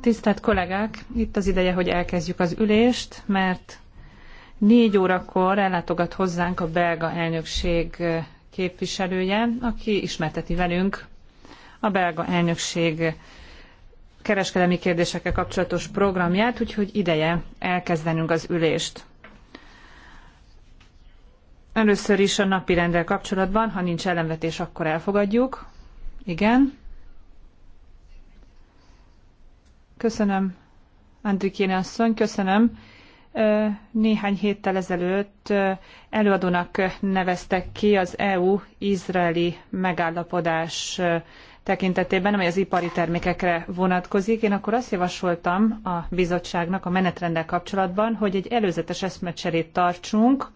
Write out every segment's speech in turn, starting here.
Tisztelt kollégák, itt az ideje, hogy elkezdjük az ülést, mert négy órakor ellátogat hozzánk a belga elnökség képviselője, aki ismerteti velünk a belga elnökség kereskedelmi kérdésekkel kapcsolatos programját, úgyhogy ideje elkezdenünk az ülést. Először is a napi rendel kapcsolatban, ha nincs ellenvetés, akkor elfogadjuk. Igen. Köszönöm, Andrikéne asszony, köszönöm. Néhány héttel ezelőtt előadónak neveztek ki az EU-izraeli megállapodás tekintetében, amely az ipari termékekre vonatkozik. Én akkor azt javasoltam a bizottságnak a menetrendel kapcsolatban, hogy egy előzetes eszmecserét tartsunk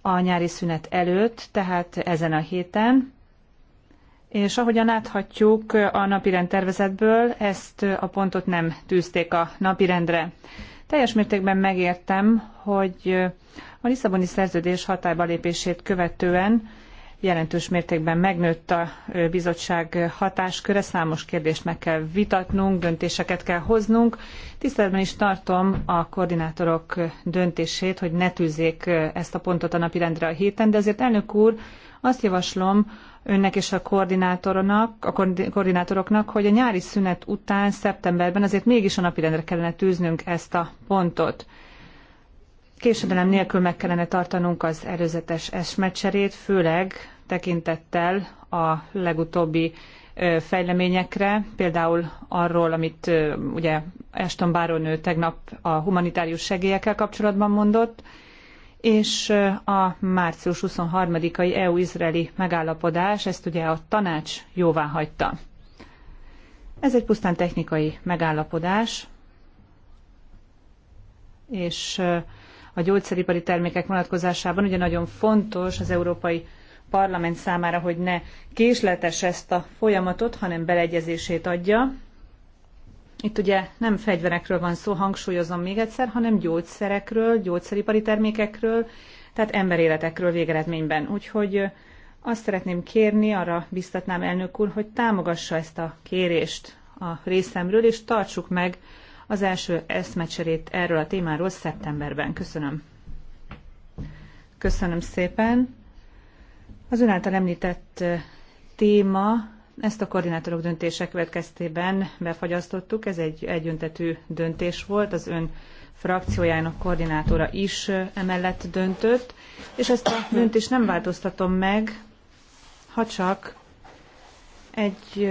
a nyári szünet előtt, tehát ezen a héten, és ahogyan láthatjuk a napirend tervezetből, ezt a pontot nem tűzték a napirendre. Teljes mértékben megértem, hogy a Lisszaboni szerződés hatályba lépését követően jelentős mértékben megnőtt a bizottság hatásköre, számos kérdést meg kell vitatnunk, döntéseket kell hoznunk. Tiszteletben is tartom a koordinátorok döntését, hogy ne tűzzék ezt a pontot a napirendre a héten, de azért elnök úr, azt javaslom, önnek és a koordinátornak, a koordinátoroknak, hogy a nyári szünet után, szeptemberben azért mégis a napirendre kellene tűznünk ezt a pontot. Késedelem nélkül meg kellene tartanunk az előzetes esmecserét, főleg tekintettel a legutóbbi fejleményekre, például arról, amit ugye Ashton Baron tegnap a humanitárius segélyekkel kapcsolatban mondott, és a március 23-ai EU-izraeli megállapodás, ezt ugye a tanács jóvá hagyta. Ez egy pusztán technikai megállapodás, és a gyógyszeripari termékek vonatkozásában ugye nagyon fontos az Európai Parlament számára, hogy ne késletes ezt a folyamatot, hanem beleegyezését adja, itt ugye nem fegyverekről van szó, hangsúlyozom még egyszer, hanem gyógyszerekről, gyógyszeripari termékekről, tehát emberéletekről végeredményben. Úgyhogy azt szeretném kérni, arra biztatnám elnök úr, hogy támogassa ezt a kérést a részemről, és tartsuk meg az első eszmecserét erről a témáról szeptemberben. Köszönöm. Köszönöm szépen. Az ön által említett téma ezt a koordinátorok döntése következtében befagyasztottuk, ez egy egyöntetű döntés volt, az ön frakciójának koordinátora is emellett döntött, és ezt a döntést nem változtatom meg, ha csak egy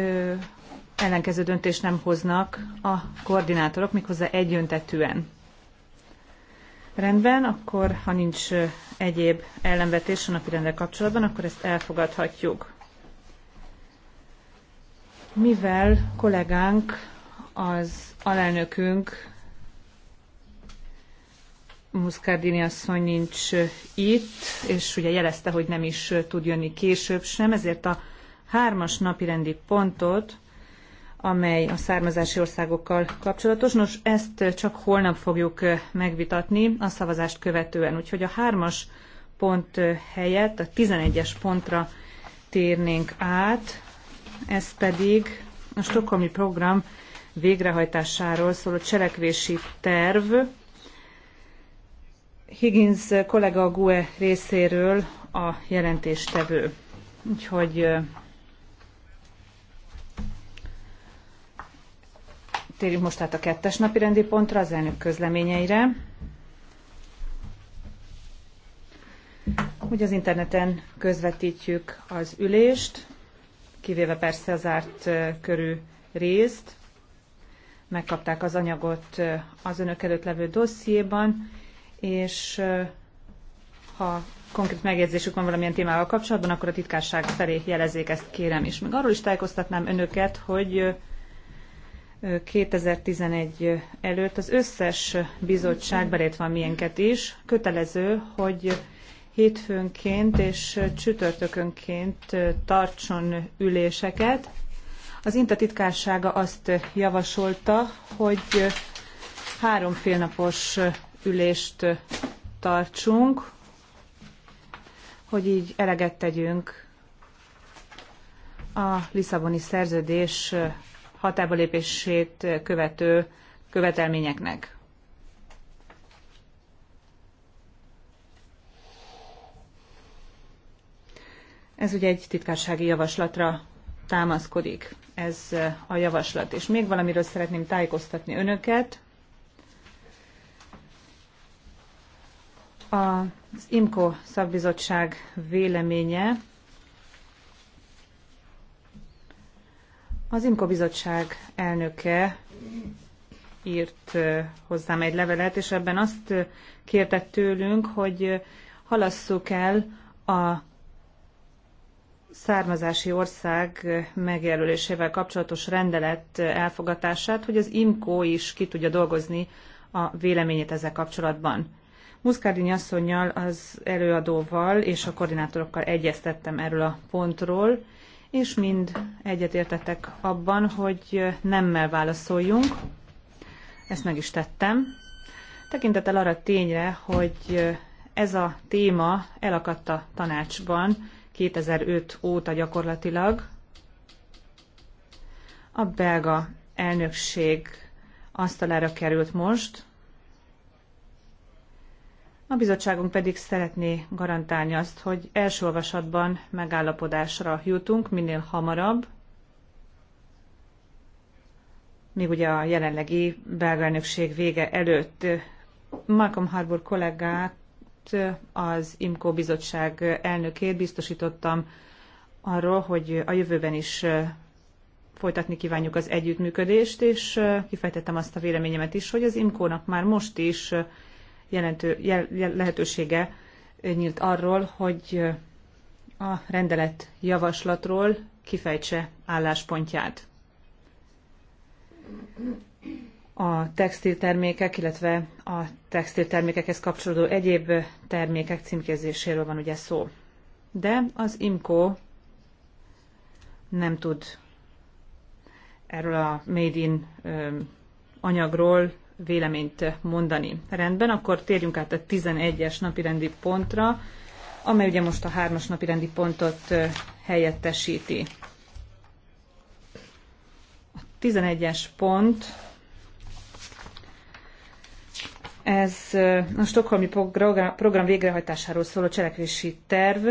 ellenkező döntést nem hoznak a koordinátorok, méghozzá egyöntetűen. Rendben, akkor ha nincs egyéb ellenvetés a napirendel kapcsolatban, akkor ezt elfogadhatjuk mivel kollégánk, az alelnökünk, Muscardini asszony nincs itt, és ugye jelezte, hogy nem is tud jönni később sem, ezért a hármas napirendi pontot, amely a származási országokkal kapcsolatos. Nos, ezt csak holnap fogjuk megvitatni a szavazást követően. Úgyhogy a hármas pont helyett a 11-es pontra térnénk át, ez pedig a Stokholmi program végrehajtásáról szóló cselekvési terv. Higgins kollega GUE részéről a jelentéstevő. Úgyhogy térjünk most át a kettes napi rendi pontra, az elnök közleményeire. Ugye az interneten közvetítjük az ülést, kivéve persze a zárt körű részt. Megkapták az anyagot az önök előtt levő dossziéban, és ha konkrét megjegyzésük van valamilyen témával kapcsolatban, akkor a titkárság felé jelezzék ezt kérem. És még arról is tájékoztatnám önöket, hogy 2011 előtt az összes bizottság, belét van milyenket is, kötelező, hogy hétfőnként és csütörtökönként tartson üléseket. Az INTA titkársága azt javasolta, hogy három félnapos ülést tartsunk, hogy így eleget tegyünk a Lisszaboni szerződés hatába lépését követő követelményeknek. Ez ugye egy titkársági javaslatra támaszkodik ez a javaslat. És még valamiről szeretném tájékoztatni önöket. Az IMKO szakbizottság véleménye az IMKO bizottság elnöke írt hozzám egy levelet, és ebben azt kérte tőlünk, hogy halasszuk el a származási ország megjelölésével kapcsolatos rendelet elfogatását, hogy az IMCO is ki tudja dolgozni a véleményét ezzel kapcsolatban. Muszkárdini asszonynal, az előadóval és a koordinátorokkal egyeztettem erről a pontról, és mind egyetértettek abban, hogy nemmel válaszoljunk. Ezt meg is tettem. Tekintettel arra tényre, hogy ez a téma elakadt a tanácsban, 2005 óta gyakorlatilag a belga elnökség asztalára került most, a bizottságunk pedig szeretné garantálni azt, hogy első olvasatban megállapodásra jutunk minél hamarabb, még ugye a jelenlegi belga elnökség vége előtt. Malcolm Harbour kollégát itt az IMCO bizottság elnökét biztosítottam arról, hogy a jövőben is folytatni kívánjuk az együttműködést, és kifejtettem azt a véleményemet is, hogy az IMCO-nak már most is jelentő, jel, jel, lehetősége nyílt arról, hogy a rendelet javaslatról kifejtse álláspontját a textiltermékek, illetve a textiltermékekhez kapcsolódó egyéb termékek címkézéséről van ugye szó. De az IMCO nem tud erről a Made in anyagról véleményt mondani. Rendben, akkor térjünk át a 11-es napirendi pontra, amely ugye most a 3-as napirendi pontot helyettesíti. A 11-es pont ez a stokholmi program végrehajtásáról szóló cselekvési terv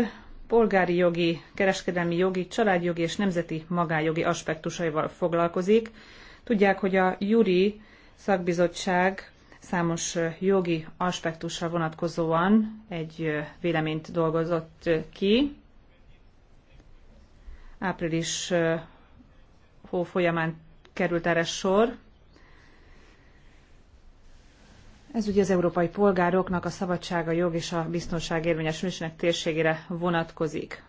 polgári jogi, kereskedelmi jogi, családjogi és nemzeti magájogi aspektusaival foglalkozik. Tudják, hogy a Juri szakbizottság számos jogi aspektusra vonatkozóan egy véleményt dolgozott ki. Április hó folyamán került erre sor. Ez ugye az európai polgároknak a szabadsága, jog és a biztonság érvényesülésének térségére vonatkozik.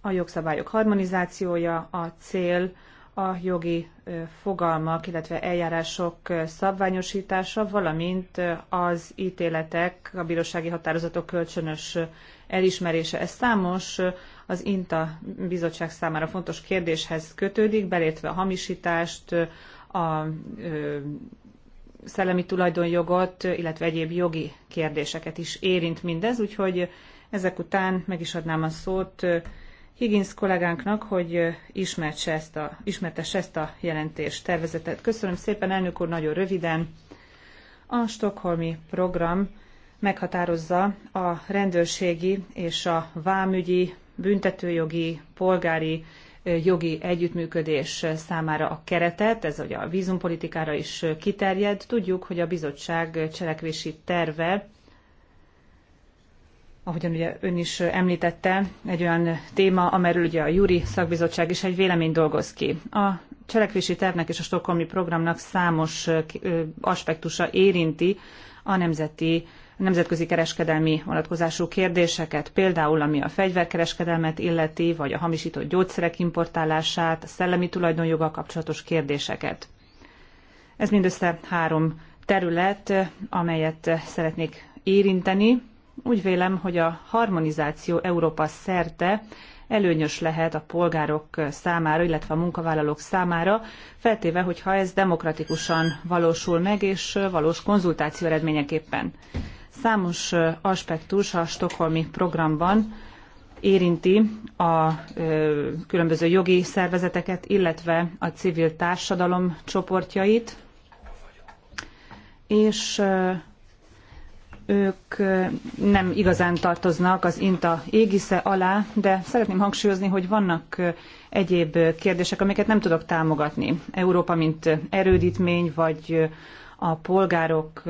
A jogszabályok harmonizációja a cél, a jogi fogalmak, illetve eljárások szabványosítása, valamint az ítéletek, a bírósági határozatok kölcsönös elismerése. Ez számos az INTA bizottság számára fontos kérdéshez kötődik, belétve a hamisítást, a szellemi tulajdonjogot, illetve egyéb jogi kérdéseket is érint mindez, úgyhogy ezek után meg is adnám a szót Higgins kollégánknak, hogy ismertse ezt a, ismertesse ezt a jelentést, tervezetet. Köszönöm szépen, elnök úr, nagyon röviden. A Stockholmi program meghatározza a rendőrségi és a vámügyi, büntetőjogi, polgári jogi együttműködés számára a keretet, ez ugye a vízumpolitikára is kiterjed. Tudjuk, hogy a bizottság cselekvési terve, ahogyan ugye ön is említette, egy olyan téma, amelyről ugye a Juri szakbizottság is egy vélemény dolgoz ki. A cselekvési tervnek és a stokholmi programnak számos aspektusa érinti a nemzeti nemzetközi kereskedelmi vonatkozású kérdéseket, például ami a fegyverkereskedelmet illeti, vagy a hamisított gyógyszerek importálását, a szellemi tulajdonjoga kapcsolatos kérdéseket. Ez mindössze három terület, amelyet szeretnék érinteni. Úgy vélem, hogy a harmonizáció Európa szerte előnyös lehet a polgárok számára, illetve a munkavállalók számára, feltéve, hogyha ez demokratikusan valósul meg, és valós konzultáció eredményeképpen. Számos aspektus a Stockholmi programban érinti a különböző jogi szervezeteket, illetve a civil társadalom csoportjait, és ők nem igazán tartoznak az INTA égisze alá, de szeretném hangsúlyozni, hogy vannak egyéb kérdések, amiket nem tudok támogatni. Európa, mint erődítmény, vagy a polgárok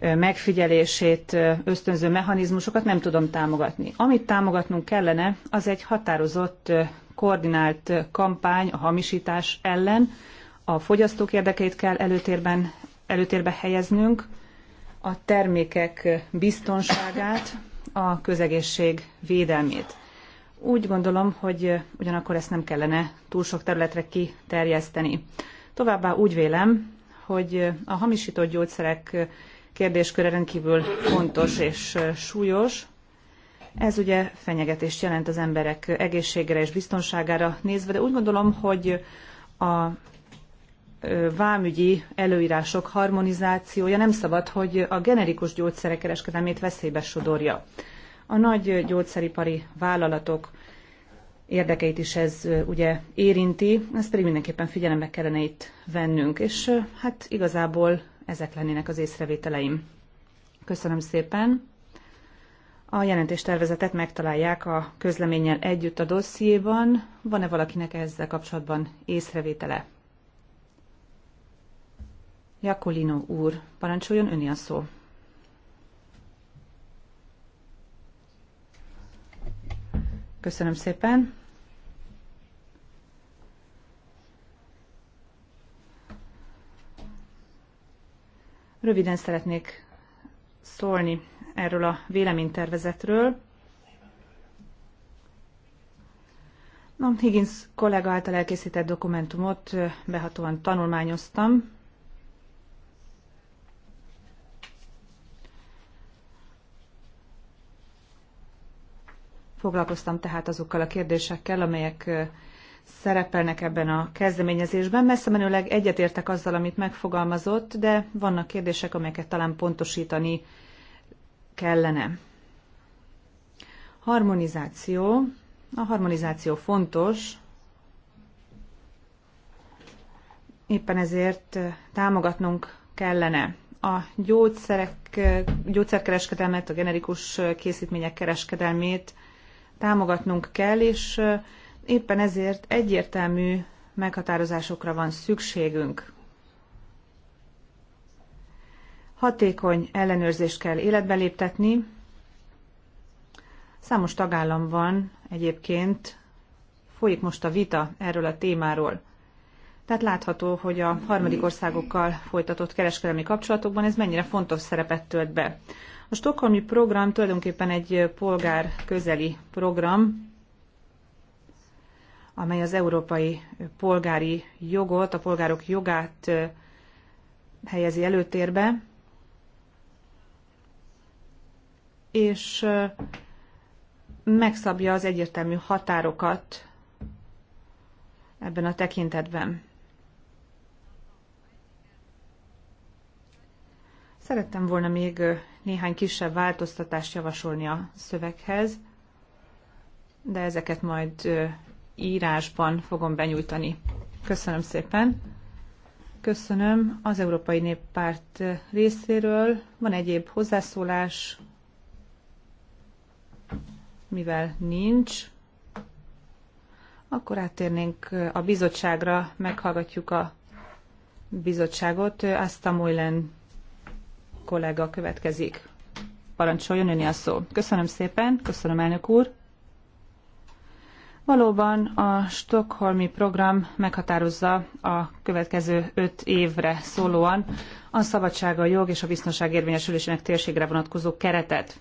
megfigyelését ösztönző mechanizmusokat nem tudom támogatni. Amit támogatnunk kellene, az egy határozott, koordinált kampány a hamisítás ellen. A fogyasztók érdekeit kell előtérben, előtérbe helyeznünk, a termékek biztonságát, a közegészség védelmét. Úgy gondolom, hogy ugyanakkor ezt nem kellene túl sok területre kiterjeszteni. Továbbá úgy vélem, hogy a hamisított gyógyszerek kérdésköre rendkívül fontos és súlyos. Ez ugye fenyegetést jelent az emberek egészségére és biztonságára nézve, de úgy gondolom, hogy a vámügyi előírások harmonizációja nem szabad, hogy a generikus gyógyszerek kereskedelmét veszélybe sodorja. A nagy gyógyszeripari vállalatok érdekeit is ez ugye érinti, ezt pedig mindenképpen figyelembe kellene itt vennünk, és hát igazából ezek lennének az észrevételeim. Köszönöm szépen! A jelentéstervezetet megtalálják a közleménnyel együtt a dossziéban. Van-e valakinek ezzel kapcsolatban észrevétele? Jakolino úr, parancsoljon öni a szó. Köszönöm szépen. Röviden szeretnék szólni erről a véleménytervezetről. Na, Higgins kollega által elkészített dokumentumot behatóan tanulmányoztam, Foglalkoztam tehát azokkal a kérdésekkel, amelyek szerepelnek ebben a kezdeményezésben. Messze menőleg egyetértek azzal, amit megfogalmazott, de vannak kérdések, amelyeket talán pontosítani kellene. Harmonizáció. A harmonizáció fontos. Éppen ezért támogatnunk kellene a gyógyszerek, gyógyszerkereskedelmet, a generikus készítmények kereskedelmét, támogatnunk kell, és éppen ezért egyértelmű meghatározásokra van szükségünk. Hatékony ellenőrzést kell életbe léptetni. Számos tagállamban egyébként folyik most a vita erről a témáról. Tehát látható, hogy a harmadik országokkal folytatott kereskedelmi kapcsolatokban ez mennyire fontos szerepet tölt be. A Stockholmi program tulajdonképpen egy polgár közeli program, amely az európai polgári jogot, a polgárok jogát helyezi előtérbe, és megszabja az egyértelmű határokat ebben a tekintetben. Szerettem volna még néhány kisebb változtatást javasolni a szöveghez, de ezeket majd írásban fogom benyújtani. Köszönöm szépen. Köszönöm az Európai Néppárt részéről. Van egyéb hozzászólás, mivel nincs, akkor áttérnénk a bizottságra, meghallgatjuk a bizottságot. a Moylen kollega következik. Parancsoljon önni a szó. Köszönöm szépen, köszönöm elnök úr. Valóban a Stockholmi program meghatározza a következő öt évre szólóan a szabadság, a jog és a biztonság érvényesülésének térségre vonatkozó keretet.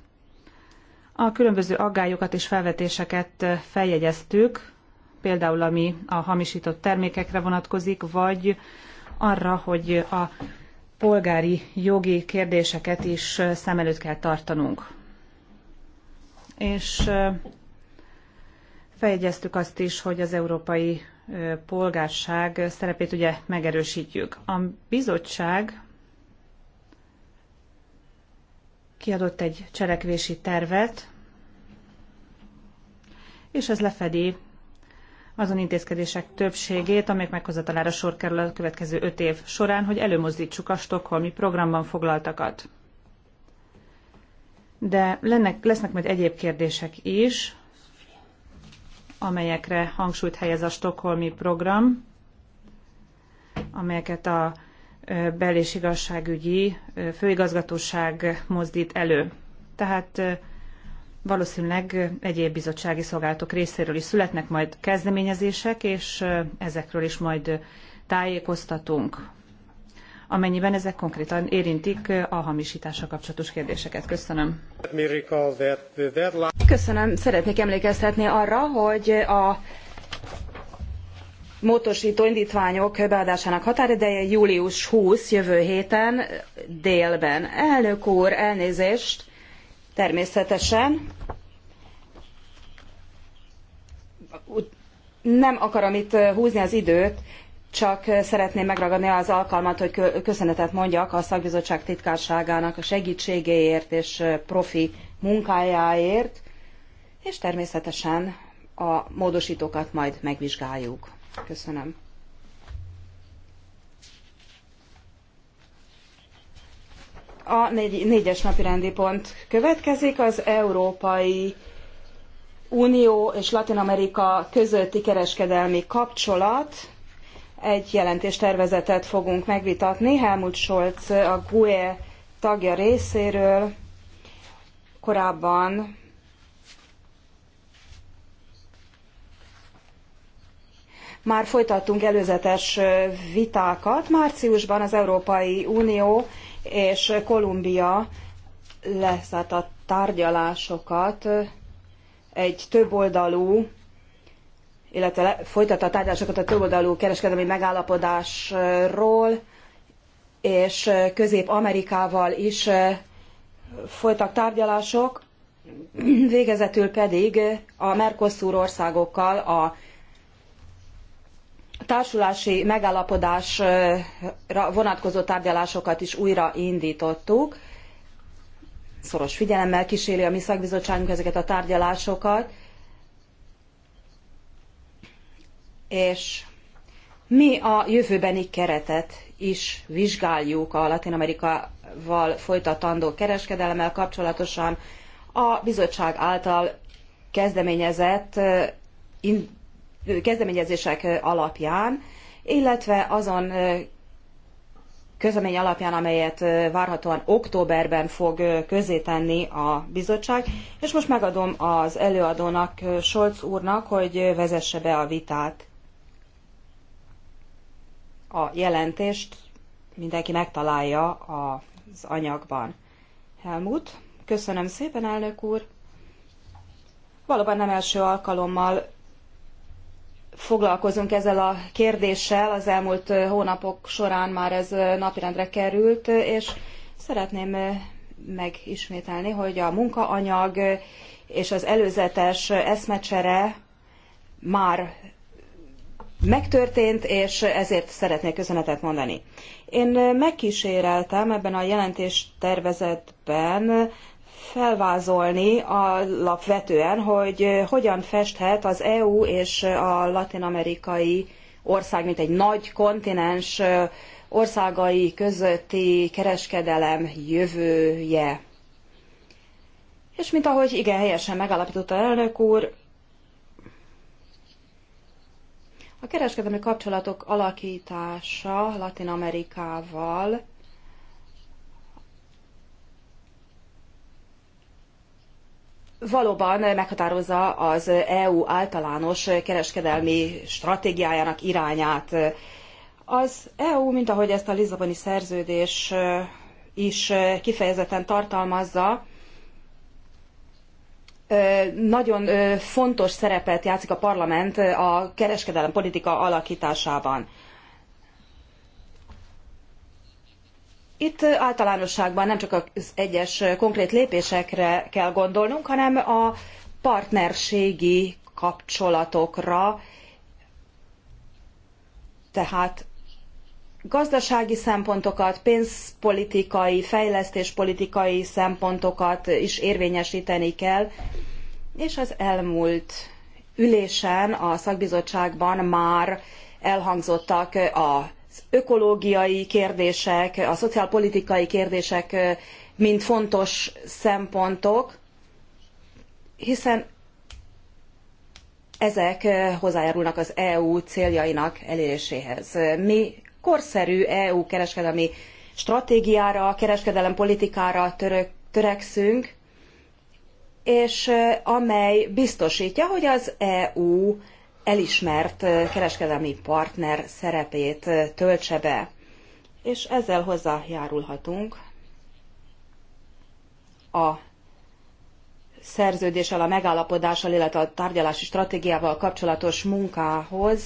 A különböző aggályokat és felvetéseket feljegyeztük, például ami a hamisított termékekre vonatkozik, vagy arra, hogy a polgári jogi kérdéseket is szem előtt kell tartanunk. És fejegyeztük azt is, hogy az európai polgárság szerepét ugye megerősítjük. A bizottság kiadott egy cselekvési tervet, és ez lefedi azon intézkedések többségét, amelyek meghozatalára sor kerül a következő öt év során, hogy előmozdítsuk a stokholmi programban foglaltakat. De lennek, lesznek majd egyéb kérdések is, amelyekre hangsúlyt helyez a stokholmi program, amelyeket a bel- és igazságügyi főigazgatóság mozdít elő. Tehát valószínűleg egyéb bizottsági szolgálatok részéről is születnek majd kezdeményezések, és ezekről is majd tájékoztatunk, amennyiben ezek konkrétan érintik a hamisítással kapcsolatos kérdéseket. Köszönöm. Köszönöm. Szeretnék emlékeztetni arra, hogy a módosító indítványok beadásának határideje július 20 jövő héten délben. Elnök úr, elnézést! Természetesen nem akarom itt húzni az időt, csak szeretném megragadni az alkalmat, hogy köszönetet mondjak a szakbizottság titkárságának a segítségéért és profi munkájáért, és természetesen a módostókat majd megvizsgáljuk. Köszönöm. A négy, négyes napirendi rendi pont következik, az Európai Unió és Latin Amerika közötti kereskedelmi kapcsolat. Egy jelentéstervezetet fogunk megvitatni. Helmut Scholz a GUE tagja részéről korábban Már folytattunk előzetes vitákat. Márciusban az Európai Unió és Kolumbia leszárt a tárgyalásokat egy többoldalú, illetve folytatta a tárgyalásokat a többoldalú kereskedelmi megállapodásról, és Közép-Amerikával is eh, folytak tárgyalások, végezetül pedig a Mercosur országokkal a társulási megállapodásra vonatkozó tárgyalásokat is újra indítottuk. Szoros figyelemmel kíséri a mi szakbizottságunk ezeket a tárgyalásokat. És mi a jövőbeni keretet is vizsgáljuk a Latin Amerikával folytatandó kereskedelemmel kapcsolatosan a bizottság által kezdeményezett eh, kezdeményezések alapján, illetve azon közlemény alapján, amelyet várhatóan októberben fog közétenni a bizottság. És most megadom az előadónak, Scholz úrnak, hogy vezesse be a vitát. A jelentést mindenki megtalálja az anyagban. Helmut, köszönöm szépen, elnök úr. Valóban nem első alkalommal foglalkozunk ezzel a kérdéssel, az elmúlt hónapok során már ez napirendre került, és szeretném megismételni, hogy a munkaanyag és az előzetes eszmecsere már megtörtént, és ezért szeretnék köszönetet mondani. Én megkíséreltem ebben a jelentés tervezetben felvázolni alapvetően, hogy eh, hogyan festhet az EU és eh, a latin-amerikai ország, mint egy nagy kontinens eh, országai közötti kereskedelem jövője. És mint ahogy igen helyesen megállapította elnök úr, a kereskedelmi kapcsolatok alakítása Latin Amerikával valóban meghatározza az EU általános kereskedelmi stratégiájának irányát. Az EU, mint ahogy ezt a Lisszaboni szerződés is kifejezetten tartalmazza, nagyon fontos szerepet játszik a parlament a kereskedelem politika alakításában. Itt általánosságban nem csak az egyes konkrét lépésekre kell gondolnunk, hanem a partnerségi kapcsolatokra, tehát gazdasági szempontokat, pénzpolitikai, fejlesztéspolitikai szempontokat is érvényesíteni kell, és az elmúlt ülésen a szakbizottságban már elhangzottak a ökológiai kérdések, a szociálpolitikai kérdések mind fontos szempontok, hiszen ezek hozzájárulnak az EU céljainak eléréséhez. Mi korszerű EU kereskedelmi stratégiára, kereskedelempolitikára törekszünk, és amely biztosítja, hogy az EU elismert kereskedelmi partner szerepét töltse be. És ezzel hozzájárulhatunk a szerződéssel, a megállapodással, illetve a tárgyalási stratégiával kapcsolatos munkához,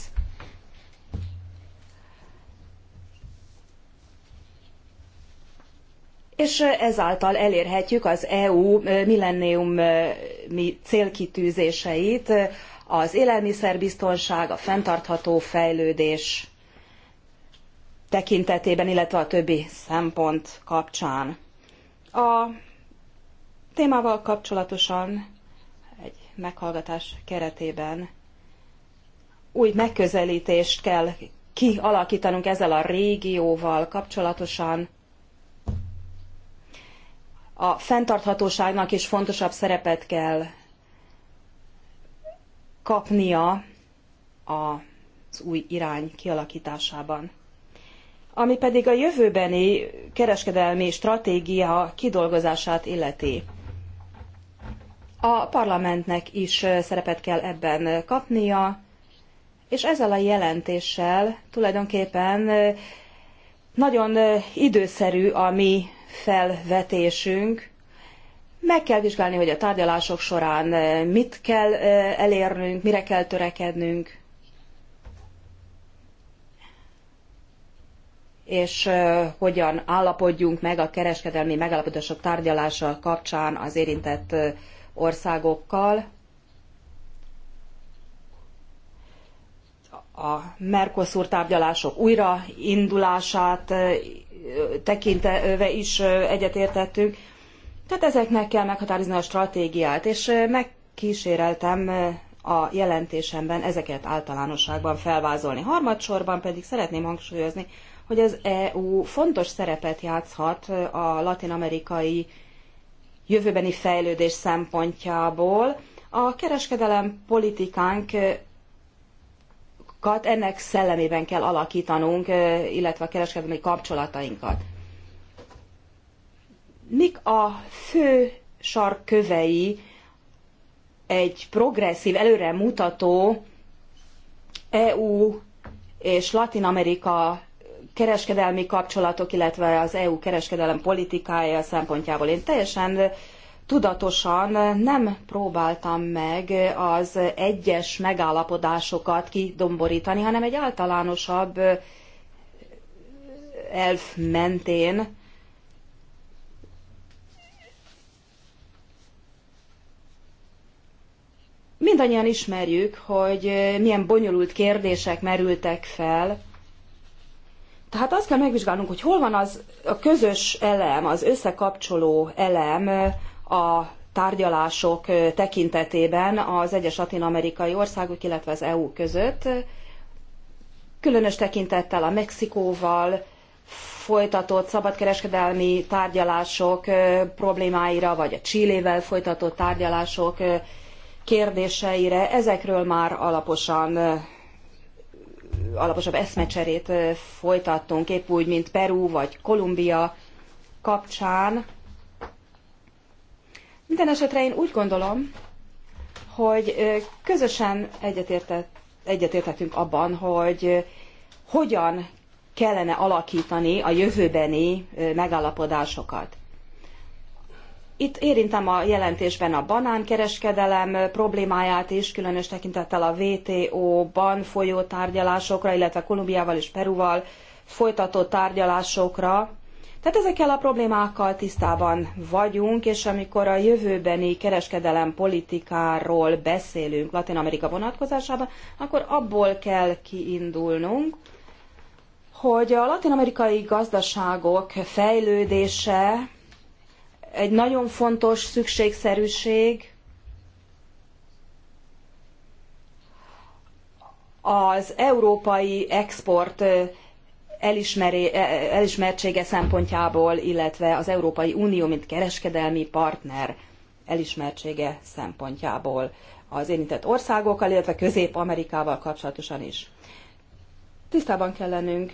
és ezáltal elérhetjük az EU millenniumi célkitűzéseit az élelmiszerbiztonság, a fenntartható fejlődés tekintetében, illetve a többi szempont kapcsán. A témával kapcsolatosan egy meghallgatás keretében új megközelítést kell kialakítanunk ezzel a régióval kapcsolatosan. A fenntarthatóságnak is fontosabb szerepet kell kapnia az új irány kialakításában. Ami pedig a jövőbeni kereskedelmi stratégia kidolgozását illeti. A parlamentnek is szerepet kell ebben kapnia, és ezzel a jelentéssel tulajdonképpen nagyon időszerű a mi felvetésünk, meg kell vizsgálni, hogy a tárgyalások során eh, mit kell eh, elérnünk, mire kell törekednünk, és eh, hogyan állapodjunk meg a kereskedelmi megállapodások tárgyalása kapcsán az érintett országokkal. A Mercosur tárgyalások újraindulását tekintve is egyetértettünk. Tehát ezeknek kell meghatározni a stratégiát, és megkíséreltem a jelentésemben ezeket általánosságban felvázolni. Harmadsorban pedig szeretném hangsúlyozni, hogy az EU fontos szerepet játszhat a latin-amerikai jövőbeni fejlődés szempontjából. A kereskedelem politikánk ennek szellemében kell alakítanunk, illetve a kereskedelmi kapcsolatainkat mik a fő sarkkövei egy progresszív, előremutató EU és Latin Amerika kereskedelmi kapcsolatok, illetve az EU kereskedelem politikája szempontjából. Én teljesen tudatosan nem próbáltam meg az egyes megállapodásokat kidomborítani, hanem egy általánosabb elf mentén Mindannyian ismerjük, hogy milyen bonyolult kérdések merültek fel. Tehát azt kell megvizsgálnunk, hogy hol van az a közös elem, az összekapcsoló elem a tárgyalások tekintetében az egyes latin-amerikai országok, illetve az EU között, különös tekintettel a Mexikóval folytatott szabadkereskedelmi tárgyalások problémáira, vagy a Csillével folytatott tárgyalások kérdéseire, ezekről már alaposan alaposabb eszmecserét folytattunk, épp úgy, mint Peru vagy Kolumbia kapcsán. Minden esetre én úgy gondolom, hogy közösen egyetértett, egyetértettünk abban, hogy hogyan kellene alakítani a jövőbeni megállapodásokat. Itt érintem a jelentésben a banánkereskedelem problémáját is, különös tekintettel a WTO-ban folyó tárgyalásokra, illetve Kolumbiával és Peruval folytatott tárgyalásokra. Tehát ezekkel a problémákkal tisztában vagyunk, és amikor a jövőbeni kereskedelem politikáról beszélünk Latin Amerika vonatkozásában, akkor abból kell kiindulnunk, hogy a latin-amerikai gazdaságok fejlődése egy nagyon fontos szükségszerűség az európai export elismeré, elismertsége szempontjából, illetve az Európai Unió, mint kereskedelmi partner elismertsége szempontjából az érintett országokkal, illetve Közép-Amerikával kapcsolatosan is. Tisztában kell lennünk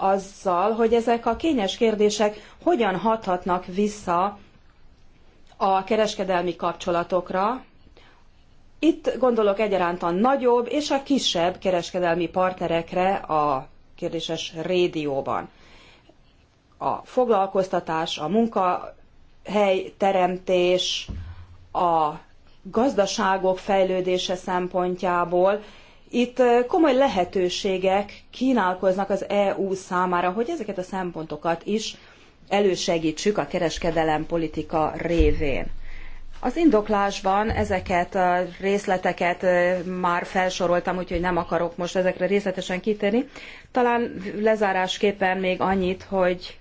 azzal, hogy ezek a kényes kérdések hogyan hathatnak vissza a kereskedelmi kapcsolatokra. Itt gondolok egyaránt a nagyobb és a kisebb kereskedelmi partnerekre a kérdéses rédióban. A foglalkoztatás, a munkahely teremtés, a gazdaságok fejlődése szempontjából itt komoly lehetőségek kínálkoznak az EU számára, hogy ezeket a szempontokat is elősegítsük a kereskedelem politika révén. Az indoklásban ezeket a részleteket már felsoroltam, úgyhogy nem akarok most ezekre részletesen kitérni. Talán lezárásképpen még annyit, hogy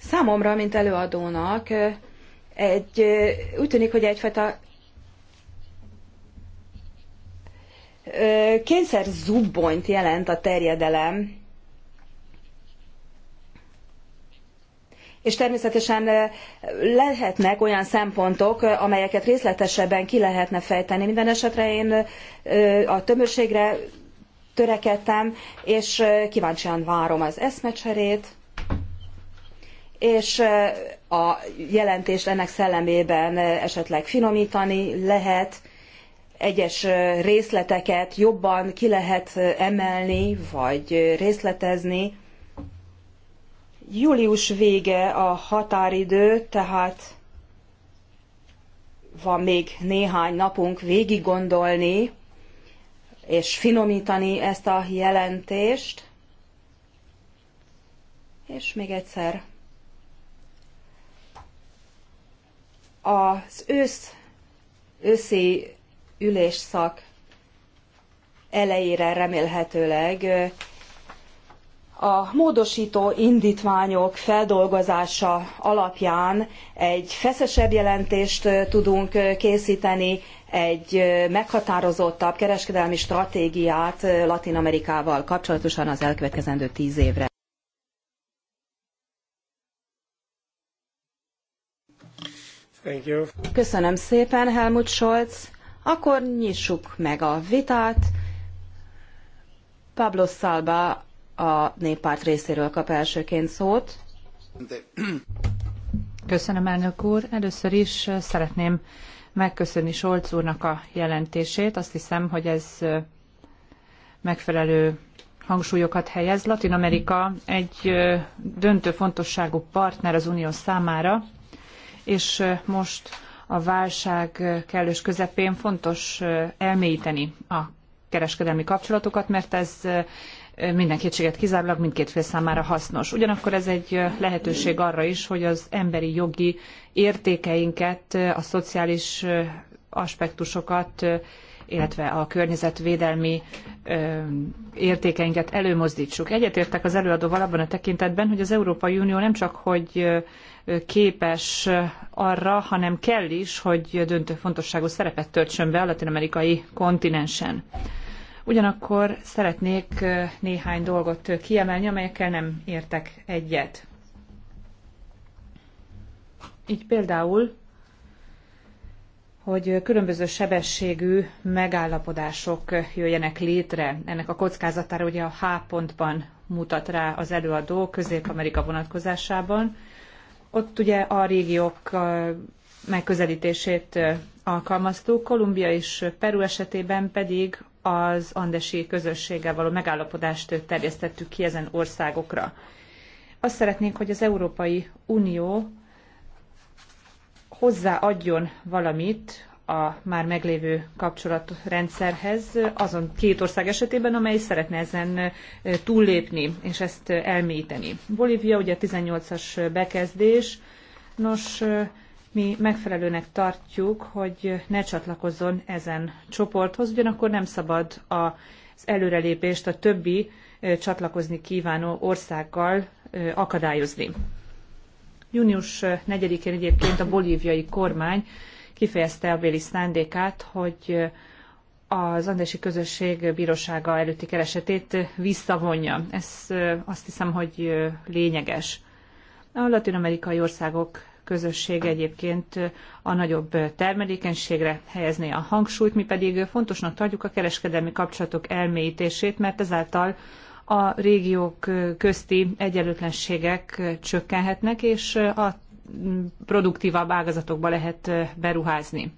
számomra, mint előadónak, egy, úgy tűnik, hogy egyfajta kényszer zubbonyt jelent a terjedelem, és természetesen lehetnek olyan szempontok, amelyeket részletesebben ki lehetne fejteni. Minden esetre én a tömörségre törekedtem, és kíváncsian várom az eszmecserét, és a jelentést ennek szellemében esetleg finomítani lehet, egyes részleteket jobban ki lehet emelni, vagy részletezni. Július vége a határidő, tehát van még néhány napunk végig gondolni és finomítani ezt a jelentést. És még egyszer. Az ősz, őszi ülésszak elejére remélhetőleg a módosító indítványok feldolgozása alapján egy feszesebb jelentést tudunk készíteni, egy meghatározottabb kereskedelmi stratégiát Latin Amerikával kapcsolatosan az elkövetkezendő tíz évre. Köszönöm szépen, Helmut Scholz akkor nyissuk meg a vitát. Pablo Szalba a néppárt részéről kap elsőként szót. Köszönöm, elnök úr. Először is szeretném megköszönni Solc úrnak a jelentését. Azt hiszem, hogy ez megfelelő hangsúlyokat helyez. Latin Amerika egy döntő fontosságú partner az Unió számára, és most a válság kellős közepén fontos elmélyíteni a kereskedelmi kapcsolatokat, mert ez minden kétséget kizárólag mindkét fél számára hasznos. Ugyanakkor ez egy lehetőség arra is, hogy az emberi jogi értékeinket, a szociális aspektusokat, illetve a környezetvédelmi értékeinket előmozdítsuk. Egyetértek az előadóval abban a tekintetben, hogy az Európai Unió nem csak, hogy képes arra, hanem kell is, hogy döntő fontosságú szerepet töltsön be a latin-amerikai kontinensen. Ugyanakkor szeretnék néhány dolgot kiemelni, amelyekkel nem értek egyet. Így például, hogy különböző sebességű megállapodások jöjjenek létre. Ennek a kockázatára ugye a H pontban mutat rá az előadó Közép-Amerika vonatkozásában, ott ugye a régiók megközelítését alkalmaztuk, Kolumbia és Peru esetében pedig az andesi közösséggel való megállapodást terjesztettük ki ezen országokra. Azt szeretnénk, hogy az Európai Unió hozzáadjon valamit a már meglévő kapcsolatrendszerhez azon két ország esetében, amely szeretne ezen túllépni és ezt elmélyíteni. Bolívia ugye 18-as bekezdés, nos mi megfelelőnek tartjuk, hogy ne csatlakozzon ezen csoporthoz, ugyanakkor nem szabad az előrelépést a többi csatlakozni kívánó országgal akadályozni. Június 4-én egyébként a bolíviai kormány kifejezte a béli szándékát, hogy az andesi közösség bírósága előtti keresetét visszavonja. Ez azt hiszem, hogy lényeges. A latin-amerikai országok közösség egyébként a nagyobb termelékenységre helyezné a hangsúlyt, mi pedig fontosnak tartjuk a kereskedelmi kapcsolatok elmélyítését, mert ezáltal a régiók közti egyenlőtlenségek csökkenhetnek, és a produktívabb ágazatokba lehet beruházni.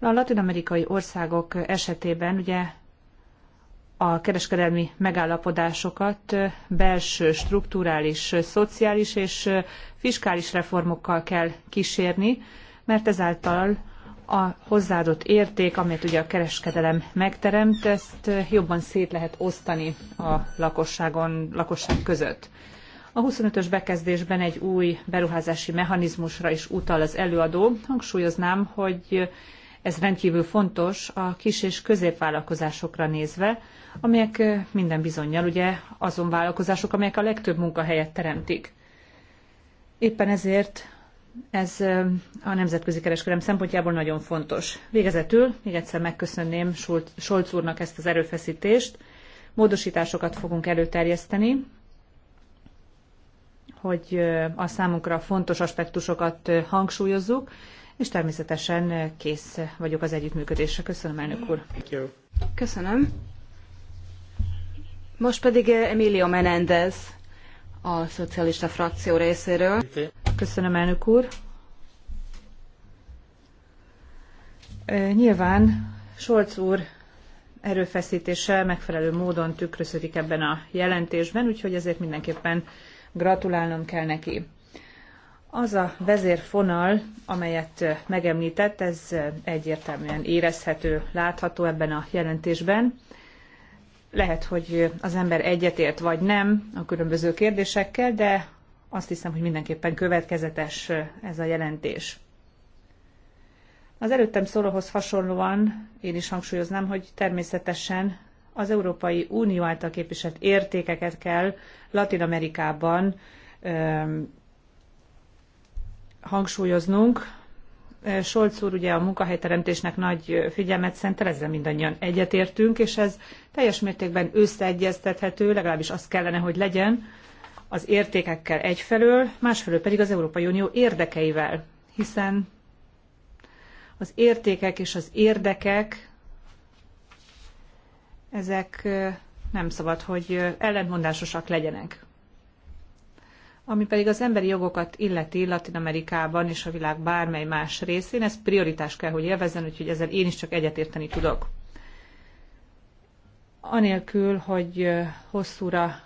A latin-amerikai országok esetében ugye a kereskedelmi megállapodásokat belső, strukturális, szociális és fiskális reformokkal kell kísérni, mert ezáltal a hozzáadott érték, amit ugye a kereskedelem megteremt, ezt jobban szét lehet osztani a lakosságon, lakosság között. A 25-ös bekezdésben egy új beruházási mechanizmusra is utal az előadó. Hangsúlyoznám, hogy ez rendkívül fontos a kis és középvállalkozásokra nézve, amelyek minden bizonyal ugye azon vállalkozások, amelyek a legtöbb munkahelyet teremtik. Éppen ezért ez a nemzetközi kereskedelem szempontjából nagyon fontos. Végezetül még egyszer megköszönném Solc úrnak ezt az erőfeszítést. Módosításokat fogunk előterjeszteni hogy a számunkra fontos aspektusokat hangsúlyozzuk, és természetesen kész vagyok az együttműködésre. Köszönöm, elnök úr. Köszönöm. Most pedig Emilio Menendez a szocialista frakció részéről. Köszönöm, elnök úr. Nyilván Solc úr erőfeszítése megfelelő módon tükröződik ebben a jelentésben, úgyhogy ezért mindenképpen gratulálnom kell neki. Az a vezérfonal, amelyet megemlített, ez egyértelműen érezhető, látható ebben a jelentésben. Lehet, hogy az ember egyetért vagy nem a különböző kérdésekkel, de azt hiszem, hogy mindenképpen következetes ez a jelentés. Az előttem szólóhoz hasonlóan én is hangsúlyoznám, hogy természetesen az Európai Unió által képviselt értékeket kell Latin Amerikában hangsúlyoznunk. Solc úr ugye a munkahelyteremtésnek nagy figyelmet szentel, ezzel mindannyian egyetértünk, és ez teljes mértékben összeegyeztethető, legalábbis az kellene, hogy legyen az értékekkel egyfelől, másfelől pedig az Európai Unió érdekeivel, hiszen az értékek és az érdekek ezek nem szabad, hogy ellentmondásosak legyenek. Ami pedig az emberi jogokat illeti Latin Amerikában és a világ bármely más részén, ez prioritás kell, hogy élvezzen, úgyhogy ezzel én is csak egyetérteni tudok. Anélkül, hogy hosszúra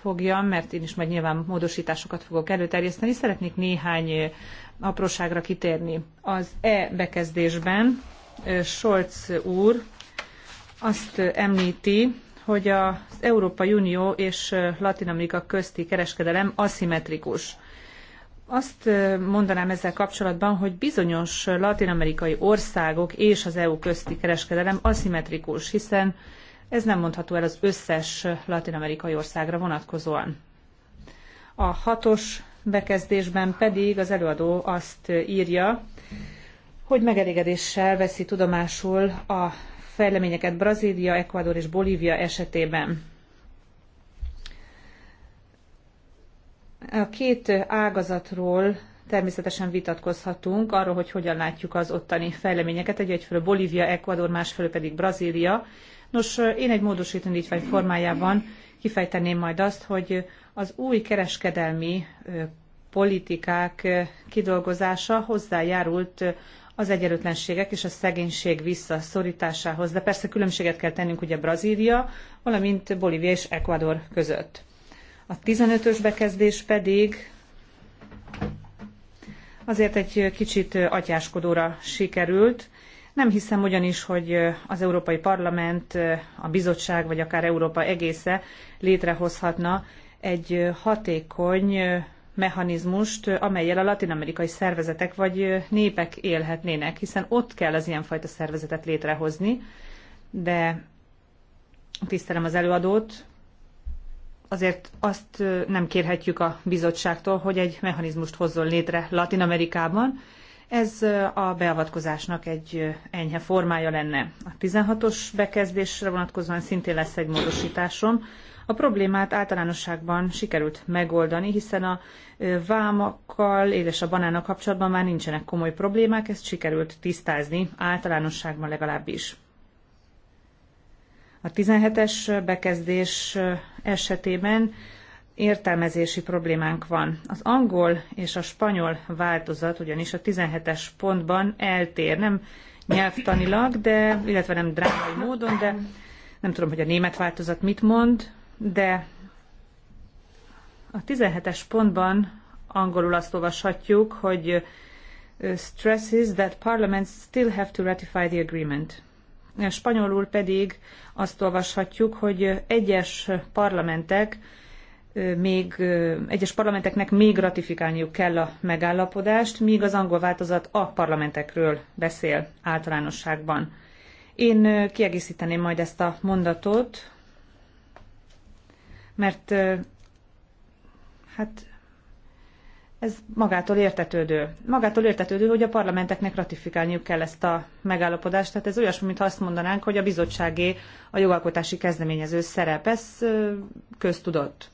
fogjam, mert én is majd nyilván módosításokat fogok előterjeszteni, szeretnék néhány apróságra kitérni. Az E bekezdésben Scholz úr azt említi, hogy az Európai Unió és Latin Amerika közti kereskedelem aszimmetrikus. Azt mondanám ezzel kapcsolatban, hogy bizonyos latin-amerikai országok és az EU közti kereskedelem aszimmetrikus, hiszen ez nem mondható el az összes latin-amerikai országra vonatkozóan. A hatos bekezdésben pedig az előadó azt írja, hogy megelégedéssel veszi tudomásul a fejleményeket Brazília, Ecuador és Bolívia esetében. A két ágazatról természetesen vitatkozhatunk arról, hogy hogyan látjuk az ottani fejleményeket. Egy egyfelől Bolívia, Ecuador, másfelől pedig Brazília. Nos, én egy módosító indítvány formájában kifejteném majd azt, hogy az új kereskedelmi politikák kidolgozása hozzájárult az egyenlőtlenségek és a szegénység visszaszorításához, de persze különbséget kell tennünk ugye Brazília, valamint Bolívia és Ecuador között. A 15-ös bekezdés pedig azért egy kicsit atyáskodóra sikerült. Nem hiszem ugyanis, hogy az Európai Parlament, a bizottság, vagy akár Európa egésze létrehozhatna egy hatékony mechanizmust, amelyel a Latin Amerikai szervezetek vagy népek élhetnének, hiszen ott kell az ilyenfajta szervezetet létrehozni, de tisztelem az előadót, azért azt nem kérhetjük a bizottságtól, hogy egy mechanizmust hozzon létre Latin Amerikában. Ez a beavatkozásnak egy enyhe formája lenne. A 16-os bekezdésre vonatkozóan szintén lesz egy módosításom, a problémát általánosságban sikerült megoldani, hiszen a vámakkal, édes a banánok kapcsolatban már nincsenek komoly problémák, ezt sikerült tisztázni általánosságban legalábbis. A 17-es bekezdés esetében értelmezési problémánk van. Az angol és a spanyol változat ugyanis a 17-es pontban eltér, nem nyelvtanilag, de, illetve nem drámai módon, de nem tudom, hogy a német változat mit mond, de a 17-es pontban angolul azt olvashatjuk, hogy stresses that parliaments still have to ratify the agreement. Spanyolul pedig azt olvashatjuk, hogy egyes parlamentek még egyes parlamenteknek még ratifikálniuk kell a megállapodást, míg az angol változat a parlamentekről beszél általánosságban. Én kiegészíteném majd ezt a mondatot, mert hát ez magától értetődő. Magától értetődő, hogy a parlamenteknek ratifikálniuk kell ezt a megállapodást. Tehát ez olyasmi, mintha azt mondanánk, hogy a bizottságé a jogalkotási kezdeményező szerep. Ez köztudott.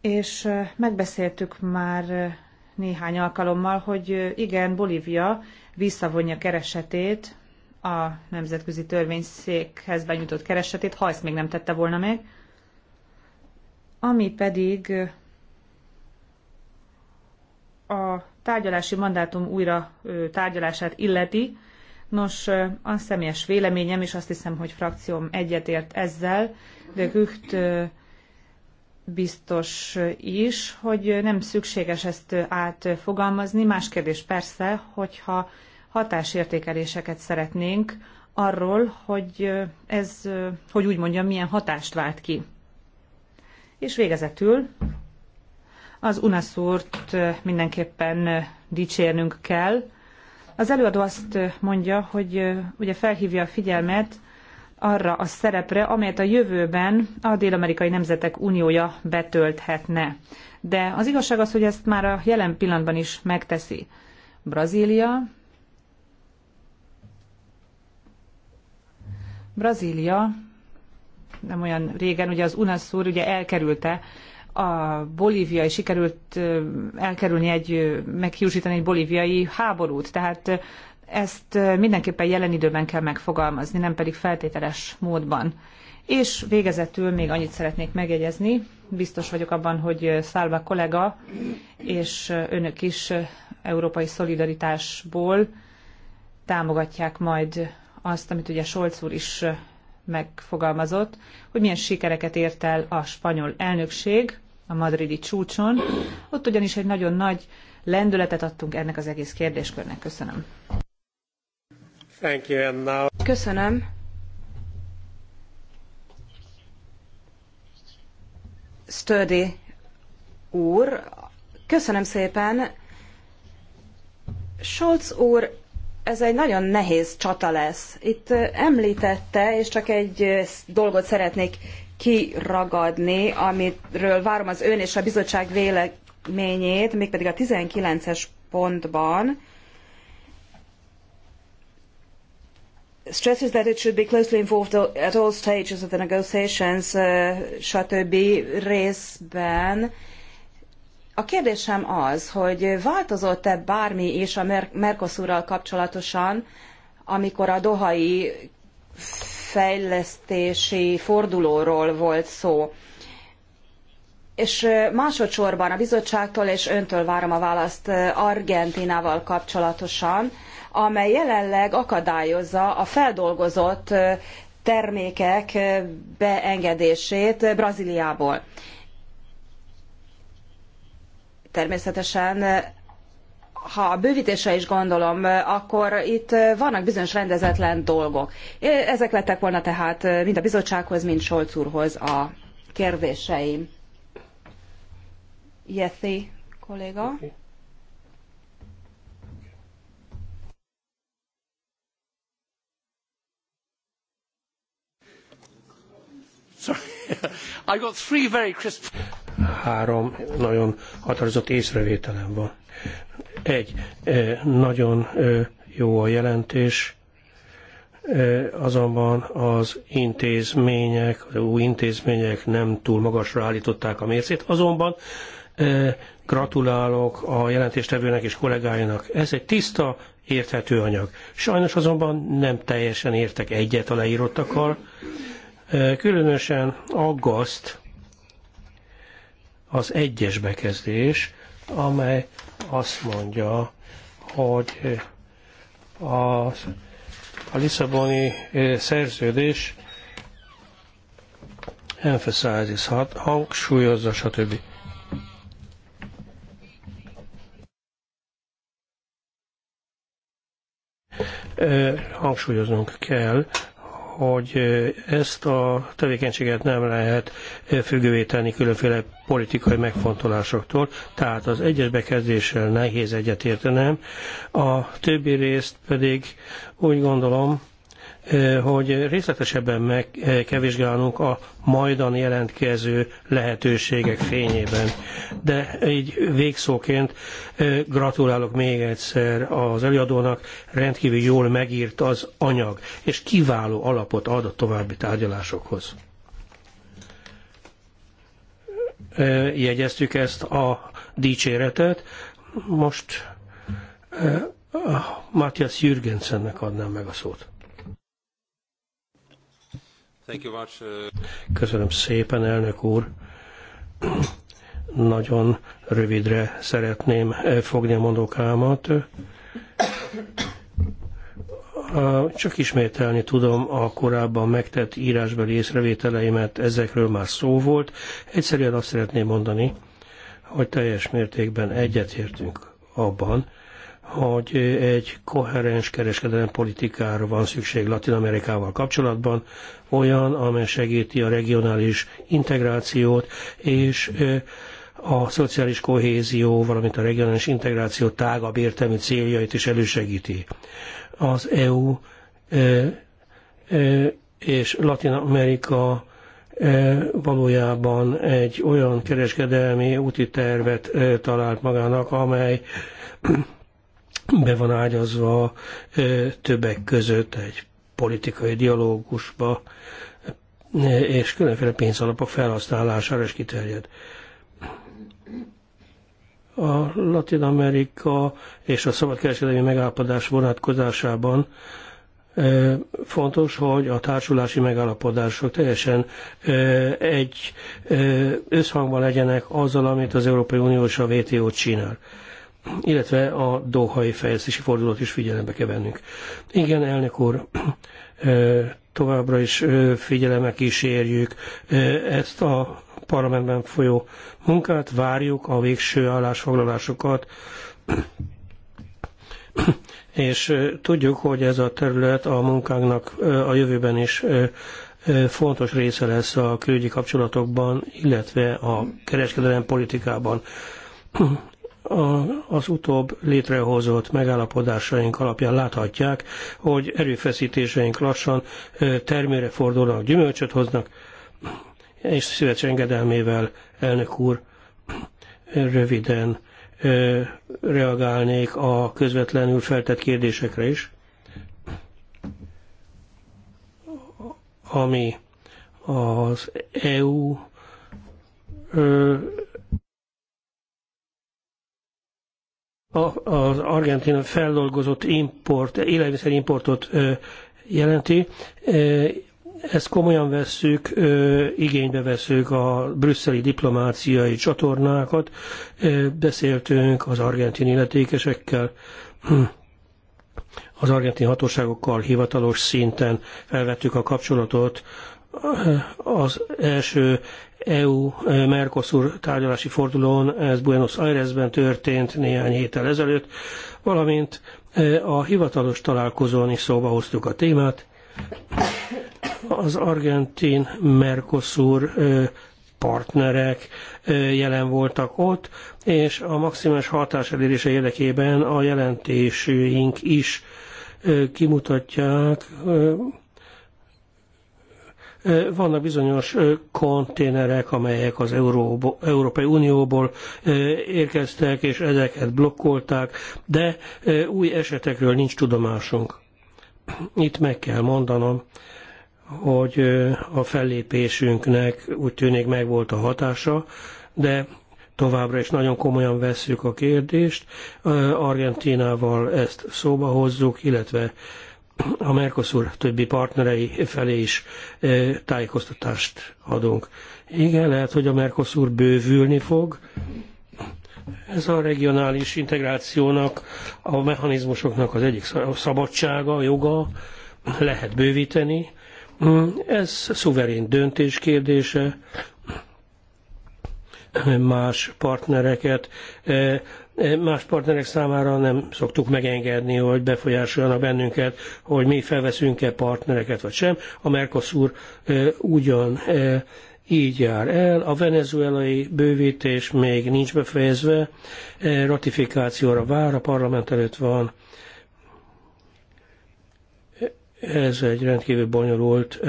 És megbeszéltük már néhány alkalommal, hogy igen, Bolívia visszavonja keresetét a Nemzetközi Törvényszékhez benyújtott keresetét, ha ezt még nem tette volna meg. Ami pedig a tárgyalási mandátum újra tárgyalását illeti, Nos, a személyes véleményem, és azt hiszem, hogy frakcióm egyetért ezzel, de Gücht biztos is, hogy nem szükséges ezt átfogalmazni. Más kérdés persze, hogyha hatásértékeléseket szeretnénk arról, hogy ez, hogy úgy mondjam, milyen hatást vált ki. És végezetül az unaszúrt mindenképpen dicsérnünk kell. Az előadó azt mondja, hogy ugye felhívja a figyelmet arra a szerepre, amelyet a jövőben a Dél-Amerikai Nemzetek Uniója betölthetne. De az igazság az, hogy ezt már a jelen pillanatban is megteszi. Brazília, Brazília nem olyan régen, ugye az UNASUR ugye elkerülte a bolíviai, sikerült elkerülni egy, meghiúsítani egy bolíviai háborút, tehát ezt mindenképpen jelen időben kell megfogalmazni, nem pedig feltételes módban. És végezetül még annyit szeretnék megjegyezni, biztos vagyok abban, hogy Szálva kollega és önök is európai szolidaritásból támogatják majd azt, amit ugye Solc úr is megfogalmazott, hogy milyen sikereket ért el a spanyol elnökség a madridi csúcson. Ott ugyanis egy nagyon nagy lendületet adtunk ennek az egész kérdéskörnek. Köszönöm. Thank you, Anna. Köszönöm. Stördi úr, köszönöm szépen. Scholz úr ez egy nagyon nehéz csata lesz. Itt említette, és csak egy dolgot szeretnék kiragadni, amiről várom az ön és a bizottság véleményét, mégpedig a 19-es pontban. Stresses that it should be closely involved at all stages of the negotiations, uh, stb. részben a kérdésem az, hogy változott-e bármi is a Mercosurral kapcsolatosan, amikor a dohai fejlesztési fordulóról volt szó. És másodszorban a bizottságtól és öntől várom a választ Argentinával kapcsolatosan, amely jelenleg akadályozza a feldolgozott termékek beengedését Brazíliából természetesen ha a bővítésre is gondolom, akkor itt vannak bizonyos rendezetlen dolgok. Ezek lettek volna tehát mind a bizottsághoz, mind Solc úrhoz a kérdéseim. Jethi kolléga. Sorry. I got three very crisp három nagyon határozott észrevételem van. Egy, nagyon jó a jelentés, azonban az intézmények, az új intézmények nem túl magasra állították a mércét, azonban gratulálok a jelentéstevőnek és kollégáinak. Ez egy tiszta, érthető anyag. Sajnos azonban nem teljesen értek egyet a leírottakkal. Különösen aggaszt az egyes bekezdés, amely azt mondja, hogy a, a Lisszaboni eh, szerződés emphasizes, hangsúlyozza, stb. Eh, hangsúlyoznunk kell, hogy ezt a tevékenységet nem lehet függővé tenni különféle politikai megfontolásoktól, tehát az egyes bekezdéssel nehéz egyetértenem, a többi részt pedig úgy gondolom, Eh, hogy részletesebben meg eh, kell vizsgálnunk a majdan jelentkező lehetőségek fényében. De így végszóként eh, gratulálok még egyszer az előadónak, rendkívül jól megírt az anyag, és kiváló alapot ad a további tárgyalásokhoz. Jegyeztük ezt a dicséretet, most Matthias Jürgensennek adnám meg a szót. Uh, Köszönöm szépen, elnök úr. Nagyon rövidre szeretném eh, fogni a mondókámat. Csak ismételni tudom a korábban megtett írásbeli észrevételeimet, ezekről már szó volt. Egyszerűen azt szeretném mondani, hogy teljes mértékben egyetértünk abban, hogy egy koherens kereskedelmi politikára van szükség Latin Amerikával kapcsolatban, olyan, amely segíti a regionális integrációt és a szociális kohézió, valamint a regionális integráció tágabb értelmi céljait is elősegíti. Az EU és Latin Amerika valójában egy olyan kereskedelmi úti tervet talált magának, amely be van ágyazva többek között egy politikai dialógusba, és különféle pénzalapok felhasználására is kiterjed. A Latin Amerika és a szabadkereskedelmi megállapodás vonatkozásában fontos, hogy a társulási megállapodások teljesen egy összhangban legyenek azzal, amit az Európai Unió és a WTO csinál illetve a Dohai fejlesztési fordulat is figyelembe kell vennünk. Igen, elnök úr, továbbra is figyelembe kísérjük ezt a parlamentben folyó munkát, várjuk a végső állásfoglalásokat, és tudjuk, hogy ez a terület a munkánknak a jövőben is fontos része lesz a külügyi kapcsolatokban, illetve a kereskedelem politikában az utóbb létrehozott megállapodásaink alapján láthatják, hogy erőfeszítéseink lassan termére fordulnak, gyümölcsöt hoznak, és szíves engedelmével, elnök úr, röviden reagálnék a közvetlenül feltett kérdésekre is, ami az EU a, az argentin feldolgozott import, élelmiszerimportot jelenti. Ezt komolyan vesszük, igénybe vesszük a brüsszeli diplomáciai csatornákat, beszéltünk az argentin illetékesekkel, az argentin hatóságokkal hivatalos szinten felvettük a kapcsolatot, az első EU-Mercosur e, tárgyalási fordulón, ez Buenos Airesben történt néhány héttel ezelőtt, valamint e, a hivatalos találkozón is szóba hoztuk a témát. Az argentin-Mercosur e, partnerek jelen voltak ott, és a maximális hatás elérése érdekében a jelentésünk is kimutatják, vannak bizonyos konténerek, amelyek az Európai Unióból érkeztek, és ezeket blokkolták, de új esetekről nincs tudomásunk. Itt meg kell mondanom, hogy a fellépésünknek úgy tűnik meg volt a hatása, de továbbra is nagyon komolyan vesszük a kérdést. Argentinával ezt szóba hozzuk, illetve a Mercosur többi partnerei felé is tájékoztatást adunk. Igen, lehet, hogy a Mercosur bővülni fog. Ez a regionális integrációnak, a mechanizmusoknak az egyik szabadsága, joga, lehet bővíteni. Mm, ez szuverén döntés kérdése, más partnereket Más partnerek számára nem szoktuk megengedni, hogy befolyásoljanak bennünket, hogy mi felveszünk-e partnereket vagy sem. A Mercosur ugyan így jár el. A venezuelai bővítés még nincs befejezve, ratifikációra vár, a parlament előtt van ez egy rendkívül bonyolult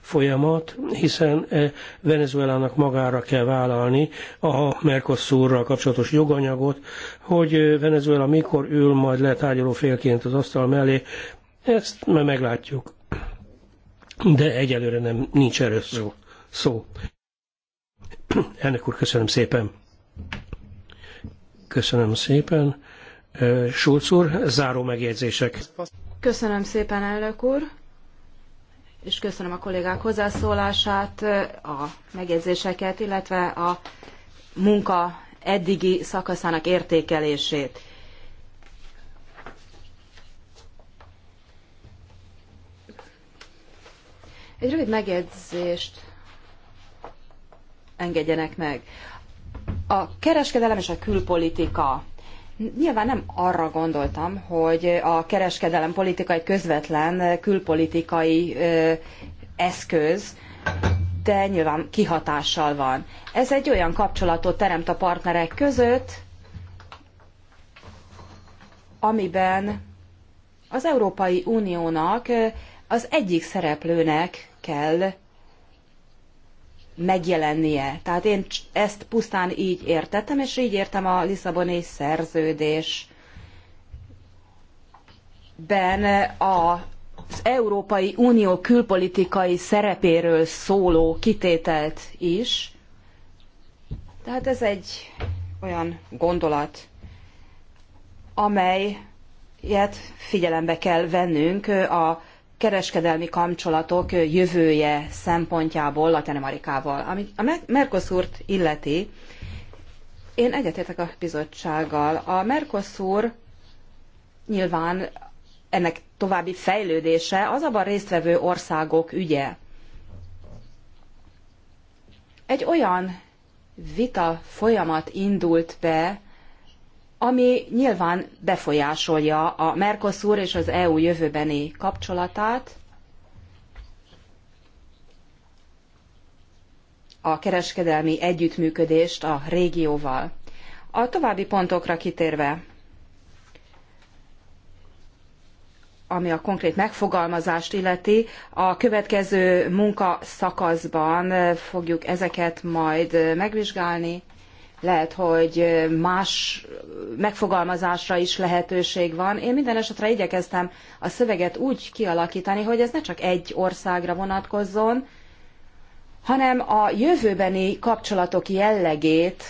folyamat, hiszen Venezuelának magára kell vállalni a Mercosurral kapcsolatos joganyagot, hogy Venezuela mikor ül majd tárgyaló félként az asztal mellé, ezt már meglátjuk. De egyelőre nem nincs erről szó. szó. Ennek úr, köszönöm szépen. Köszönöm szépen. Schulz úr, záró megjegyzések. Köszönöm szépen, elnök úr, és köszönöm a kollégák hozzászólását, a megjegyzéseket, illetve a munka eddigi szakaszának értékelését. Egy rövid megjegyzést engedjenek meg. A kereskedelem és a külpolitika Nyilván nem arra gondoltam, hogy a kereskedelem politikai közvetlen külpolitikai eszköz, de nyilván kihatással van. Ez egy olyan kapcsolatot teremt a partnerek között, amiben az Európai Uniónak az egyik szereplőnek kell megjelennie. Tehát én ezt pusztán így értettem, és így értem a Lisszaboni szerződés ben az Európai Unió külpolitikai szerepéről szóló kitételt is. Tehát ez egy olyan gondolat, amelyet figyelembe kell vennünk a kereskedelmi kapcsolatok jövője szempontjából Latin-Amerikával. Ami a Mercosurt illeti, én egyetértek a bizottsággal. A Mercosur nyilván ennek további fejlődése az abban résztvevő országok ügye. Egy olyan vita folyamat indult be, ami nyilván befolyásolja a Mercosur és az EU jövőbeni kapcsolatát, a kereskedelmi együttműködést a régióval. A további pontokra kitérve, ami a konkrét megfogalmazást illeti, a következő munkaszakaszban fogjuk ezeket majd megvizsgálni lehet, hogy más megfogalmazásra is lehetőség van. Én minden esetre igyekeztem a szöveget úgy kialakítani, hogy ez ne csak egy országra vonatkozzon, hanem a jövőbeni kapcsolatok jellegét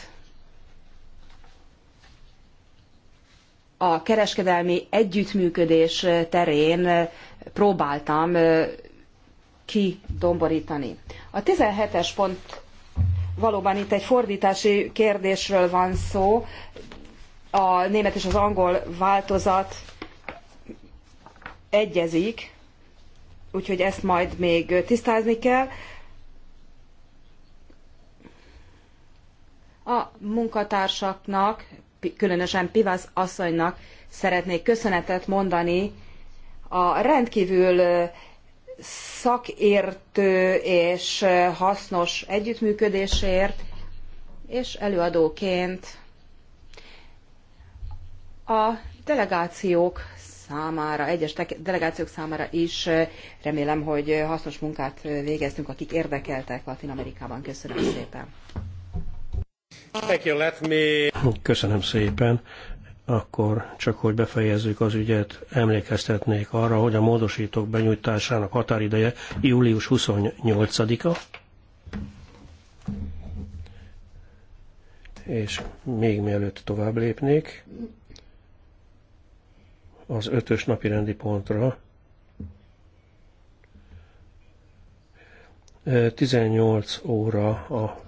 a kereskedelmi együttműködés terén próbáltam kidomborítani. A 17-es pont valóban itt egy fordítási kérdésről van szó. A német és az angol változat egyezik, úgyhogy ezt majd még tisztázni kell. A munkatársaknak, különösen Pivasz asszonynak szeretnék köszönetet mondani a rendkívül szakértő és hasznos együttműködésért, és előadóként a delegációk számára, egyes delegációk számára is eh, remélem, hogy hasznos munkát végeztünk, akik érdekeltek Latin Amerikában. Köszönöm szépen. Köszönöm szépen akkor csak hogy befejezzük az ügyet, emlékeztetnék arra, hogy a módosítók benyújtásának határideje július 28-a, és még mielőtt tovább lépnék, az ötös napi rendi pontra 18 óra a,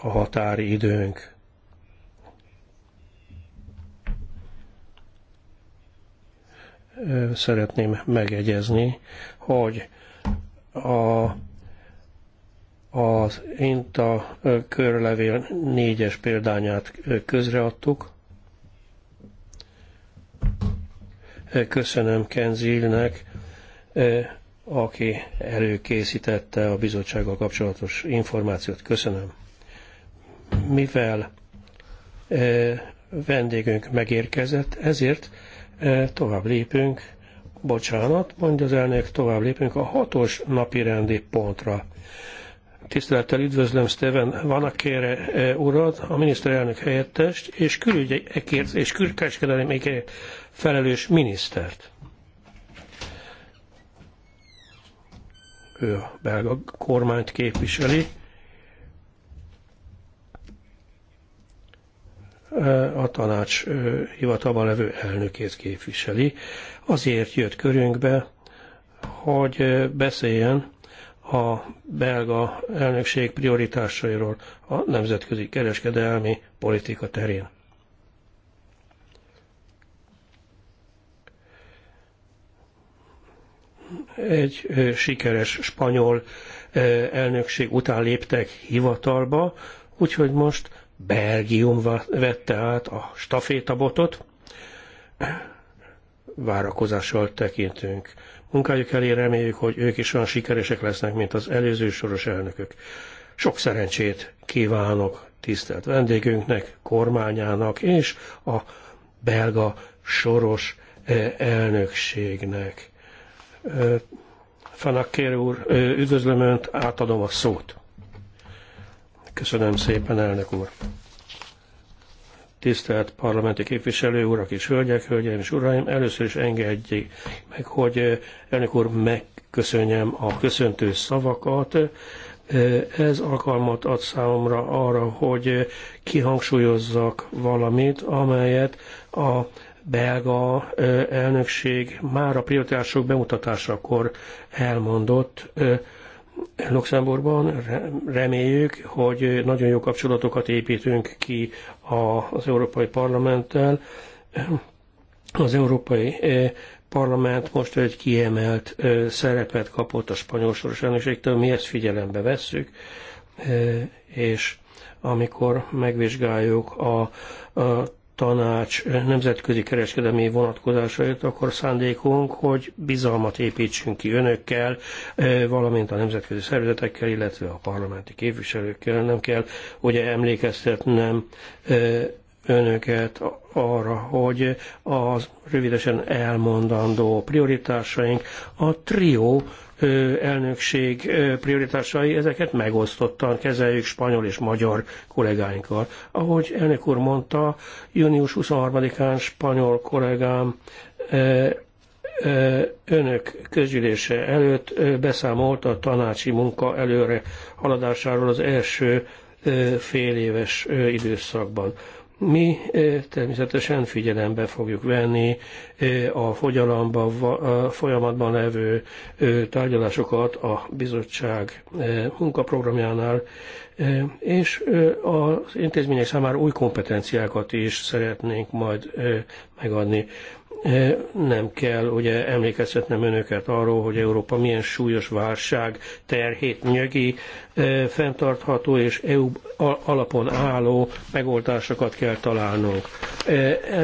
a határidőnk. szeretném megegyezni, hogy a, az INTA körlevél négyes példányát közreadtuk. Köszönöm Kenzilnek, aki előkészítette a bizottsággal kapcsolatos információt. Köszönöm. Mivel vendégünk megérkezett, ezért Tovább lépünk, bocsánat, mondja az elnök, tovább lépünk a hatos napi rendi pontra. Tisztelettel üdvözlöm Steven Vanakére urat, a miniszterelnök helyettest és külügyekért és külkereskedelemekért felelős minisztert. Ő a belga kormányt képviseli. a tanács hivatalban levő elnökét képviseli. Azért jött körünkbe, hogy beszéljen a belga elnökség prioritásairól a nemzetközi kereskedelmi politika terén. Egy sikeres spanyol elnökség után léptek hivatalba, úgyhogy most Belgium vette át a stafétabotot. Várakozással tekintünk munkájuk elé, reméljük, hogy ők is olyan sikeresek lesznek, mint az előző soros elnökök. Sok szerencsét kívánok tisztelt vendégünknek, kormányának és a belga soros eh, elnökségnek. Eh, Fanakér úr, eh, üdvözlöm Önt, átadom a szót. Köszönöm szépen, elnök úr. Tisztelt parlamenti képviselő urak és hölgyek, hölgyeim és uraim, először is engedjék meg, hogy eh, elnök úr megköszönjem a köszöntő szavakat. Eh, ez alkalmat ad számomra arra, hogy kihangsúlyozzak valamit, amelyet a belga eh, elnökség már a prioritások bemutatásakor elmondott Luxemburgban. Reméljük, hogy nagyon jó kapcsolatokat építünk ki az Európai Parlamenttel. Az Európai eh, Parlament most egy kiemelt eh, szerepet kapott a spanyol soros elnökségtől, mi ezt figyelembe vesszük, eh, és amikor megvizsgáljuk a, a tanács eh, nemzetközi kereskedelmi vonatkozásait, akkor szándékunk, hogy bizalmat építsünk ki önökkel, eh, valamint a nemzetközi szervezetekkel, illetve a parlamenti képviselőkkel. Nem kell ugye emlékeztetnem eh, önöket arra, hogy az rövidesen elmondandó prioritásaink a trió elnökség prioritásai, ezeket megosztottan kezeljük spanyol és magyar kollégáinkkal. Ahogy elnök úr mondta, június 23-án spanyol kollégám önök közgyűlése előtt beszámolt a tanácsi munka előre haladásáról az első fél éves időszakban. Mi természetesen figyelembe fogjuk venni a fogyalamban, a folyamatban levő tárgyalásokat a bizottság munkaprogramjánál, és az intézmények számára új kompetenciákat is szeretnénk majd megadni. Nem kell ugye emlékeztetnem önöket arról, hogy Európa milyen súlyos válság terhét nyögi, fenntartható és EU alapon álló megoldásokat kell találnunk.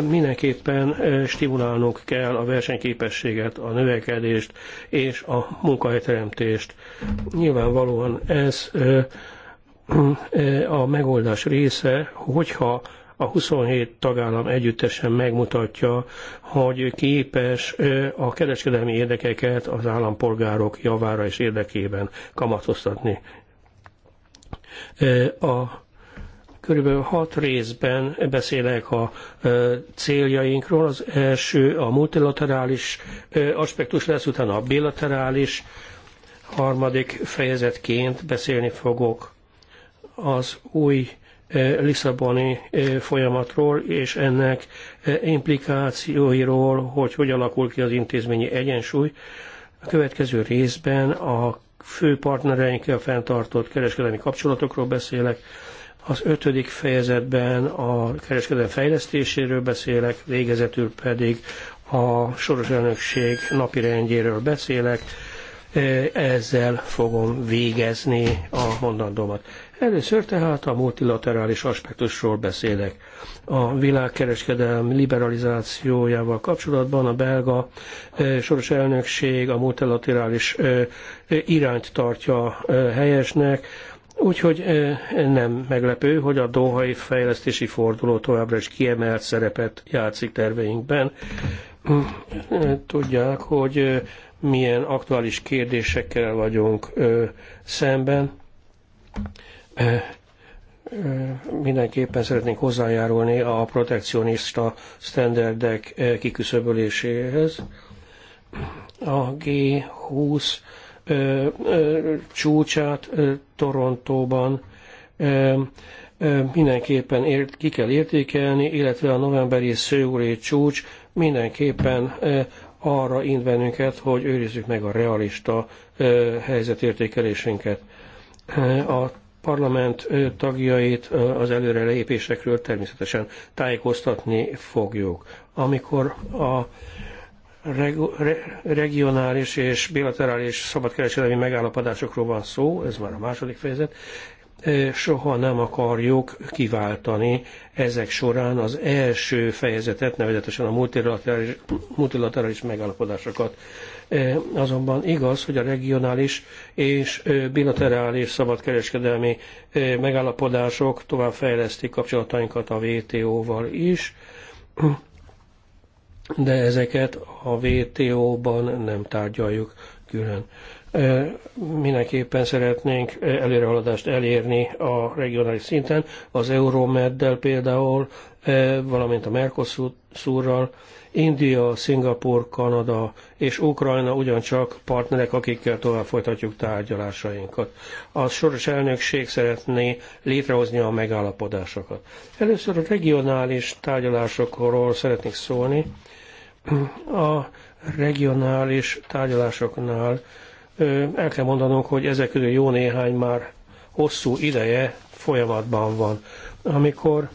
Mindenképpen stimulálnunk kell a versenyképességet, a növekedést és a munkahelyteremtést. Nyilvánvalóan ez a megoldás része, hogyha a 27 tagállam együttesen megmutatja, hogy képes a kereskedelmi érdekeket az állampolgárok javára és érdekében kamatoztatni. A körülbelül hat részben beszélek a céljainkról. Az első a multilaterális aspektus lesz, utána a bilaterális, harmadik fejezetként beszélni fogok az új E, Lisszaboni e, folyamatról és ennek e, implikációiról, hogy hogy alakul ki az intézményi egyensúly. A következő részben a fő partnereinkkel fenntartott kereskedelmi kapcsolatokról beszélek, az ötödik fejezetben a kereskedelem fejlesztéséről beszélek, végezetül pedig a soros elnökség napi rendjéről beszélek, ezzel fogom végezni a mondandómat. Először tehát a multilaterális aspektusról beszélek. A világkereskedelm liberalizációjával kapcsolatban a belga soros elnökség a multilaterális irányt tartja helyesnek, Úgyhogy nem meglepő, hogy a Dohai fejlesztési forduló továbbra is kiemelt szerepet játszik terveinkben. Tudják, hogy milyen aktuális kérdésekkel vagyunk szemben mindenképpen szeretnénk hozzájárulni a protekcionista standardek kiküszöböléséhez. A G20 csúcsát Torontóban mindenképpen ki kell értékelni, illetve a novemberi szőúri csúcs mindenképpen arra ind bennünket, hogy őrizzük meg a realista helyzetértékelésünket. A parlament tagjait az előre lépésekről természetesen tájékoztatni fogjuk. Amikor a regionális és bilaterális szabadkereskedelmi megállapodásokról van szó, ez már a második fejezet, soha nem akarjuk kiváltani ezek során az első fejezetet, nevezetesen a multilaterális, multilaterális megállapodásokat. Azonban igaz, hogy a regionális és bilaterális szabadkereskedelmi megállapodások továbbfejlesztik kapcsolatainkat a WTO-val is, de ezeket a WTO-ban nem tárgyaljuk külön. Mindenképpen szeretnénk előrehaladást elérni a regionális szinten, az Euromeddel például, valamint a Mercosurral, India, Szingapur, Kanada és Ukrajna ugyancsak partnerek, akikkel tovább folytatjuk tárgyalásainkat. A soros elnökség szeretné létrehozni a megállapodásokat. Először a regionális tárgyalásokról szeretnék szólni. A regionális tárgyalásoknál el kell mondanunk, hogy ezek közül jó néhány már hosszú ideje folyamatban van. Amikor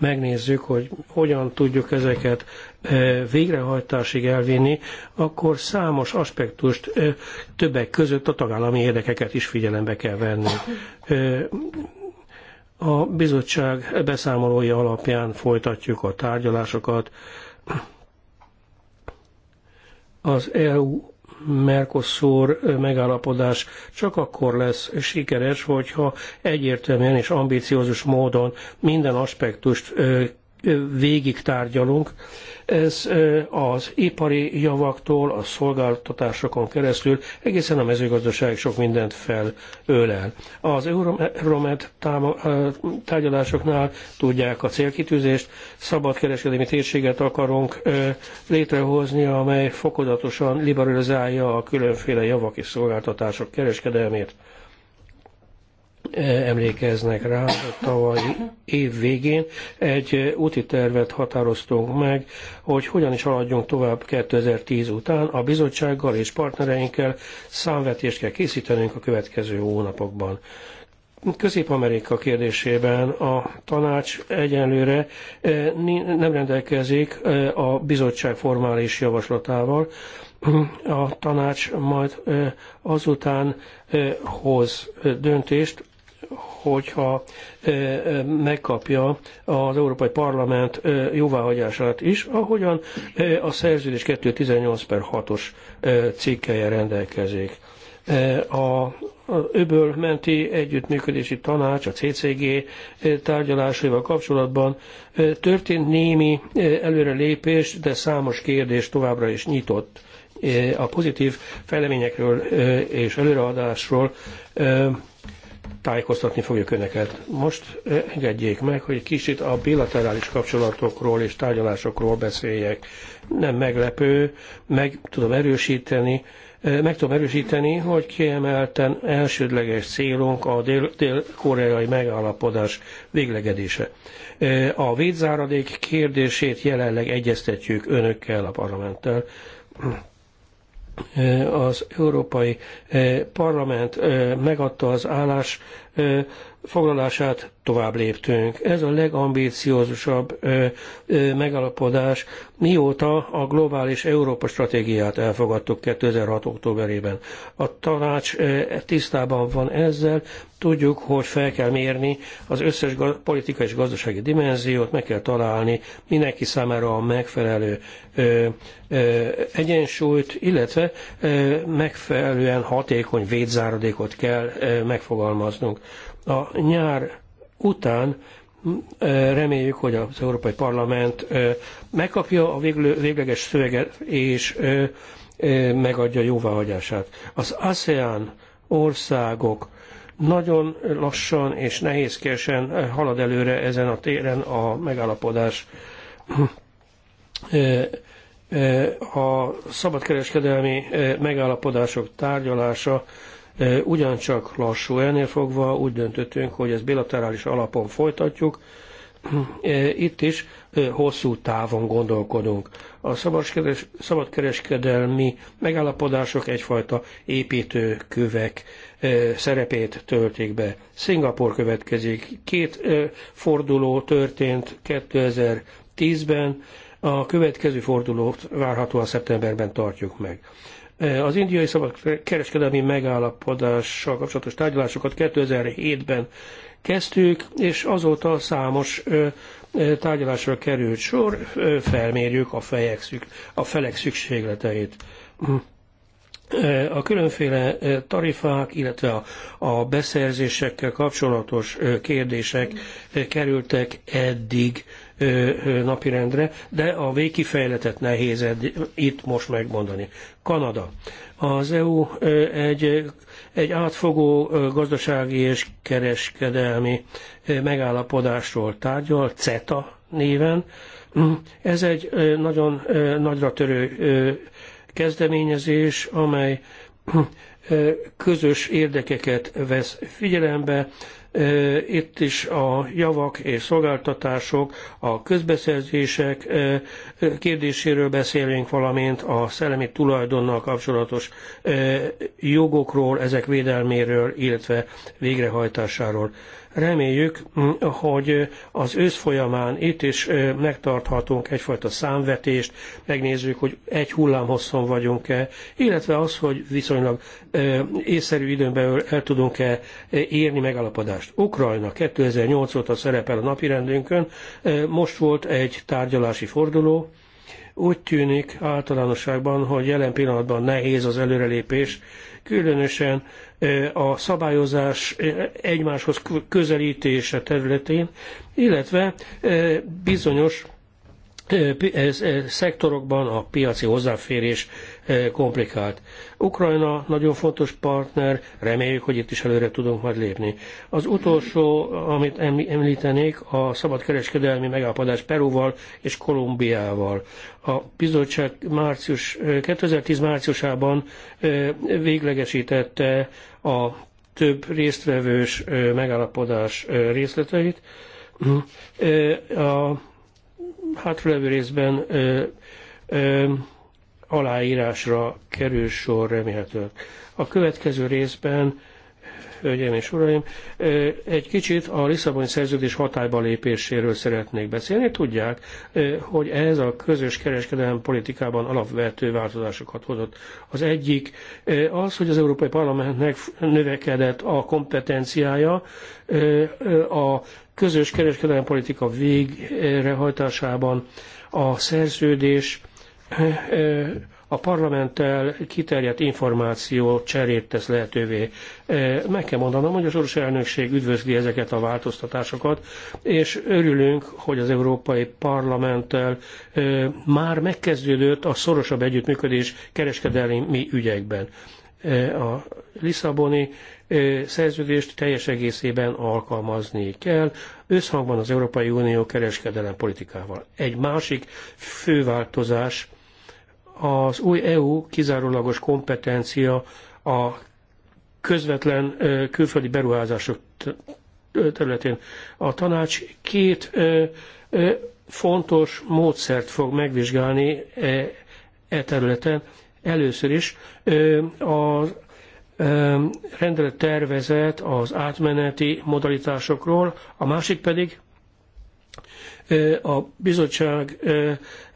megnézzük, hogy hogyan tudjuk ezeket végrehajtásig elvinni, akkor számos aspektust többek között a tagállami érdekeket is figyelembe kell venni. A bizottság beszámolója alapján folytatjuk a tárgyalásokat. Az EU Mercosur megállapodás csak akkor lesz sikeres, hogyha egyértelműen és ambiciózus módon minden aspektust végig tárgyalunk, ez az ipari javaktól, a szolgáltatásokon keresztül egészen a mezőgazdaság sok mindent felölel. Az Euromed tárgyalásoknál tudják a célkitűzést, kereskedelmi térséget akarunk létrehozni, amely fokozatosan liberalizálja a különféle javak és szolgáltatások kereskedelmét emlékeznek rá, hogy tavaly év végén egy úti tervet határoztunk meg, hogy hogyan is haladjunk tovább 2010 után. A bizottsággal és partnereinkkel számvetést kell készítenünk a következő hónapokban. Közép-Amerika kérdésében a tanács egyenlőre nem rendelkezik a bizottság formális javaslatával. A tanács majd azután hoz döntést, hogyha megkapja az Európai Parlament jóváhagyását is, ahogyan a szerződés 218 per 6-os cikkelje rendelkezik. A öböl menti együttműködési tanács, a CCG tárgyalásaival kapcsolatban történt némi előrelépés, de számos kérdés továbbra is nyitott a pozitív fejleményekről és előreadásról tájékoztatni fogjuk önöket. Most eh, engedjék meg, hogy kicsit a bilaterális kapcsolatokról és tárgyalásokról beszéljek. Nem meglepő, meg tudom erősíteni, eh, meg tudom erősíteni, hogy kiemelten elsődleges célunk a dél-koreai -dél megállapodás véglegedése. Eh, a védzáradék kérdését jelenleg egyeztetjük önökkel, a parlamenttel Eh, az Európai eh, Parlament eh, megadta az állás foglalását tovább léptünk. Ez a legambíciózusabb megalapodás, mióta a globális Európa stratégiát elfogadtuk 2006. októberében. A tanács tisztában van ezzel, tudjuk, hogy fel kell mérni az összes politikai és gazdasági dimenziót, meg kell találni mindenki számára a megfelelő egyensúlyt, illetve megfelelően hatékony védzáradékot kell megfogalmaznunk. A nyár után reméljük, hogy az Európai Parlament megkapja a végleges szöveget és megadja jóváhagyását. Az ASEAN országok nagyon lassan és nehézkesen halad előre ezen a téren a megállapodás. A szabadkereskedelmi megállapodások tárgyalása ugyancsak lassú, ennél fogva úgy döntöttünk, hogy ezt bilaterális alapon folytatjuk, itt is hosszú távon gondolkodunk. A szabadkereskedelmi megállapodások egyfajta építőkövek szerepét töltik be. Szingapur következik. Két forduló történt 2010-ben, a következő fordulót várhatóan szeptemberben tartjuk meg. Az indiai kereskedelmi megállapodással kapcsolatos tárgyalásokat 2007-ben kezdtük, és azóta számos tárgyalásra került sor, felmérjük a, fejek, a felek szükségleteit. Hm. Eh, a különféle eh, tarifák, illetve a, beszerzésekkel kapcsolatos eh, kérdések kerültek eddig napirendre, de a végkifejletet nehéz itt most megmondani. Kanada. Az EU egy, egy átfogó gazdasági és kereskedelmi megállapodásról tárgyal, CETA néven. Mm, ez egy nagyon nagyra törő kezdeményezés, amely közös érdekeket vesz figyelembe. Itt is a javak és szolgáltatások, a közbeszerzések kérdéséről beszélünk, valamint a szellemi tulajdonnal kapcsolatos jogokról, ezek védelméről, illetve végrehajtásáról. Reméljük, mm, hogy az ősz folyamán itt is megtarthatunk egyfajta számvetést, megnézzük, hogy egy hullámhosszon vagyunk-e, illetve az, hogy viszonylag észszerű időn belül el tudunk-e írni megalapodást. Ukrajna 2008 óta szerepel a napirendünkön, most volt egy tárgyalási forduló, úgy tűnik általánosságban, hogy jelen pillanatban nehéz az előrelépés, különösen a szabályozás egymáshoz közelítése területén, illetve bizonyos szektorokban a piaci hozzáférés E, komplikált. Ukrajna nagyon fontos partner, reméljük, hogy itt is előre tudunk majd lépni. Az utolsó, amit említenék, a szabadkereskedelmi megállapodás Peruval és Kolumbiával. A bizottság március, 2010 e, márciusában e, véglegesítette a több résztvevős megállapodás részleteit. A hátralévő részben aláírásra kerül sor remélhetőleg. A következő részben, hölgyeim és uraim, egy kicsit a Lisszaboni szerződés hatályba lépéséről szeretnék beszélni. Tudják, hogy ez a közös kereskedelmi politikában alapvető változásokat hozott. Az egyik az, hogy az Európai Parlamentnek növekedett a kompetenciája a közös kereskedelmi politika végrehajtásában a szerződés a parlamenttel kiterjedt információ cserét tesz lehetővé. Meg kell mondanom, hogy a orosz elnökség üdvözli ezeket a változtatásokat, és örülünk, hogy az Európai Parlamenttel már megkezdődött a szorosabb együttműködés kereskedelmi ügyekben. A Lisszaboni szerződést teljes egészében alkalmazni kell, összhangban az Európai Unió kereskedelem politikával. Egy másik fő változás az új EU kizárólagos kompetencia a közvetlen külföldi beruházások területén. A tanács két fontos módszert fog megvizsgálni e, e területen. Először is a rendelet tervezet az átmeneti modalitásokról, a másik pedig a bizottság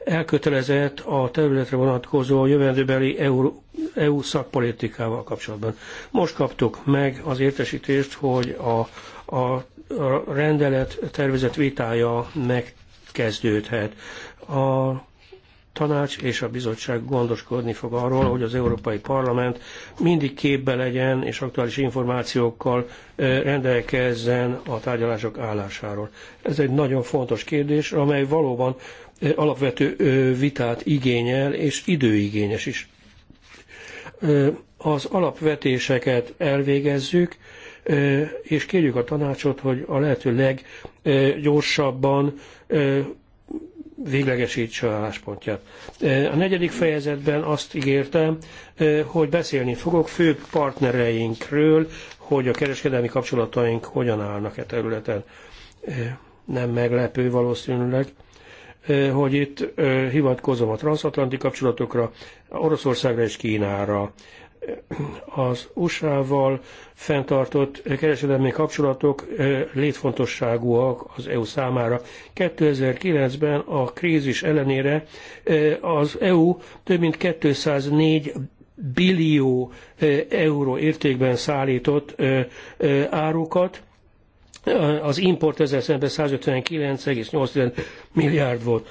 elkötelezett a területre vonatkozó a jövendőbeli EU, EU szakpolitikával kapcsolatban. Most kaptuk meg az értesítést, hogy a, a, a rendelet tervezett vitája megkezdődhet. A tanács és a bizottság gondoskodni fog arról, hogy az Európai Parlament mindig képbe legyen és aktuális információkkal rendelkezzen a tárgyalások állásáról. Ez egy nagyon fontos kérdés, amely valóban alapvető vitát igényel, és időigényes is. Az alapvetéseket elvégezzük, és kérjük a tanácsot, hogy a lehető leggyorsabban véglegesítse álláspontját. A negyedik fejezetben azt ígértem, hogy beszélni fogok fő partnereinkről, hogy a kereskedelmi kapcsolataink hogyan állnak e területen. Nem meglepő valószínűleg, hogy itt hivatkozom a transatlanti kapcsolatokra, Oroszországra és Kínára. Az USA-val fenntartott kereskedelmi kapcsolatok létfontosságúak az EU számára. 2009-ben a krízis ellenére az EU több mint 204 billió euró értékben szállított árukat, az import ezzel szemben 159,8 milliárd volt.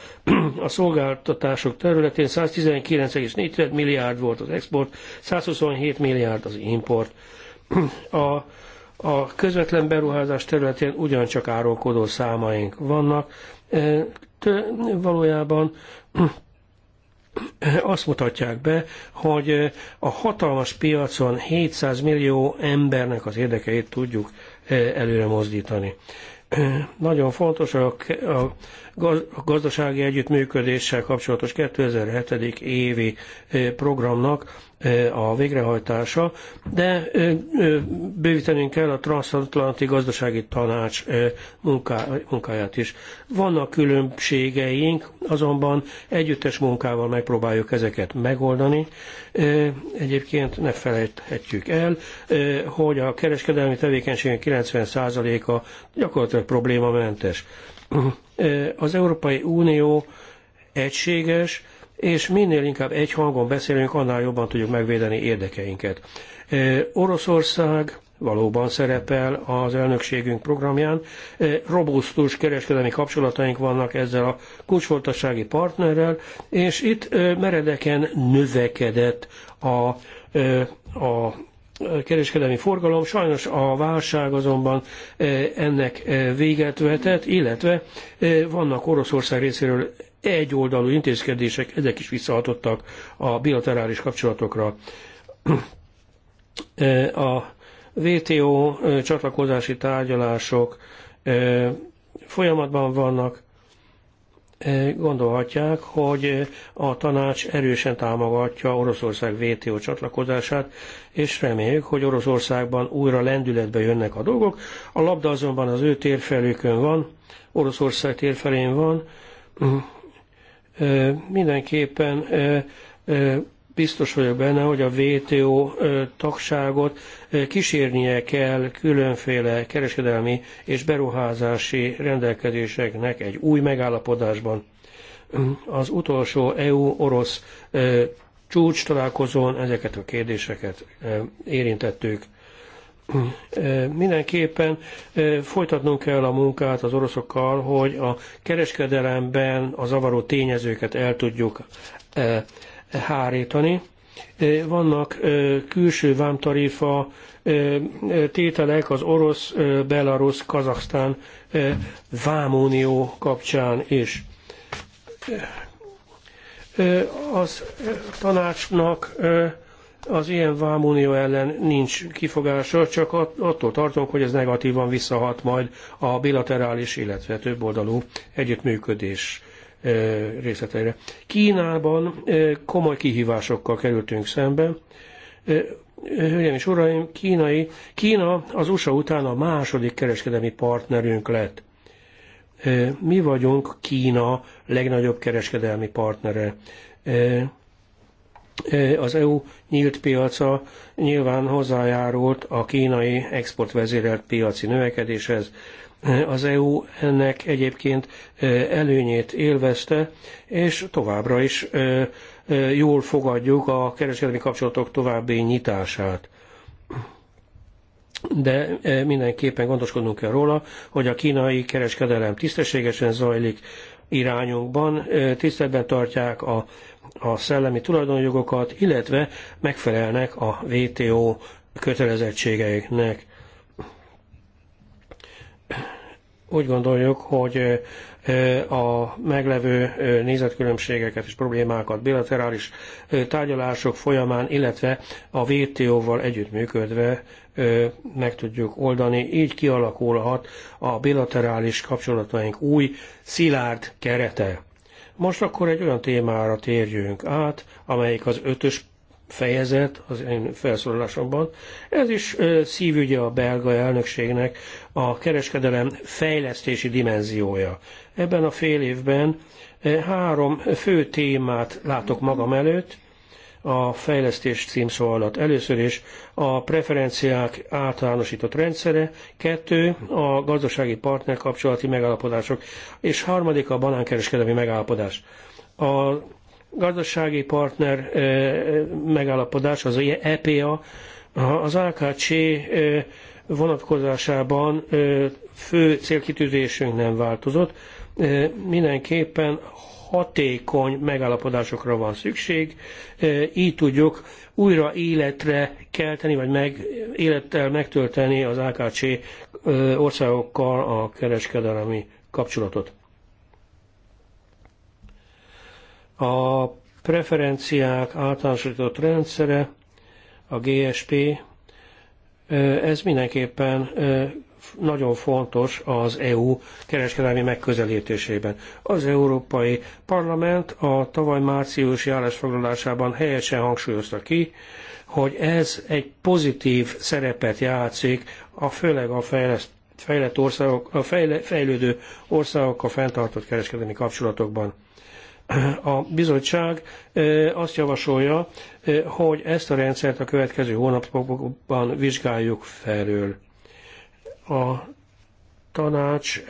A szolgáltatások területén 119,4 milliárd volt az export, 127 milliárd az import. A, a közvetlen beruházás területén ugyancsak árulkodó számaink vannak. valójában azt mutatják be, hogy eh, a hatalmas piacon 700 millió embernek az érdekeit tudjuk eh, előre mozdítani. Nagyon fontos a, gazdasági együttműködéssel kapcsolatos 2007. évi eh, programnak a végrehajtása, de bővítenünk kell a transatlanti gazdasági tanács munkáját is. Vannak különbségeink, azonban együttes munkával megpróbáljuk ezeket megoldani. Egyébként ne felejthetjük el, hogy a kereskedelmi tevékenység 90%-a gyakorlatilag problémamentes. Az Európai Unió egységes, és minél inkább egy hangon beszélünk, annál jobban tudjuk megvédeni érdekeinket. Oroszország valóban szerepel az elnökségünk programján. Robusztus kereskedelmi kapcsolataink vannak ezzel a kulcsfoltassági partnerrel, és itt meredeken növekedett a, a kereskedelmi forgalom. Sajnos a válság azonban ennek véget vetett, illetve vannak Oroszország részéről egyoldalú intézkedések, ezek is visszahatottak a bilaterális kapcsolatokra. E, a WTO e, csatlakozási tárgyalások e, folyamatban vannak, gondolhatják, hogy a tanács erősen támogatja Oroszország WTO csatlakozását, és reméljük, hogy Oroszországban újra lendületbe jönnek a dolgok. A labda azonban az ő térfelükön van, Oroszország térfelén van, Mindenképpen biztos vagyok benne, hogy a WTO tagságot kísérnie kell különféle kereskedelmi és beruházási rendelkezéseknek egy új megállapodásban. Az utolsó EU-orosz csúcs találkozón ezeket a kérdéseket érintettük. Mindenképpen folytatnunk kell a munkát az oroszokkal, hogy a kereskedelemben a zavaró tényezőket el tudjuk hárítani. Vannak külső vámtarifa tételek az orosz, belarusz, kazaksztán vámunió kapcsán is az tanácsnak az ilyen vámunió ellen nincs kifogása, csak attól tartunk, hogy ez negatívan visszahat majd a bilaterális, illetve oldalú együttműködés részleteire. Kínában komoly kihívásokkal kerültünk szembe. Hölgyeim és uraim, kínai, Kína az USA után a második kereskedelmi partnerünk lett. Mi vagyunk Kína legnagyobb kereskedelmi partnere az EU nyílt piaca nyilván hozzájárult a kínai exportvezérelt piaci növekedéshez. Az EU ennek egyébként előnyét élvezte, és továbbra is jól fogadjuk a kereskedelmi kapcsolatok további nyitását. De mindenképpen gondoskodnunk kell róla, hogy a kínai kereskedelem tisztességesen zajlik irányunkban, tiszteletben tartják a a szellemi tulajdonjogokat, illetve megfelelnek a WTO kötelezettségeiknek. Úgy gondoljuk, hogy e, a meglevő e, nézetkülönbségeket és problémákat bilaterális e, tárgyalások folyamán, illetve a WTO-val együttműködve meg tudjuk oldani. Így kialakulhat a bilaterális kapcsolataink új, szilárd kerete. Most akkor egy olyan témára térjünk át, amelyik az ötös fejezet az én felszólalásomban. Ez is szívügye a belga elnökségnek a kereskedelem fejlesztési dimenziója. Ebben a fél évben három fő témát látok magam előtt a fejlesztés címszó alatt. Először is a preferenciák általánosított rendszere, kettő a gazdasági partner kapcsolati megállapodások, és harmadik a banánkereskedelmi megállapodás. A gazdasági partner megállapodás, az EPA, az AKC vonatkozásában fő célkitűzésünk nem változott, mindenképpen hatékony megállapodásokra van szükség, így tudjuk újra életre kelteni, vagy meg, élettel megtölteni az AKC országokkal a kereskedelmi kapcsolatot. A preferenciák általánosított rendszere, a GSP, ez mindenképpen nagyon fontos az EU kereskedelmi megközelítésében. Az Európai Parlament a tavaly márciusi állásfoglalásában helyesen hangsúlyozta ki, hogy ez egy pozitív szerepet játszik, a főleg a fejleszt, fejlett országok, a fejle, fejlődő országokkal fenntartott kereskedelmi kapcsolatokban a bizottság azt javasolja, hogy ezt a rendszert a következő hónapokban vizsgáljuk felül a tanács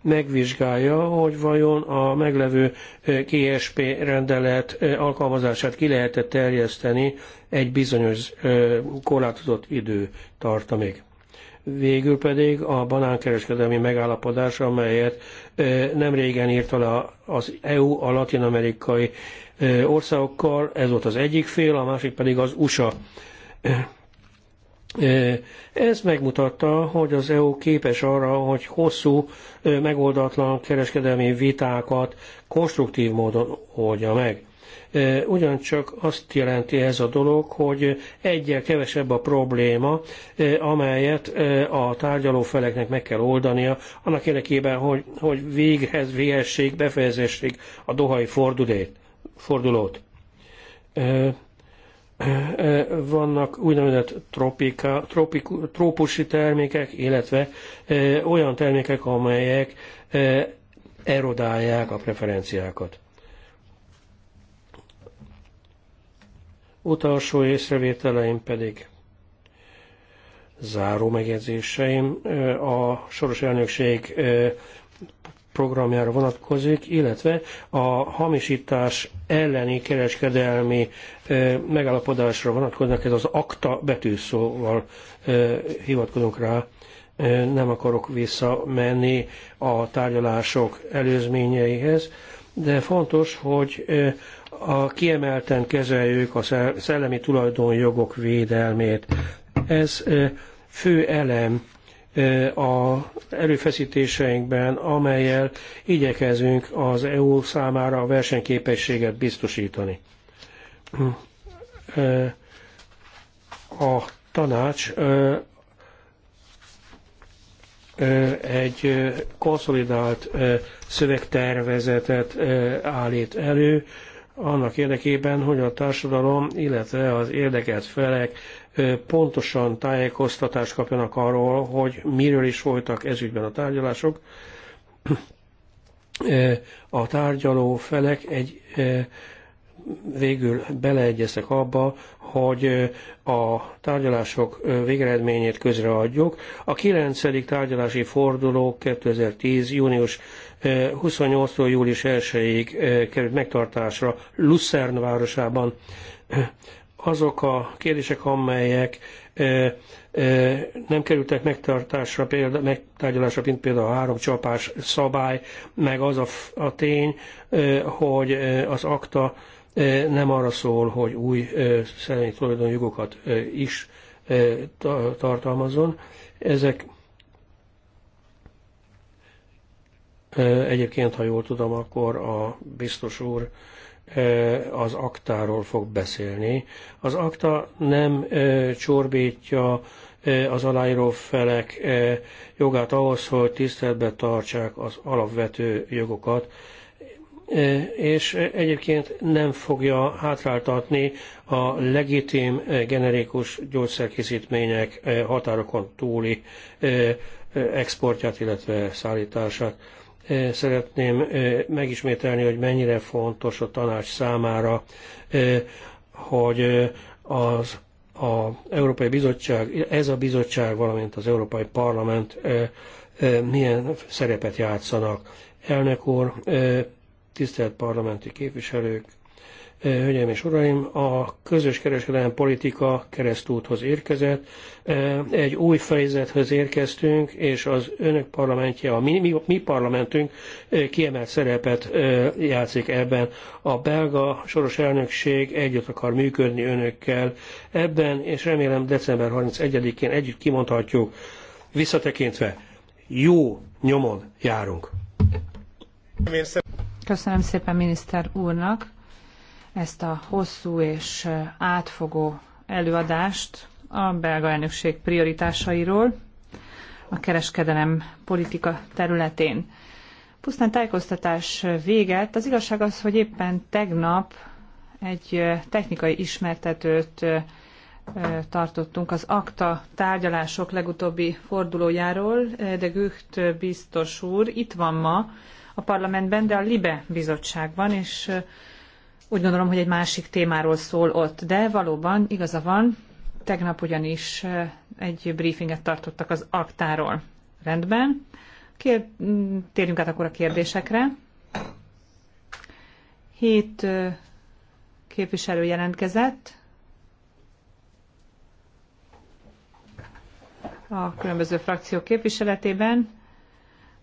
megvizsgálja, hogy vajon a meglevő KSP rendelet alkalmazását ki lehet terjeszteni egy bizonyos korlátozott tartamig. Végül pedig a banánkereskedelmi megállapodás, amelyet nem régen írt alá az EU a latinamerikai országokkal, ez volt az egyik fél, a másik pedig az USA ez megmutatta, hogy az EU képes arra, hogy hosszú, megoldatlan kereskedelmi vitákat konstruktív módon oldja meg. Ugyancsak azt jelenti ez a dolog, hogy egyel kevesebb a probléma, amelyet a tárgyalófeleknek meg kell oldania, annak érdekében, hogy, hogy véghez vihessék, befejezessék a dohai fordulót vannak úgynevezett tropika, tropik, trópusi termékek, illetve olyan termékek, amelyek erodálják a preferenciákat. Utolsó észrevételeim pedig záró megjegyzéseim a soros elnökség programjára vonatkozik, illetve a hamisítás elleni kereskedelmi megállapodásra vonatkoznak, ez az akta betűszóval hivatkozunk rá. Nem akarok visszamenni a tárgyalások előzményeihez, de fontos, hogy a kiemelten kezeljük a szellemi tulajdonjogok védelmét. Ez fő elem a erőfeszítéseinkben, amelyel igyekezünk az EU számára a versenyképességet biztosítani. A tanács egy konszolidált szövegtervezetet állít elő, annak érdekében, hogy a társadalom, illetve az érdekelt felek pontosan tájékoztatást kapjanak arról, hogy miről is voltak ezügyben a tárgyalások. A tárgyaló felek egy végül beleegyeztek abba, hogy a tárgyalások végeredményét közreadjuk. A 9. tárgyalási forduló 2010. június 28-tól július 1-ig került megtartásra Lucern városában azok a kérdések, amelyek nem kerültek megtartásra, példa, megtárgyalásra, mint például a három csapás szabály, meg az a, a tény, hogy az akta nem arra szól, hogy új szellemi tulajdonjogokat is tartalmazon Ezek egyébként, ha jól tudom, akkor a biztos úr E, az aktáról fog beszélni. Az akta nem e, csorbítja e, az aláíró felek jogát ahhoz, hogy tiszteletbe tartsák az alapvető jogokat, és egyébként nem fogja hátráltatni a legitim generikus gyógyszerkészítmények határokon túli exportját, illetve szállítását Szeretném megismételni, hogy mennyire fontos a tanács számára, hogy az a Európai Bizottság, ez a bizottság, valamint az Európai Parlament milyen szerepet játszanak. Elnök úr, tisztelt parlamenti képviselők, Hölgyeim és uraim, a közös kereskedelmi politika keresztúthoz érkezett, egy új fejezethez érkeztünk, és az önök parlamentje, a mi, mi, mi parlamentünk kiemelt szerepet játszik ebben. A belga soros elnökség együtt akar működni önökkel ebben, és remélem december 31-én együtt kimondhatjuk, visszatekintve, jó nyomon járunk. Köszönöm szépen miniszter úrnak ezt a hosszú és átfogó előadást a belga elnökség prioritásairól a kereskedelem politika területén. Pusztán tájékoztatás véget. Hát az igazság az, hogy éppen tegnap egy technikai ismertetőt tartottunk az akta tárgyalások legutóbbi fordulójáról, de Gücht biztos úr itt van ma a parlamentben, de a LIBE bizottságban, és úgy gondolom, hogy egy másik témáról szól ott, de valóban igaza van, tegnap ugyanis eh, egy briefinget tartottak az aktáról. Rendben. Kér, mm, térjünk át akkor a kérdésekre. Hét eh, képviselő jelentkezett. a különböző frakciók képviseletében.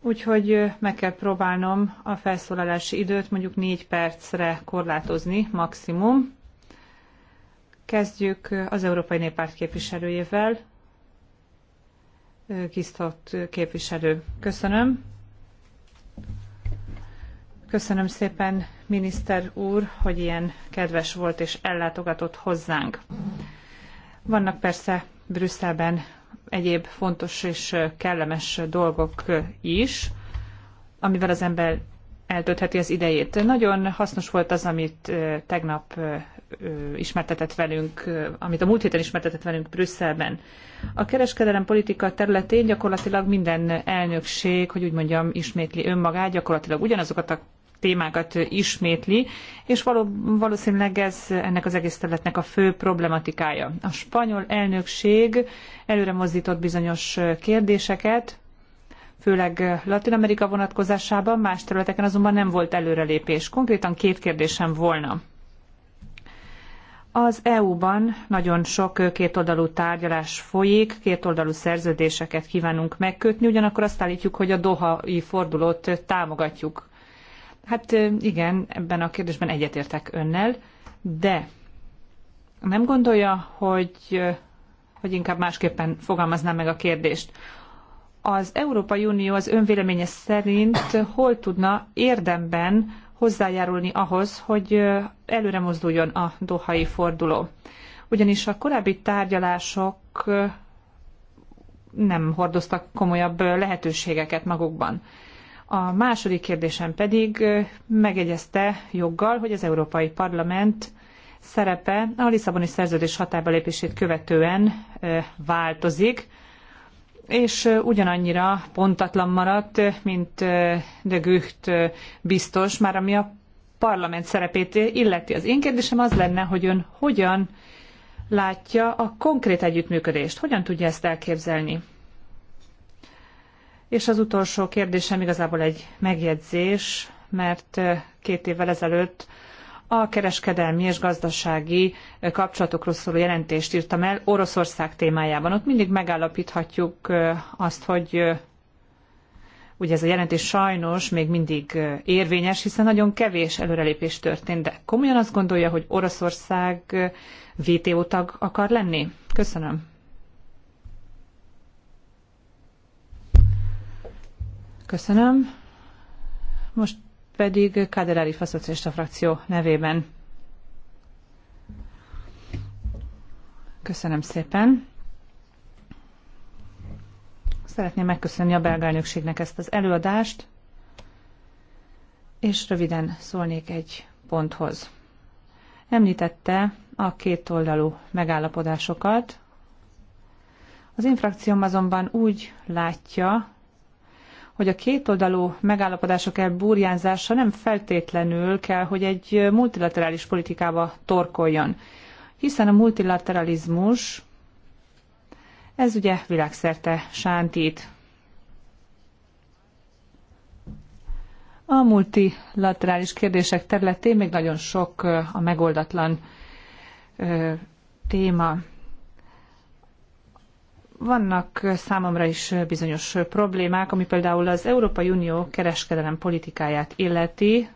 Úgyhogy meg kell próbálnom a felszólalási időt mondjuk négy percre korlátozni maximum. Kezdjük az Európai Néppárt képviselőjével. Kisztott képviselő. Köszönöm. Köszönöm szépen, miniszter úr, hogy ilyen kedves volt és ellátogatott hozzánk. Vannak persze Brüsszelben egyéb fontos és kellemes dolgok is, amivel az ember eltöltheti az idejét. Nagyon hasznos volt az, amit tegnap ismertetett velünk, amit a múlt héten ismertetett velünk Brüsszelben. A kereskedelem politika területén gyakorlatilag minden elnökség, hogy úgy mondjam, ismétli önmagát, gyakorlatilag ugyanazokat a témákat ismétli, és való, valószínűleg ez ennek az egész területnek a fő problematikája. A spanyol elnökség előre mozdított bizonyos kérdéseket, főleg Latin Amerika vonatkozásában, más területeken azonban nem volt előrelépés. Konkrétan két kérdésem volna. Az EU-ban nagyon sok kétoldalú tárgyalás folyik, kétoldalú szerződéseket kívánunk megkötni, ugyanakkor azt állítjuk, hogy a Dohai fordulót támogatjuk. Hát igen, ebben a kérdésben egyetértek önnel, de nem gondolja, hogy, hogy inkább másképpen fogalmaznám meg a kérdést. Az Európai Unió az önvéleménye szerint hol tudna érdemben hozzájárulni ahhoz, hogy előre mozduljon a dohai forduló. Ugyanis a korábbi tárgyalások nem hordoztak komolyabb lehetőségeket magukban. A második kérdésem pedig megegyezte joggal, hogy az Európai Parlament szerepe a Lisszaboni szerződés hatába lépését követően változik, és ugyanannyira pontatlan maradt, mint de Gucht biztos, már ami a parlament szerepét illeti. Az én kérdésem az lenne, hogy ön hogyan látja a konkrét együttműködést, hogyan tudja ezt elképzelni? És az utolsó kérdésem igazából egy megjegyzés, mert két évvel ezelőtt a kereskedelmi és gazdasági kapcsolatokról szóló jelentést írtam el Oroszország témájában. Ott mindig megállapíthatjuk azt, hogy ugye ez a jelentés sajnos még mindig érvényes, hiszen nagyon kevés előrelépés történt, de komolyan azt gondolja, hogy Oroszország VTO tag akar lenni? Köszönöm. Köszönöm. Most pedig Káder Elif a szocialista frakció nevében. Köszönöm szépen. Szeretném megköszönni a belga elnökségnek ezt az előadást, és röviden szólnék egy ponthoz. Említette a kétoldalú megállapodásokat. Az infrakcióm azonban úgy látja, hogy a kétoldalú megállapodások elburjánzása nem feltétlenül kell, hogy egy multilaterális politikába torkoljon. Hiszen a multilateralizmus, ez ugye világszerte sántít. A multilaterális kérdések területén még nagyon sok a megoldatlan téma. Vannak számomra is bizonyos problémák, ami például az Európai Unió kereskedelem politikáját illeti.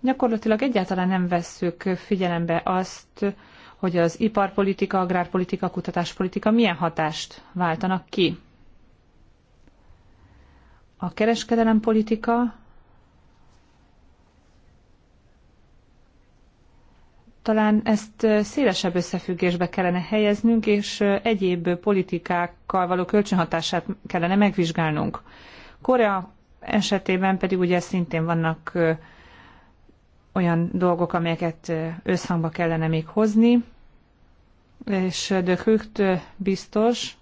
Gyakorlatilag egyáltalán nem vesszük figyelembe azt, hogy az iparpolitika, agrárpolitika, kutatáspolitika milyen hatást váltanak ki. A kereskedelem politika talán ezt szélesebb összefüggésbe kellene helyeznünk, és egyéb politikákkal való kölcsönhatását kellene megvizsgálnunk. Korea esetében pedig ugye szintén vannak olyan dolgok, amelyeket összhangba kellene még hozni, és de Hücht biztos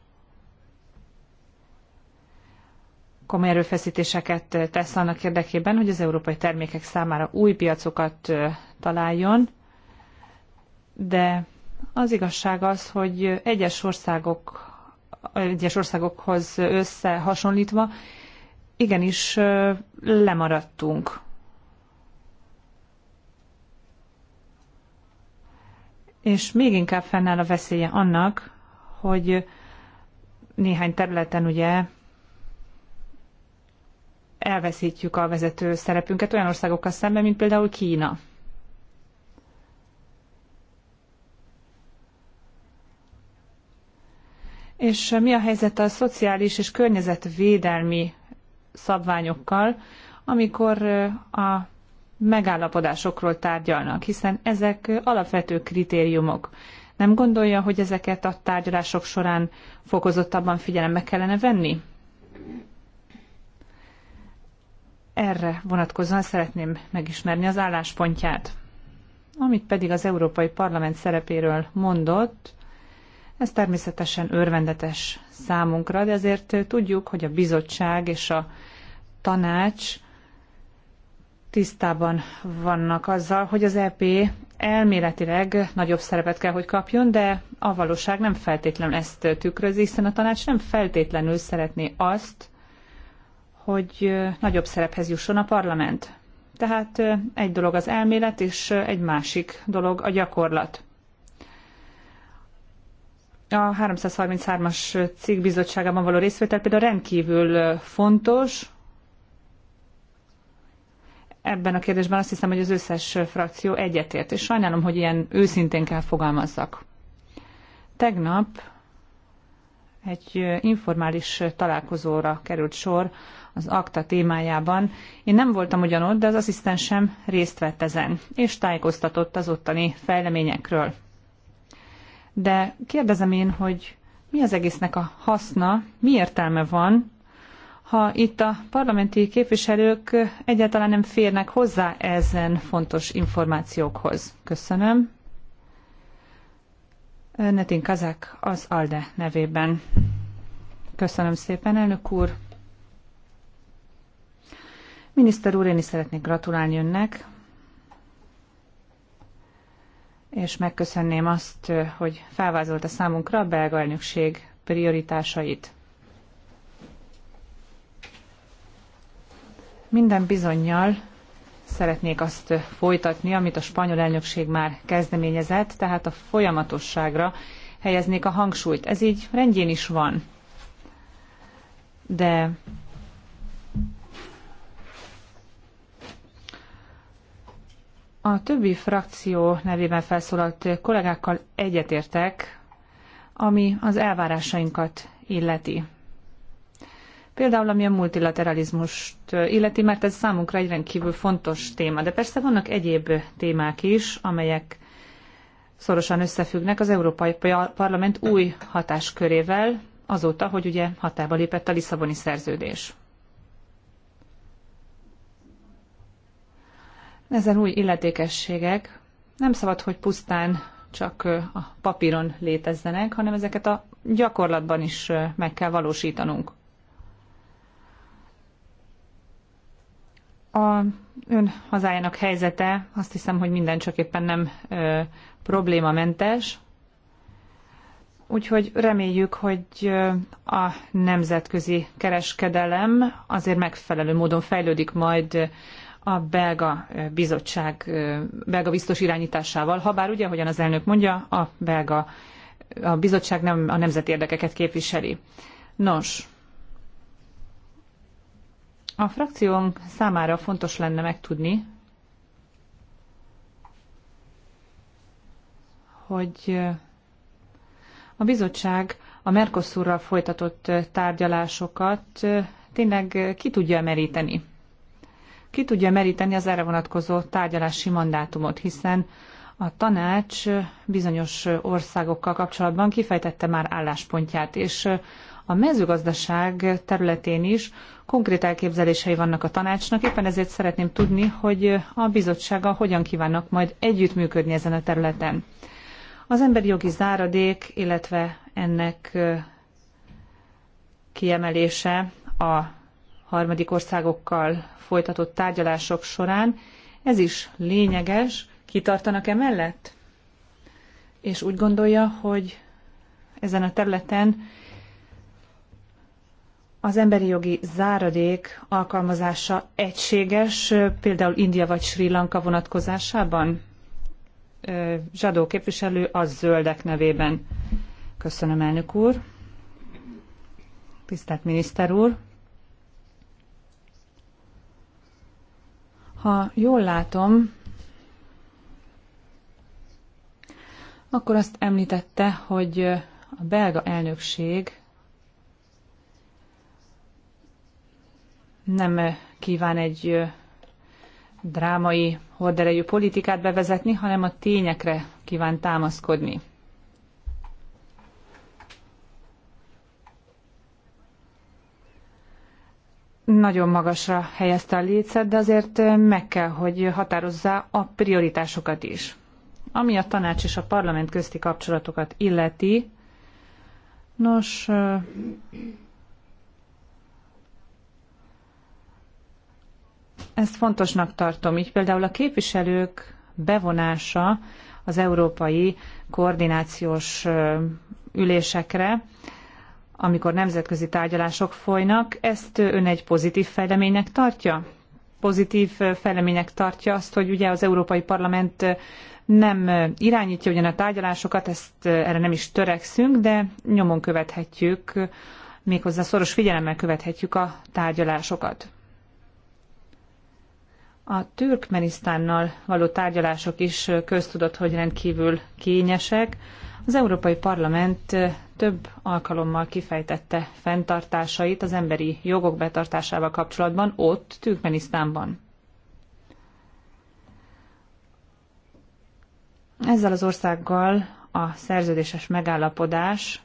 komoly erőfeszítéseket tesz annak érdekében, hogy az európai termékek számára új piacokat találjon, de az igazság az, hogy egyes országok egyes országokhoz összehasonlítva igenis lemaradtunk. És még inkább fennáll a veszélye annak, hogy néhány területen ugye elveszítjük a vezető szerepünket olyan országokkal szemben, mint például Kína. És mi a helyzet a szociális és környezetvédelmi szabványokkal, amikor a megállapodásokról tárgyalnak, hiszen ezek alapvető kritériumok. Nem gondolja, hogy ezeket a tárgyalások során fokozottabban figyelembe kellene venni? Erre vonatkozóan szeretném megismerni az álláspontját. Amit pedig az Európai Parlament szerepéről mondott, ez természetesen örvendetes számunkra, de azért tudjuk, hogy a bizottság és a tanács tisztában vannak azzal, hogy az EP elméletileg nagyobb szerepet kell, hogy kapjon, de a valóság nem feltétlenül ezt tükrözi, hiszen a tanács nem feltétlenül szeretné azt, hogy nagyobb szerephez jusson a parlament. Tehát egy dolog az elmélet, és egy másik dolog a gyakorlat a 333-as cikk bizottságában való részvétel például rendkívül fontos. Ebben a kérdésben azt hiszem, hogy az összes frakció egyetért, és sajnálom, hogy ilyen őszintén kell fogalmazzak. Tegnap egy informális találkozóra került sor az akta témájában. Én nem voltam ugyanott, de az asszisztensem részt vett ezen, és tájékoztatott az ottani fejleményekről de kérdezem én, hogy mi az egésznek a haszna, mi értelme van, ha itt a parlamenti képviselők egyáltalán nem férnek hozzá ezen fontos információkhoz. Köszönöm. Netin Kazak az ALDE nevében. Köszönöm szépen, elnök úr. Miniszter úr, én is szeretnék gratulálni önnek és megköszönném azt, hogy felvázolta számunkra a belga elnökség prioritásait. Minden bizonyal szeretnék azt folytatni, amit a spanyol elnökség már kezdeményezett, tehát a folyamatosságra helyeznék a hangsúlyt. Ez így rendjén is van. De A többi frakció nevében felszólalt kollégákkal egyetértek, ami az elvárásainkat illeti. Például ami a multilateralizmust illeti, mert ez számunkra egy rendkívül fontos téma. De persze vannak egyéb témák is, amelyek szorosan összefüggnek az Európai Parlament új hatáskörével azóta, hogy ugye hatába lépett a Lisszaboni szerződés. Ezen új illetékességek nem szabad, hogy pusztán csak a papíron létezzenek, hanem ezeket a gyakorlatban is meg kell valósítanunk. A ön hazájának helyzete azt hiszem, hogy minden csak éppen nem ö, problémamentes, Úgyhogy reméljük, hogy a nemzetközi kereskedelem azért megfelelő módon fejlődik majd a belga bizottság, belga biztos irányításával, habár ugye, ahogyan az elnök mondja, a belga a bizottság nem a nemzeti érdekeket képviseli. Nos, a frakciónk számára fontos lenne megtudni, hogy a bizottság a Mercosurral folytatott tárgyalásokat tényleg ki tudja meríteni ki tudja meríteni az erre vonatkozó tárgyalási mandátumot, hiszen a tanács bizonyos országokkal kapcsolatban kifejtette már álláspontját, és a mezőgazdaság területén is konkrét elképzelései vannak a tanácsnak, éppen ezért szeretném tudni, hogy a bizottsága hogyan kívánnak majd együttműködni ezen a területen. Az emberi jogi záradék, illetve ennek kiemelése a harmadik országokkal folytatott tárgyalások során. Ez is lényeges. Kitartanak emellett? És úgy gondolja, hogy ezen a területen az emberi jogi záradék alkalmazása egységes, például India vagy Sri Lanka vonatkozásában? Zsadó képviselő a zöldek nevében. Köszönöm, elnök úr. Tisztelt miniszter úr! Ha jól látom, akkor azt említette, hogy a belga elnökség nem kíván egy drámai horderejű politikát bevezetni, hanem a tényekre kíván támaszkodni. nagyon magasra helyezte a lécet, de azért meg kell, hogy határozza a prioritásokat is. Ami a tanács és a parlament közti kapcsolatokat illeti, nos, ezt fontosnak tartom. Így például a képviselők bevonása az európai koordinációs ülésekre, amikor nemzetközi tárgyalások folynak, ezt ön egy pozitív fejleménynek tartja? Pozitív fejleménynek tartja azt, hogy ugye az Európai Parlament nem irányítja ugyan a tárgyalásokat, ezt erre nem is törekszünk, de nyomon követhetjük, méghozzá szoros figyelemmel követhetjük a tárgyalásokat. A Türkmenisztánnal való tárgyalások is köztudott, hogy rendkívül kényesek. Az Európai Parlament több alkalommal kifejtette fenntartásait az emberi jogok betartásával kapcsolatban ott, Türkmenisztánban. Ezzel az országgal a szerződéses megállapodás,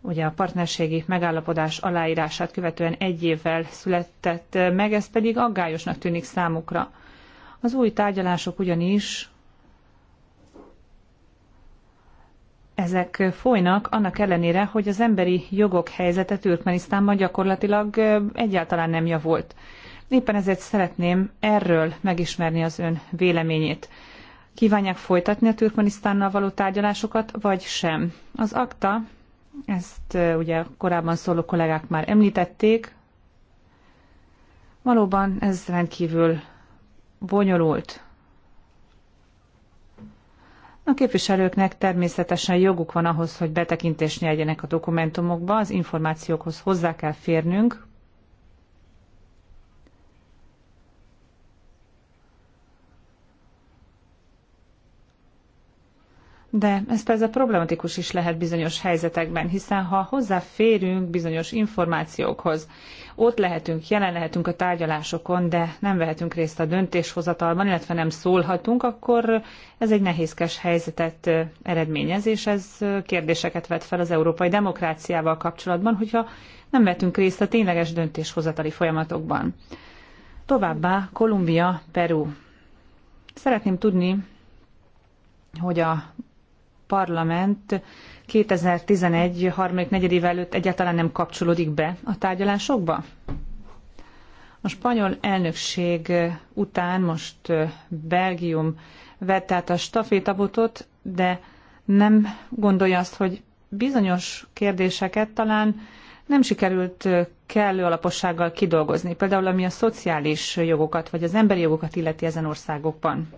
ugye a partnerségi megállapodás aláírását követően egy évvel született meg, ez pedig aggályosnak tűnik számukra. Az új tárgyalások ugyanis ezek folynak, annak ellenére, hogy az emberi jogok helyzete Türkmenisztánban gyakorlatilag egyáltalán nem javult. Éppen ezért szeretném erről megismerni az ön véleményét. Kívánják folytatni a Türkmenisztánnal való tárgyalásokat, vagy sem? Az akta, ezt ugye korábban szóló kollégák már említették, valóban ez rendkívül bonyolult a képviselőknek természetesen joguk van ahhoz, hogy betekintést nyerjenek a dokumentumokba, az információkhoz hozzá kell férnünk, De ez persze problematikus is lehet bizonyos helyzetekben, hiszen ha hozzáférünk bizonyos információkhoz, ott lehetünk, jelen lehetünk a tárgyalásokon, de nem vehetünk részt a döntéshozatalban, illetve nem szólhatunk, akkor ez egy nehézkes helyzetet eredményez, és ez kérdéseket vet fel az európai demokráciával kapcsolatban, hogyha nem vehetünk részt a tényleges döntéshozatali folyamatokban. Továbbá Kolumbia, Peru. Szeretném tudni, hogy a Parlament 2011 harmadik negyedév előtt egyáltalán nem kapcsolódik be a tárgyalásokba? A spanyol elnökség után most Belgium vette át a stafétabotot, de nem gondolja azt, hogy bizonyos kérdéseket talán nem sikerült kellő alapossággal kidolgozni, például ami a szociális jogokat vagy az emberi jogokat illeti ezen országokban.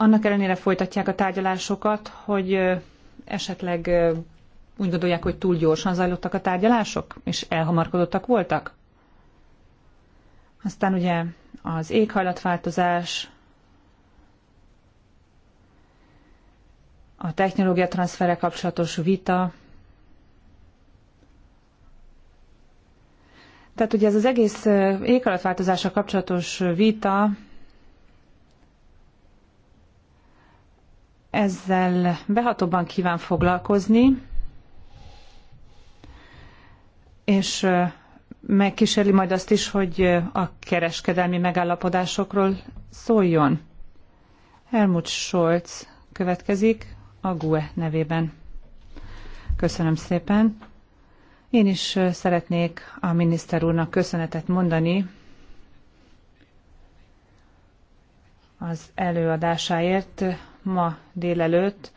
annak ellenére folytatják a tárgyalásokat, hogy esetleg úgy gondolják, hogy túl gyorsan zajlottak a tárgyalások, és elhamarkodottak voltak? Aztán ugye az éghajlatváltozás, a technológia transzfere kapcsolatos vita. Tehát ugye ez az egész éghajlatváltozással kapcsolatos vita ezzel behatóban kíván foglalkozni, és megkísérli majd azt is, hogy a kereskedelmi megállapodásokról szóljon. Helmut Scholz következik a GUE nevében. Köszönöm szépen. Én is szeretnék a miniszter úrnak köszönetet mondani az előadásáért, ma délelőtt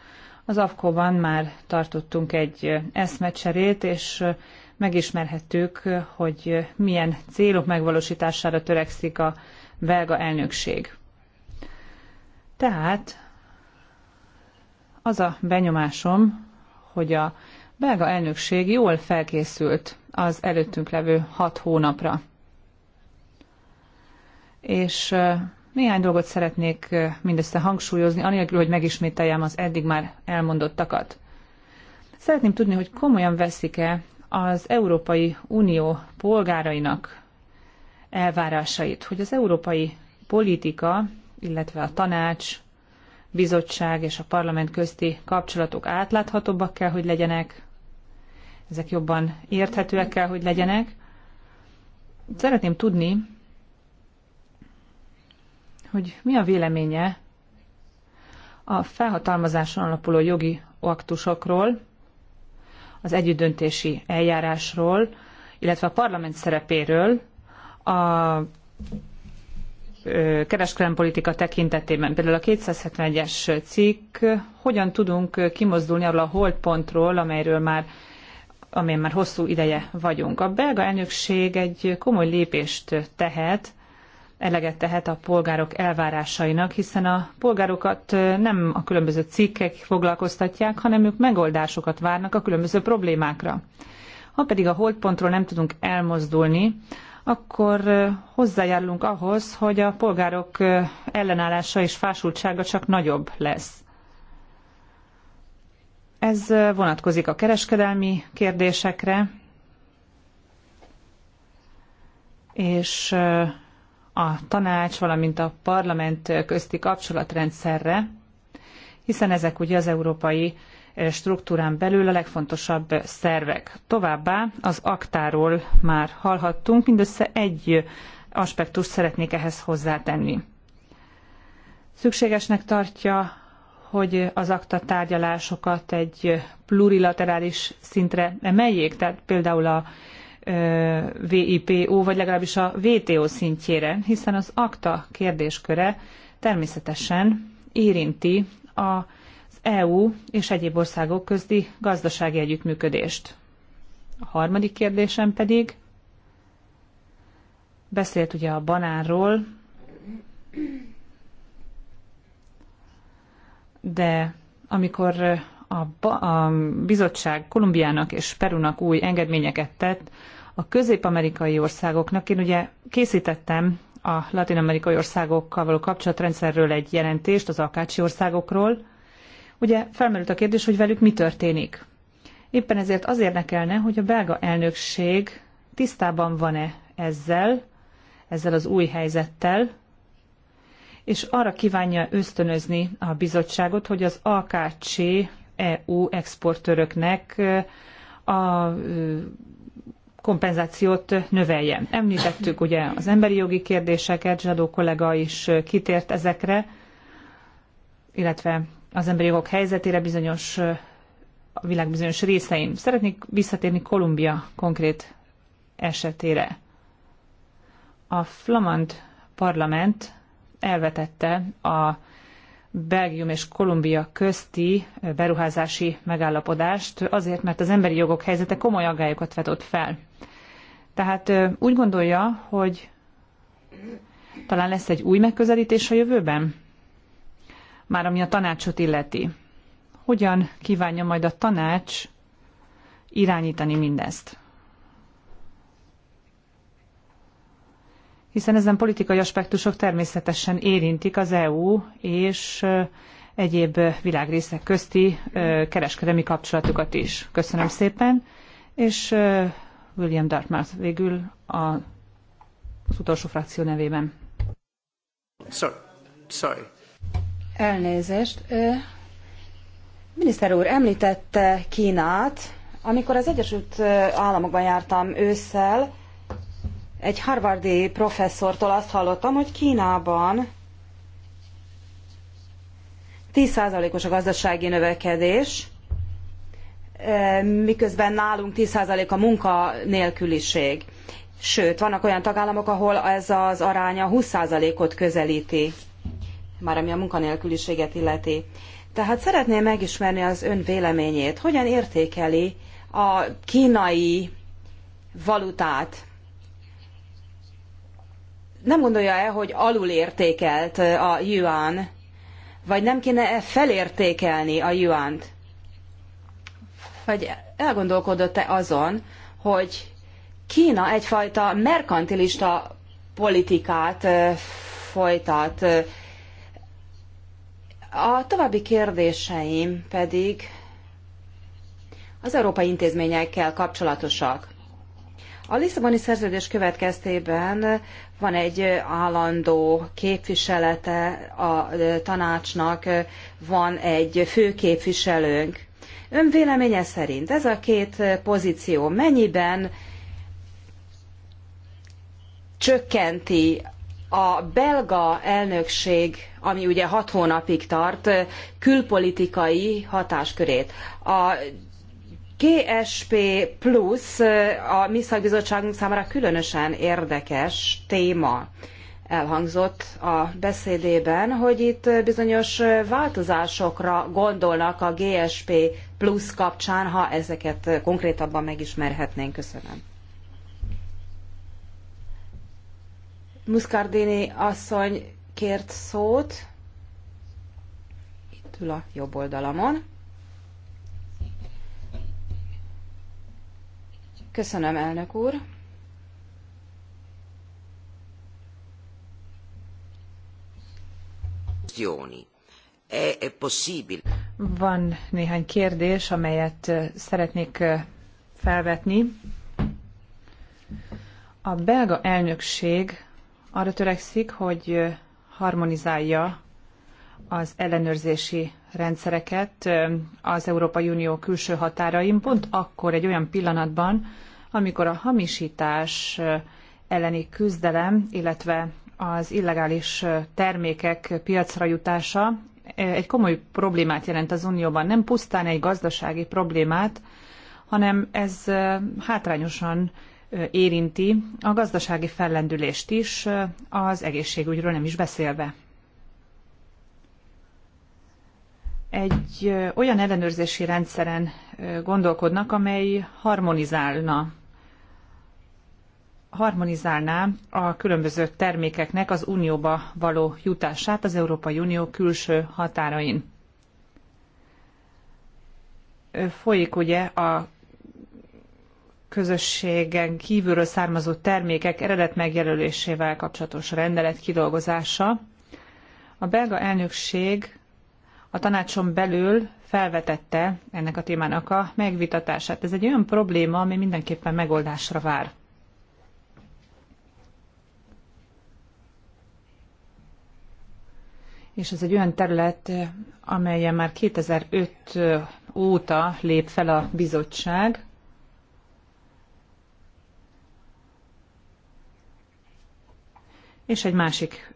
az afko már tartottunk egy eszmecserét, és megismerhettük, hogy milyen célok megvalósítására törekszik a belga elnökség. Tehát az a benyomásom, hogy a belga elnökség jól felkészült az előttünk levő hat hónapra. És néhány dolgot szeretnék mindössze hangsúlyozni, anélkül, hogy megismételjem az eddig már elmondottakat. Szeretném tudni, hogy komolyan veszik-e az Európai Unió polgárainak elvárásait, hogy az európai politika, illetve a tanács, bizottság és a parlament közti kapcsolatok átláthatóbbak kell, hogy legyenek, ezek jobban érthetőek kell, hogy legyenek. Szeretném tudni, hogy mi a véleménye a felhatalmazáson alapuló jogi aktusokról, az együttdöntési eljárásról, illetve a parlament szerepéről a kereskedelmi politika tekintetében. Például a 271-es cikk, hogyan tudunk kimozdulni arról a holdpontról, amelyről már amelyen már hosszú ideje vagyunk. A belga elnökség egy komoly lépést tehet eleget tehet a polgárok elvárásainak, hiszen a polgárokat nem a különböző cikkek foglalkoztatják, hanem ők megoldásokat várnak a különböző problémákra. Ha pedig a holdpontról nem tudunk elmozdulni, akkor hozzájárulunk ahhoz, hogy a polgárok ellenállása és fásultsága csak nagyobb lesz. Ez vonatkozik a kereskedelmi kérdésekre, és a tanács, valamint a parlament közti kapcsolatrendszerre, hiszen ezek ugye az európai eh, struktúrán belül a legfontosabb szervek. Továbbá az aktáról már hallhattunk, mindössze egy aspektust szeretnék ehhez hozzátenni. Szükségesnek tartja, hogy az akta tárgyalásokat egy plurilaterális szintre emeljék, tehát például a VIPO, vagy legalábbis a VTO szintjére, hiszen az akta kérdésköre természetesen érinti az EU és egyéb országok közti gazdasági együttműködést. A harmadik kérdésem pedig, beszélt ugye a banánról, de amikor a, a bizottság Kolumbiának és Perunak új engedményeket tett, a közép-amerikai országoknak, én ugye készítettem a latin-amerikai országokkal való kapcsolatrendszerről egy jelentést az akácsi országokról, ugye felmerült a kérdés, hogy velük mi történik. Éppen ezért az érdekelne, hogy a belga elnökség tisztában van-e ezzel, ezzel az új helyzettel, és arra kívánja ösztönözni a bizottságot, hogy az AKC EU exportőröknek a kompenzációt növelje. Említettük ugye az emberi jogi kérdéseket, Zsadó kollega is kitért ezekre, illetve az emberi jogok helyzetére bizonyos a világ bizonyos részein. Szeretnék visszatérni Kolumbia konkrét esetére. A flamand parlament elvetette a Belgium és Kolumbia közti beruházási megállapodást, azért, mert az emberi jogok helyzete komoly aggályokat vetott fel. Tehát úgy gondolja, hogy talán lesz egy új megközelítés a jövőben? Már ami a tanácsot illeti. Hogyan kívánja majd a tanács irányítani mindezt? hiszen ezen politikai aspektusok természetesen érintik az EU és egyéb világrészek közti kereskedelmi kapcsolatokat is. Köszönöm szépen, és William Dartmouth végül a, az utolsó frakció nevében. Sorry. Sorry. Elnézést. Miniszter úr, említette Kínát. Amikor az Egyesült Államokban jártam ősszel, egy harvardi professzortól azt hallottam, hogy Kínában 10%-os a gazdasági növekedés, e, miközben nálunk 10% a munkanélküliség. Sőt, vannak olyan tagállamok, ahol ez az aránya 20%-ot közelíti, már ami a munkanélküliséget illeti. Tehát szeretném megismerni az ön véleményét. Hogyan értékeli a kínai valutát? nem gondolja-e, hogy alulértékelt a yuan, vagy nem kéne -e felértékelni a yuant? Vagy elgondolkodott-e azon, hogy Kína egyfajta merkantilista politikát folytat. A további kérdéseim pedig az európai intézményekkel kapcsolatosak. A Lisszaboni szerződés következtében van egy állandó képviselete a tanácsnak, van egy főképviselőnk. Ön véleménye szerint ez a két pozíció mennyiben csökkenti a belga elnökség, ami ugye hat hónapig tart, külpolitikai hatáskörét. A GSP plusz a mi szakbizottságunk számára különösen érdekes téma elhangzott a beszédében, hogy itt bizonyos változásokra gondolnak a GSP plusz kapcsán, ha ezeket konkrétabban megismerhetnénk. Köszönöm. Muscardini asszony kért szót. Itt ül a jobb oldalamon. Köszönöm, elnök úr. Van néhány kérdés, amelyet eh, szeretnék eh, felvetni. A belga elnökség arra törekszik, hogy eh, harmonizálja az ellenőrzési rendszereket az Európai Unió külső határain, pont akkor egy olyan pillanatban, amikor a hamisítás elleni küzdelem, illetve az illegális termékek piacra jutása egy komoly problémát jelent az Unióban. Nem pusztán egy gazdasági problémát, hanem ez hátrányosan érinti a gazdasági fellendülést is, az egészségügyről nem is beszélve. egy olyan ellenőrzési rendszeren gondolkodnak, amely harmonizálna harmonizálná a különböző termékeknek az Unióba való jutását az Európai Unió külső határain. Folyik ugye a közösségen kívülről származó termékek eredet megjelölésével kapcsolatos rendelet kidolgozása. A belga elnökség a tanácson belül felvetette ennek a témának a megvitatását. Ez egy olyan probléma, ami mindenképpen megoldásra vár. És ez egy olyan terület, amelyen már 2005 óta lép fel a bizottság. És egy másik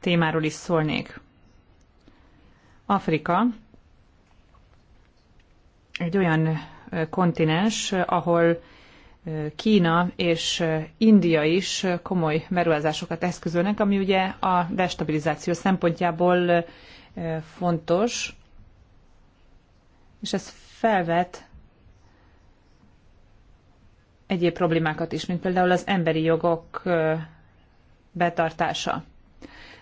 témáról is szólnék. Afrika egy olyan kontinens, ahol Kína és India is komoly beruházásokat eszközölnek, ami ugye a destabilizáció szempontjából fontos, és ez felvet egyéb problémákat is, mint például az emberi jogok betartása.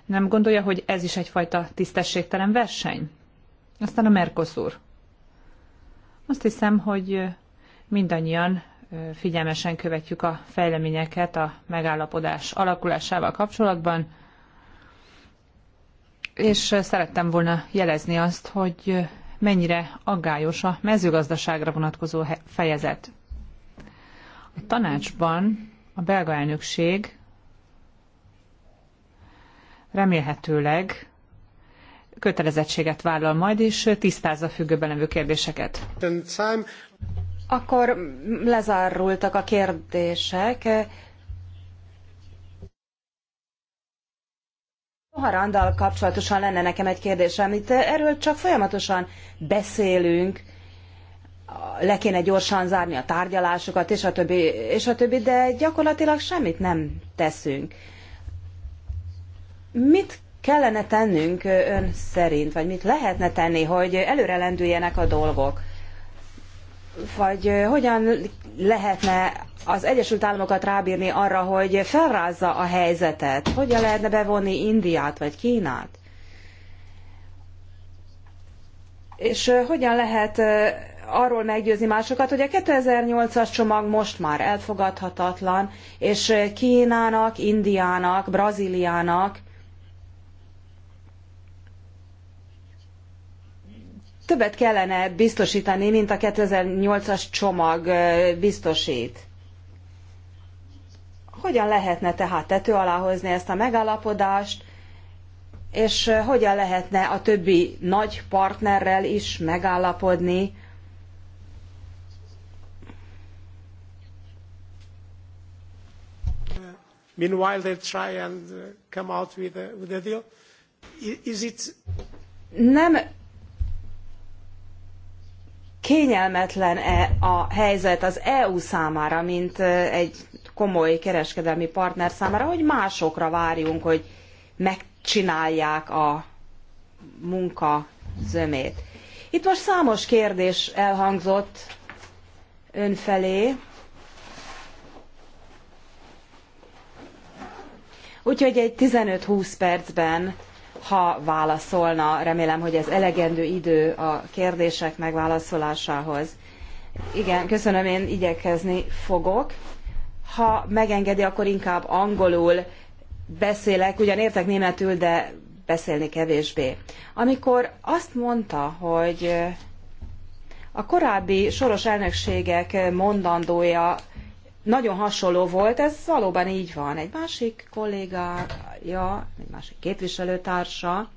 Nem gondolja, hogy ez is egyfajta tisztességtelen verseny? Aztán a Mercosur. Azt hiszem, hogy mindannyian figyelmesen követjük a fejleményeket a megállapodás alakulásával kapcsolatban, és szerettem volna jelezni azt, hogy mennyire aggályos a mezőgazdaságra vonatkozó fejezet. A tanácsban a belga elnökség remélhetőleg kötelezettséget vállal majd, és tisztázza függőben levő kérdéseket. Akkor lezárultak a kérdések. Harandal kapcsolatosan lenne nekem egy kérdésem. Itt erről csak folyamatosan beszélünk, le kéne gyorsan zárni a tárgyalásokat, és a többi, és a többi de gyakorlatilag semmit nem teszünk. Mit kellene tennünk ön szerint, vagy mit lehetne tenni, hogy előre lendüljenek a dolgok? Vagy hogyan lehetne az Egyesült Államokat rábírni arra, hogy felrázza a helyzetet? Hogyan lehetne bevonni Indiát vagy Kínát? És hogyan lehet arról meggyőzni másokat, hogy a 2008-as csomag most már elfogadhatatlan, és Kínának, Indiának, Brazíliának többet kellene biztosítani, mint a 2008-as csomag biztosít. Hogyan lehetne tehát tető alá hozni ezt a megállapodást, és hogyan lehetne a többi nagy partnerrel is megállapodni, Meanwhile, they try and uh, come out with a, with a deal. Is it... Nem kényelmetlen-e a helyzet az EU számára, mint egy komoly kereskedelmi partner számára, hogy másokra várjunk, hogy megcsinálják a munka zömét. Itt most számos kérdés elhangzott önfelé. Úgyhogy egy 15-20 percben ha válaszolna. Remélem, hogy ez elegendő idő a kérdések megválaszolásához. Igen, köszönöm, én igyekezni fogok. Ha megengedi, akkor inkább angolul beszélek, ugyan értek németül, de beszélni kevésbé. Amikor azt mondta, hogy a korábbi soros elnökségek mondandója nagyon hasonló volt, ez valóban így van. Egy másik kollégája, egy másik képviselőtársa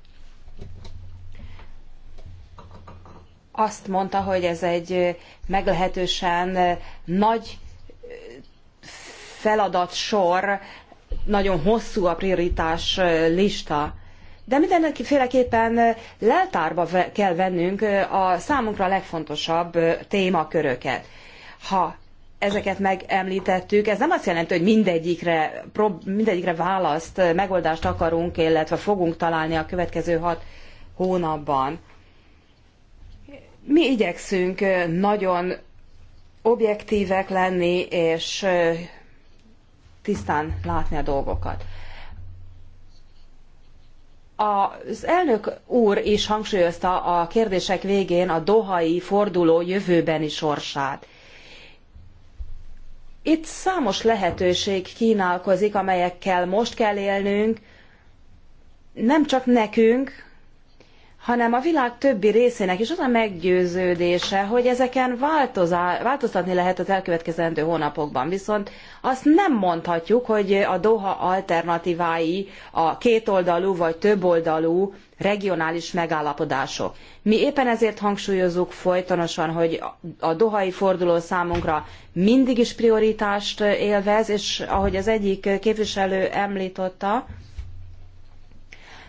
azt mondta, hogy ez egy meglehetősen nagy feladatsor, nagyon hosszú a prioritás lista. De mindenféleképpen leltárba kell vennünk a számunkra legfontosabb témaköröket. Ha ezeket megemlítettük. Ez nem azt jelenti, hogy mindegyikre, mindegyikre választ, megoldást akarunk, illetve fogunk találni a következő hat hónapban. Mi igyekszünk nagyon objektívek lenni, és tisztán látni a dolgokat. Az elnök úr is hangsúlyozta a kérdések végén a dohai forduló jövőbeni sorsát. Itt számos lehetőség kínálkozik, amelyekkel most kell élnünk, nem csak nekünk, hanem a világ többi részének is az a meggyőződése, hogy ezeken változtatni lehet az elkövetkezendő hónapokban. Viszont azt nem mondhatjuk, hogy a Doha alternatívái a kétoldalú vagy többoldalú regionális megállapodások. Mi éppen ezért hangsúlyozzuk folytonosan, hogy a dohai forduló számunkra mindig is prioritást élvez, és ahogy az egyik képviselő emlította,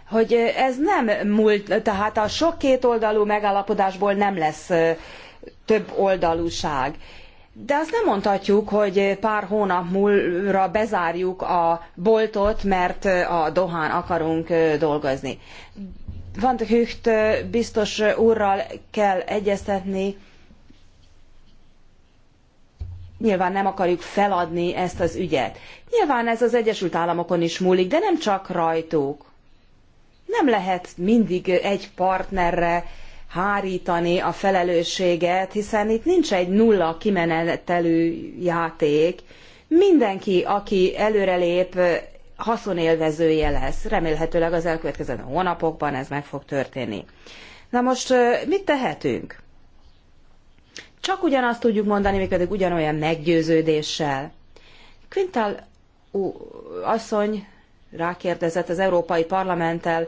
hogy ez nem múlt, tehát a sok kétoldalú megállapodásból nem lesz több oldalúság. De azt nem mondhatjuk, hogy pár hónap múlva bezárjuk a boltot, mert a dohán akarunk dolgozni. Van de Hücht biztos úrral kell egyeztetni. Nyilván nem akarjuk feladni ezt az ügyet. Nyilván ez az Egyesült Államokon is múlik, de nem csak rajtuk. Nem lehet mindig egy partnerre hárítani a felelősséget, hiszen itt nincs egy nulla kimenetelű játék. Mindenki, aki előrelép haszonélvezője lesz. Remélhetőleg az elkövetkező hónapokban ez meg fog történni. Na most mit tehetünk? Csak ugyanazt tudjuk mondani, mi pedig ugyanolyan meggyőződéssel. Quintal ú, asszony rákérdezett az Európai Parlamenttel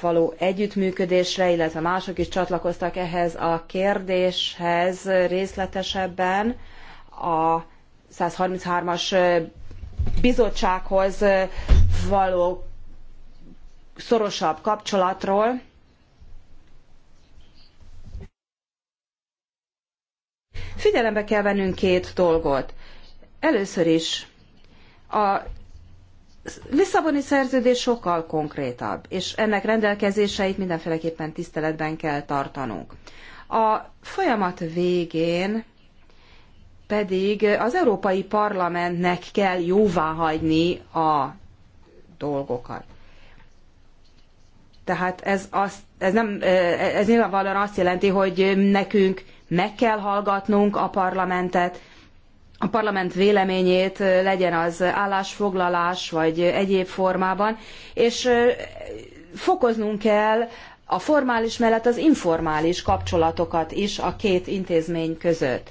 való együttműködésre, illetve mások is csatlakoztak ehhez a kérdéshez részletesebben a 133-as bizottsághoz való szorosabb kapcsolatról. Figyelembe kell vennünk két dolgot. Először is a Lisszaboni szerződés sokkal konkrétabb, és ennek rendelkezéseit mindenféleképpen tiszteletben kell tartanunk. A folyamat végén pedig az Európai Parlamentnek kell jóváhagyni a dolgokat. Tehát ez, azt, ez, nem, ez nyilvánvalóan azt jelenti, hogy nekünk meg kell hallgatnunk a parlamentet, a parlament véleményét, legyen az állásfoglalás vagy egyéb formában, és fokoznunk kell a formális mellett az informális kapcsolatokat is a két intézmény között.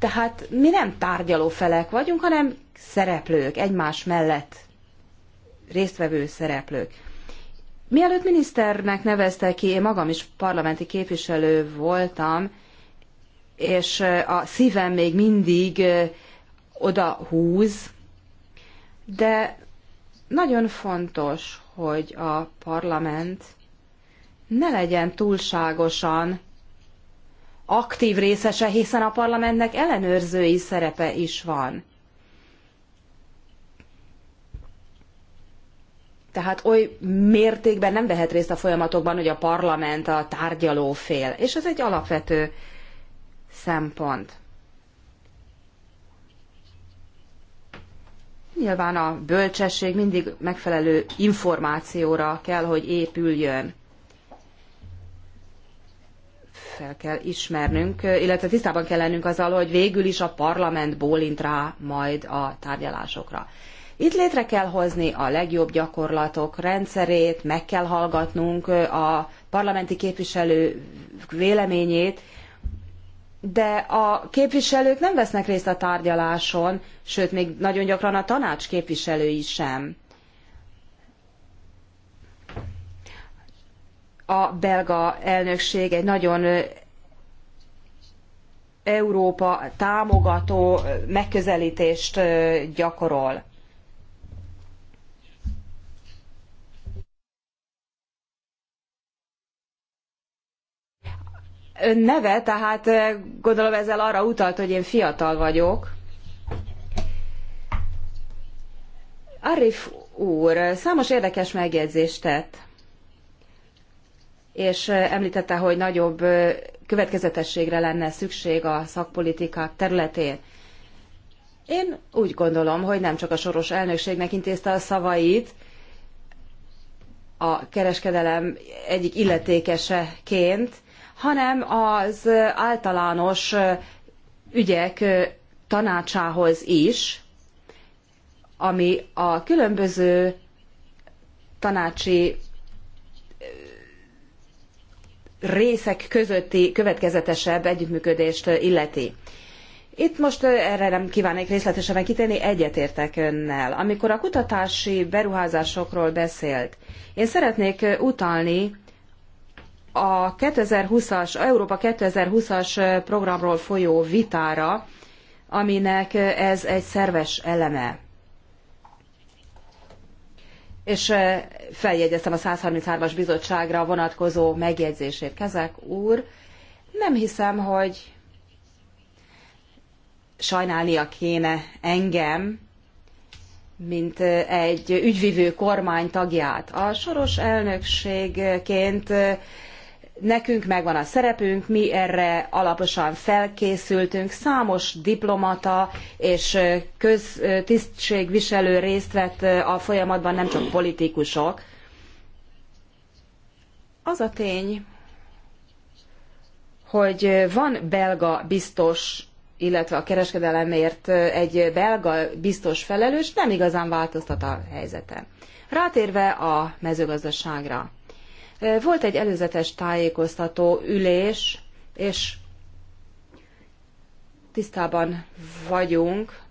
Tehát mi nem tárgyaló felek vagyunk, hanem szereplők, egymás mellett résztvevő szereplők. Mielőtt miniszternek nevezte ki, én magam is parlamenti képviselő voltam, és eh, a szívem még mindig eh, oda húz, de nagyon fontos, hogy a parlament ne legyen túlságosan aktív részese, hiszen a parlamentnek ellenőrzői szerepe is van. Tehát oly mértékben nem vehet részt a folyamatokban, hogy a parlament a tárgyaló fél. És ez egy alapvető szempont. Nyilván a bölcsesség mindig megfelelő információra kell, hogy épüljön fel kell ismernünk, illetve tisztában kell lennünk azzal, hogy végül is a parlament bólint rá majd a tárgyalásokra. Itt létre kell hozni a legjobb gyakorlatok rendszerét, meg kell hallgatnunk a parlamenti képviselő véleményét, de a képviselők nem vesznek részt a tárgyaláson, sőt, még nagyon gyakran a tanács képviselői sem. a belga elnökség egy nagyon Európa támogató megközelítést gyakorol. Ön neve, tehát gondolom ezzel arra utalt, hogy én fiatal vagyok. Arif úr számos érdekes megjegyzést tett és említette, hogy nagyobb következetességre lenne szükség a szakpolitika területén. Én úgy gondolom, hogy nem csak a soros elnökségnek intézte a szavait, a kereskedelem egyik illetékeseként, hanem az általános ügyek tanácsához is, ami a különböző tanácsi részek közötti következetesebb együttműködést illeti. Itt most erre nem kívánnék részletesen kitérni, egyetértek önnel. Amikor a kutatási beruházásokról beszélt, én szeretnék utalni a 2020-as, Európa 2020-as programról folyó vitára, aminek ez egy szerves eleme és eh, feljegyeztem a 133-as bizottságra vonatkozó megjegyzését. Kezek úr, nem hiszem, hogy sajnálnia kéne engem, mint eh, egy ügyvivő kormány tagját. A soros elnökségként eh, nekünk megvan a szerepünk, mi erre alaposan felkészültünk, számos diplomata és köztisztségviselő részt vett a folyamatban, nem csak politikusok. Az a tény, hogy van belga biztos, illetve a kereskedelemért egy belga biztos felelős, nem igazán változtat a helyzeten. Rátérve a mezőgazdaságra. Volt egy előzetes tájékoztató ülés, és tisztában vagyunk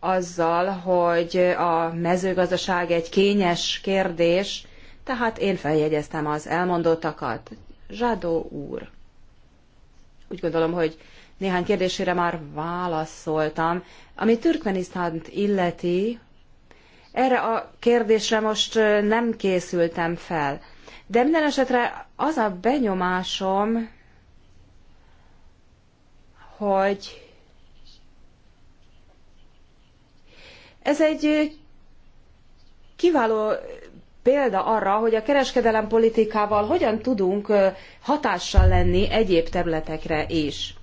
azzal, hogy a mezőgazdaság egy kényes kérdés, tehát én feljegyeztem az elmondottakat. Zsadó úr. Úgy gondolom, hogy néhány kérdésére már válaszoltam. Ami Türkmenisztánt illeti, erre a kérdésre most nem készültem fel. De minden esetre az a benyomásom, hogy ez egy kiváló példa arra, hogy a kereskedelem politikával hogyan tudunk hatással lenni egyéb területekre is.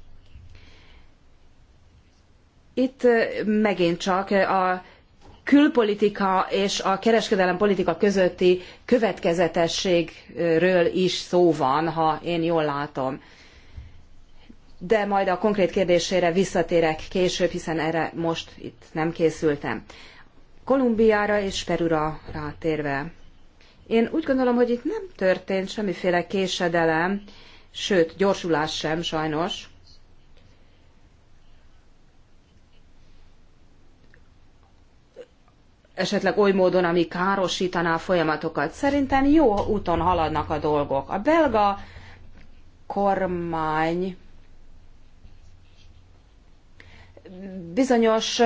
Itt megint csak a külpolitika és a kereskedelem politika közötti következetességről is szó van, ha én jól látom. De majd a konkrét kérdésére visszatérek később, hiszen erre most itt nem készültem. Kolumbiára és Perura rátérve. Én úgy gondolom, hogy itt nem történt semmiféle késedelem, sőt, gyorsulás sem sajnos. esetleg oly módon, ami károsítaná a folyamatokat. Szerintem jó úton haladnak a dolgok. A belga kormány bizonyos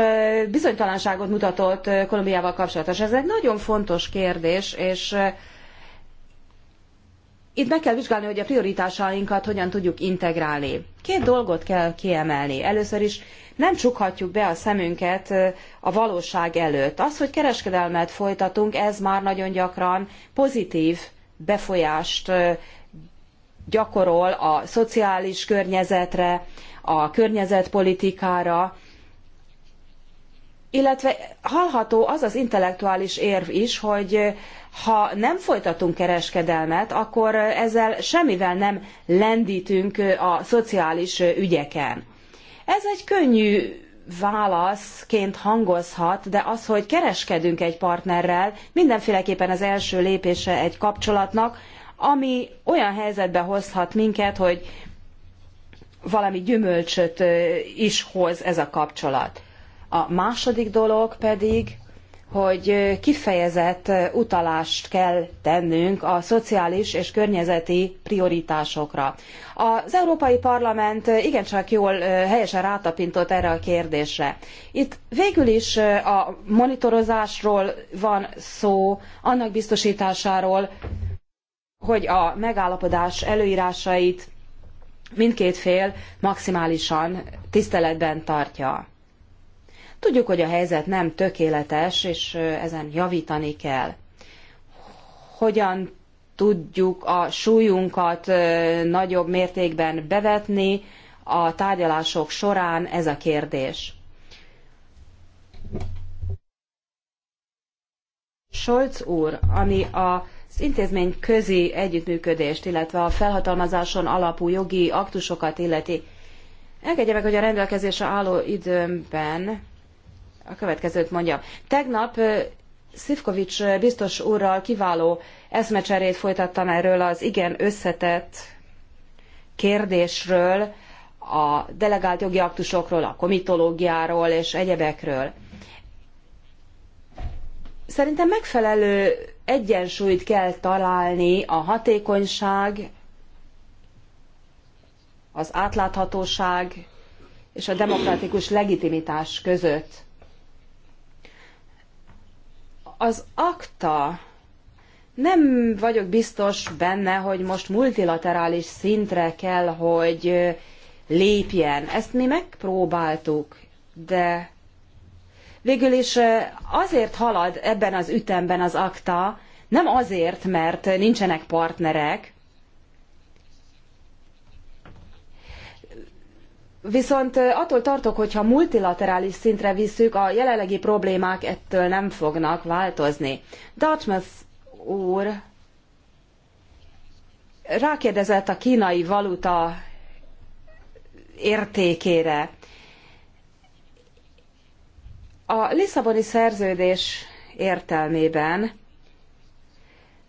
bizonytalanságot mutatott Kolumbiával kapcsolatos. Ez egy nagyon fontos kérdés, és itt meg kell vizsgálni, hogy a prioritásainkat hogyan tudjuk integrálni. Két dolgot kell kiemelni. Először is nem csukhatjuk be a szemünket a valóság előtt. Az, hogy kereskedelmet folytatunk, ez már nagyon gyakran pozitív befolyást gyakorol a szociális környezetre, a környezetpolitikára, illetve hallható az az intellektuális érv is, hogy eh, ha nem folytatunk kereskedelmet, akkor eh, ezzel semmivel nem lendítünk eh, a szociális ügyeken. Ez egy könnyű válaszként hangozhat, de az, hogy kereskedünk egy partnerrel, mindenféleképpen az első lépése egy kapcsolatnak, ami olyan helyzetbe hozhat minket, hogy valami gyümölcsöt is hoz ez a kapcsolat. A második dolog pedig, hogy kifejezett utalást kell tennünk a szociális és környezeti prioritásokra. Az Európai Parlament igencsak jól, helyesen rátapintott erre a kérdésre. Itt végül is a monitorozásról van szó, annak biztosításáról, hogy a megállapodás előírásait mindkét fél maximálisan tiszteletben tartja. Tudjuk, hogy a helyzet nem tökéletes, és ezen javítani kell. Hogyan tudjuk a súlyunkat nagyobb mértékben bevetni a tárgyalások során, ez a kérdés. Scholz úr, ami a az intézmény közi együttműködést, illetve a felhatalmazáson alapú jogi aktusokat illeti. Engedje meg, hogy a rendelkezésre álló időmben a következőt mondja. Tegnap Szivkovics biztos úrral kiváló eszmecserét folytattam erről az igen összetett kérdésről, a delegált jogi aktusokról, a komitológiáról és egyebekről. Szerintem megfelelő egyensúlyt kell találni a hatékonyság, az átláthatóság és a demokratikus legitimitás között az akta nem vagyok biztos benne, hogy most multilaterális szintre kell, hogy lépjen. Ezt mi megpróbáltuk, de végül is azért halad ebben az ütemben az akta, nem azért, mert nincsenek partnerek, Viszont attól tartok, hogyha multilaterális szintre visszük, a jelenlegi problémák ettől nem fognak változni. Dartmouth úr rákérdezett a kínai valuta értékére. A Lisszaboni szerződés értelmében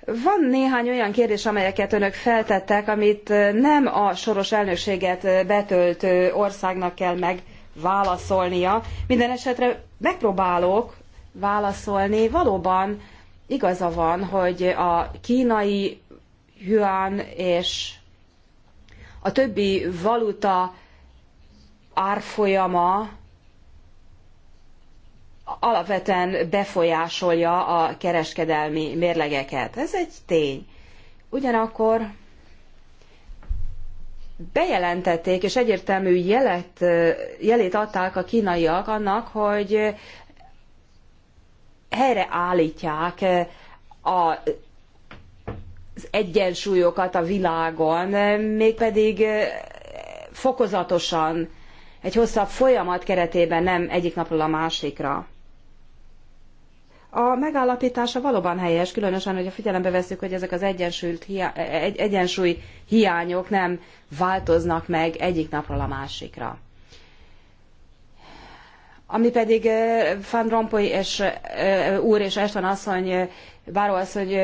van néhány olyan kérdés, amelyeket önök feltettek, amit nem a soros elnökséget betöltő országnak kell megválaszolnia. Minden esetre megpróbálok válaszolni. Valóban igaza van, hogy a kínai yuan és a többi valuta árfolyama alapvetően befolyásolja a kereskedelmi mérlegeket. Ez egy tény. Ugyanakkor bejelentették, és egyértelmű jelet, jelét adták a kínaiak annak, hogy helyreállítják a, az egyensúlyokat a világon, mégpedig fokozatosan, egy hosszabb folyamat keretében, nem egyik napról a másikra. A megállapítása valóban helyes, különösen, hogy ha figyelembe veszük, hogy ezek az hiá egy egyensúly hiányok nem változnak meg egyik napról a másikra. Ami pedig Van Rompuy és úr és Eston asszony, Báró asszony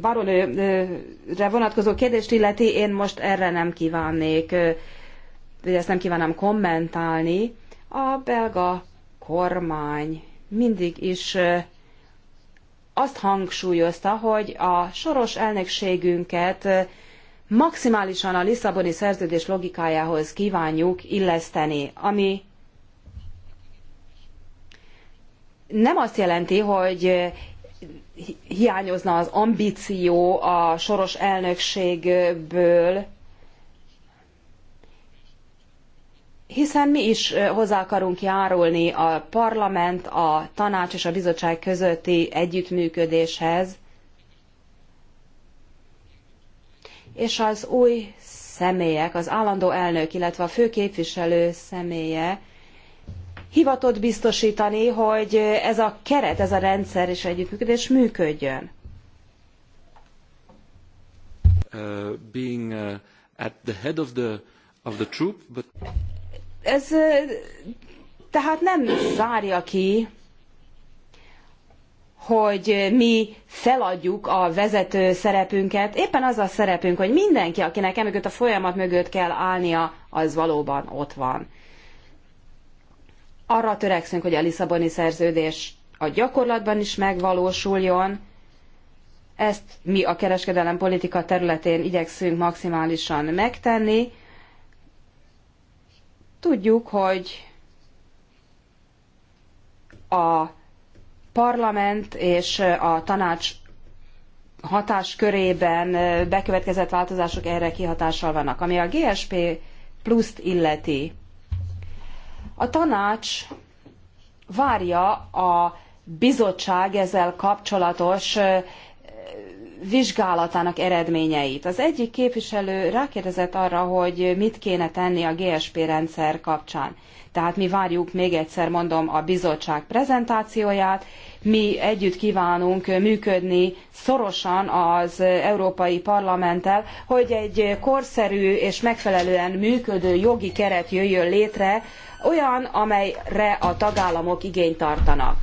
baronőre vonatkozó kérdést illeti, én most erre nem kívánnék, vagy ezt nem kívánom kommentálni. A belga kormány mindig is azt hangsúlyozta, hogy a soros elnökségünket maximálisan a Lisszaboni szerződés logikájához kívánjuk illeszteni, ami nem azt jelenti, hogy hiányozna az ambíció a soros elnökségből, hiszen mi is hozzá akarunk járulni a parlament, a tanács és a bizottság közötti együttműködéshez, és az új személyek, az állandó elnök, illetve a fő képviselő személye hivatott biztosítani, hogy ez a keret, ez a rendszer és együttműködés működjön. Uh, being uh, at the head of the, of the troop, but... Ez tehát nem zárja ki, hogy mi feladjuk a vezető szerepünket. Éppen az a szerepünk, hogy mindenki, akinek emögött a folyamat mögött kell állnia, az valóban ott van. Arra törekszünk, hogy a Lisszaboni szerződés a gyakorlatban is megvalósuljon. Ezt mi a kereskedelem politika területén igyekszünk maximálisan megtenni. Tudjuk, hogy a parlament és a tanács hatáskörében bekövetkezett változások erre kihatással vannak. Ami a GSP pluszt illeti, a tanács várja a bizottság ezzel kapcsolatos vizsgálatának eredményeit. Az egyik képviselő rákérdezett arra, hogy mit kéne tenni a GSP rendszer kapcsán. Tehát mi várjuk még egyszer mondom a bizottság prezentációját, mi együtt kívánunk működni szorosan az Európai Parlamenttel, hogy egy korszerű és megfelelően működő jogi keret jöjjön létre, olyan, amelyre a tagállamok igényt tartanak.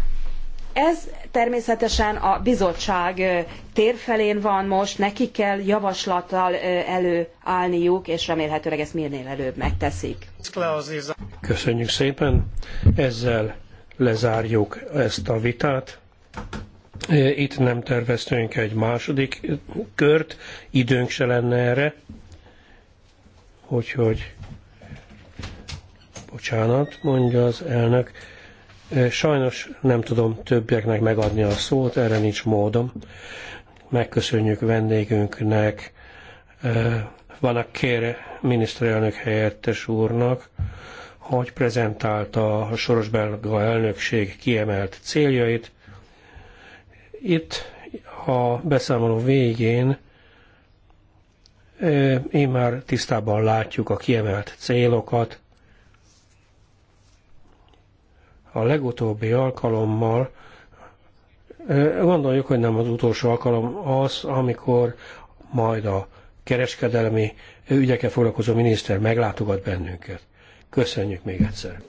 Ez Természetesen a bizottság térfelén van most, neki kell javaslattal előállniuk, és remélhetőleg ezt minél előbb megteszik. Köszönjük szépen, ezzel lezárjuk ezt a vitát. Itt nem terveztünk egy második kört, időnk se lenne erre. Úgyhogy, bocsánat, mondja az elnök, Sajnos nem tudom többieknek megadni a szót, erre nincs módom. Megköszönjük vendégünknek, vannak kér miniszterelnök helyettes úrnak, hogy prezentálta a soros belga elnökség kiemelt céljait. Itt a beszámoló végén én már tisztában látjuk a kiemelt célokat, a legutóbbi alkalommal, gondoljuk, hogy nem az utolsó alkalom az, amikor majd a kereskedelmi ügyekkel foglalkozó miniszter meglátogat bennünket. Köszönjük még egyszer!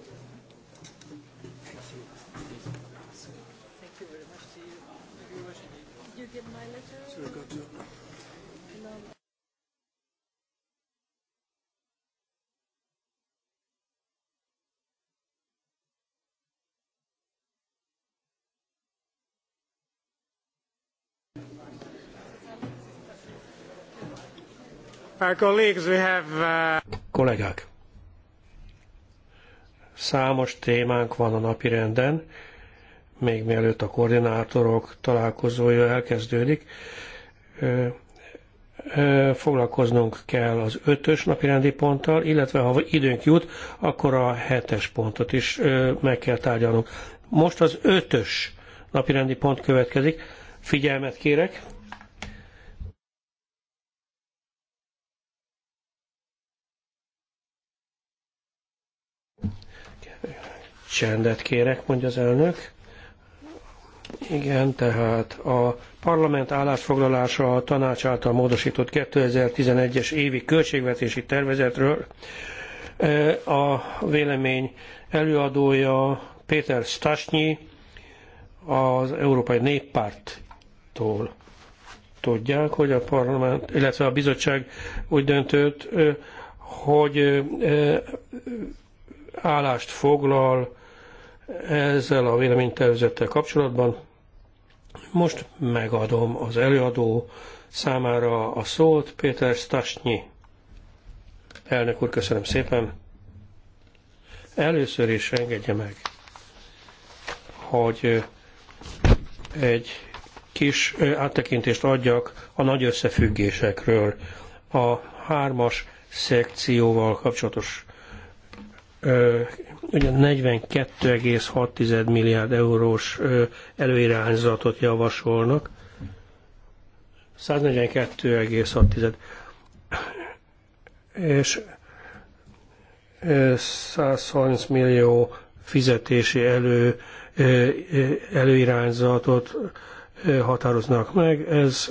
Uh, Kollégák, számos témánk van a napirenden, még mielőtt a koordinátorok találkozója elkezdődik. Foglalkoznunk kell az ötös napirendi ponttal, illetve ha időnk jut, akkor a hetes pontot is meg kell tárgyalnunk. Most az ötös napirendi pont következik. Figyelmet kérek! Csendet kérek, mondja az elnök. Igen, tehát a parlament állásfoglalása a tanács által módosított 2011-es évi költségvetési tervezetről. E, a vélemény előadója Péter Stasnyi az Európai Néppárttól tudják, hogy a parlament, illetve a bizottság úgy döntött, e, hogy e, állást foglal ezzel a véleménytervezettel kapcsolatban. Most megadom az előadó számára a szót, Péter Stasnyi. Elnök úr, köszönöm szépen. Először is engedje meg, hogy egy kis áttekintést adjak a nagy összefüggésekről, a hármas szekcióval kapcsolatos 42,6 milliárd eurós előirányzatot javasolnak. 142,6 és 130 millió fizetési elő, előirányzatot határoznak meg. Ez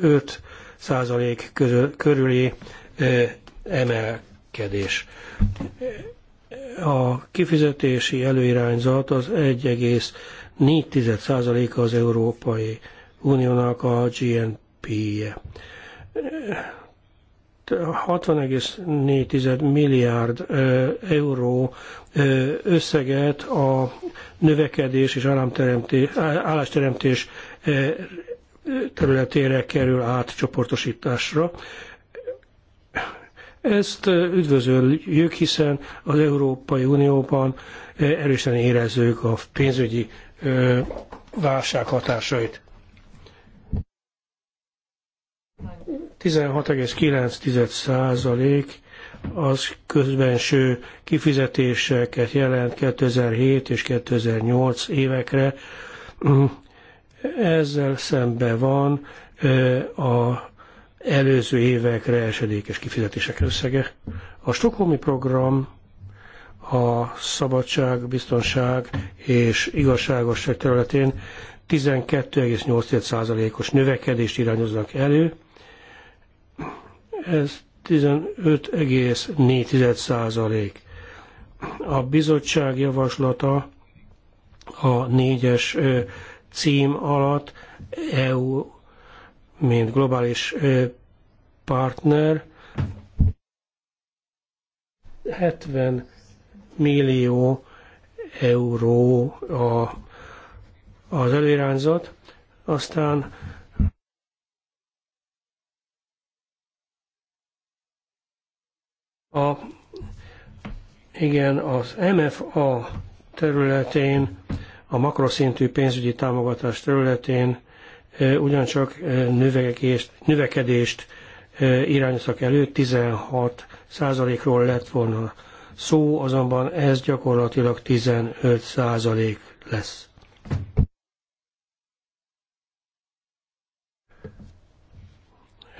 5 százalék körüli emelkedés. A kifizetési előirányzat az 1,4%-a az Európai Uniónak a GNP-je. 60,4 milliárd euró összeget a növekedés és állásteremtés területére kerül átcsoportosításra. Ezt üdvözöljük, hiszen az Európai Unióban erősen érezzük a pénzügyi válság hatásait. 16,9% az közbenső kifizetéseket jelent 2007 és 2008 évekre. Ezzel szembe van a előző évekre esedékes kifizetések összege. A Stokholmi program a szabadság, biztonság és igazságosság területén 12,8%-os növekedést irányoznak elő. Ez 15,4%. A bizottság javaslata a négyes cím alatt EU mint globális partner 70 millió euró a, az előirányzat, aztán a, igen, az MFA területén, a makroszintű pénzügyi támogatás területén ugyancsak növekedést, növekedést irányoztak elő, 16 százalékról lett volna szó, azonban ez gyakorlatilag 15 százalék lesz.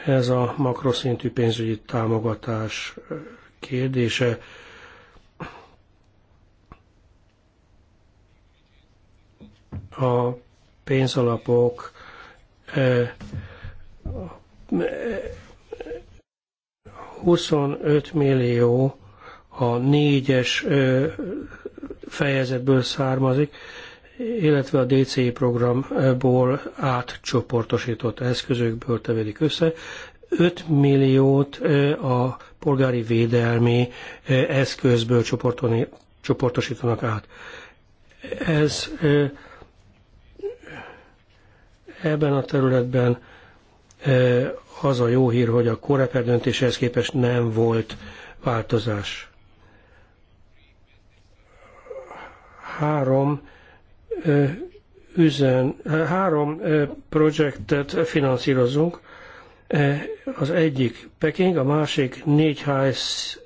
Ez a makroszintű pénzügyi támogatás kérdése. A pénzalapok 25 millió a négyes fejezetből származik, illetve a DCI programból átcsoportosított eszközökből tevedik össze. 5 milliót a polgári védelmi eszközből csoportosítanak át. Ez Ebben a területben e, az a jó hír, hogy a koreper döntéshez képest nem volt változás. Három e, üzen, e, három projektet finanszírozunk. Az egyik Peking, a másik négy, ház,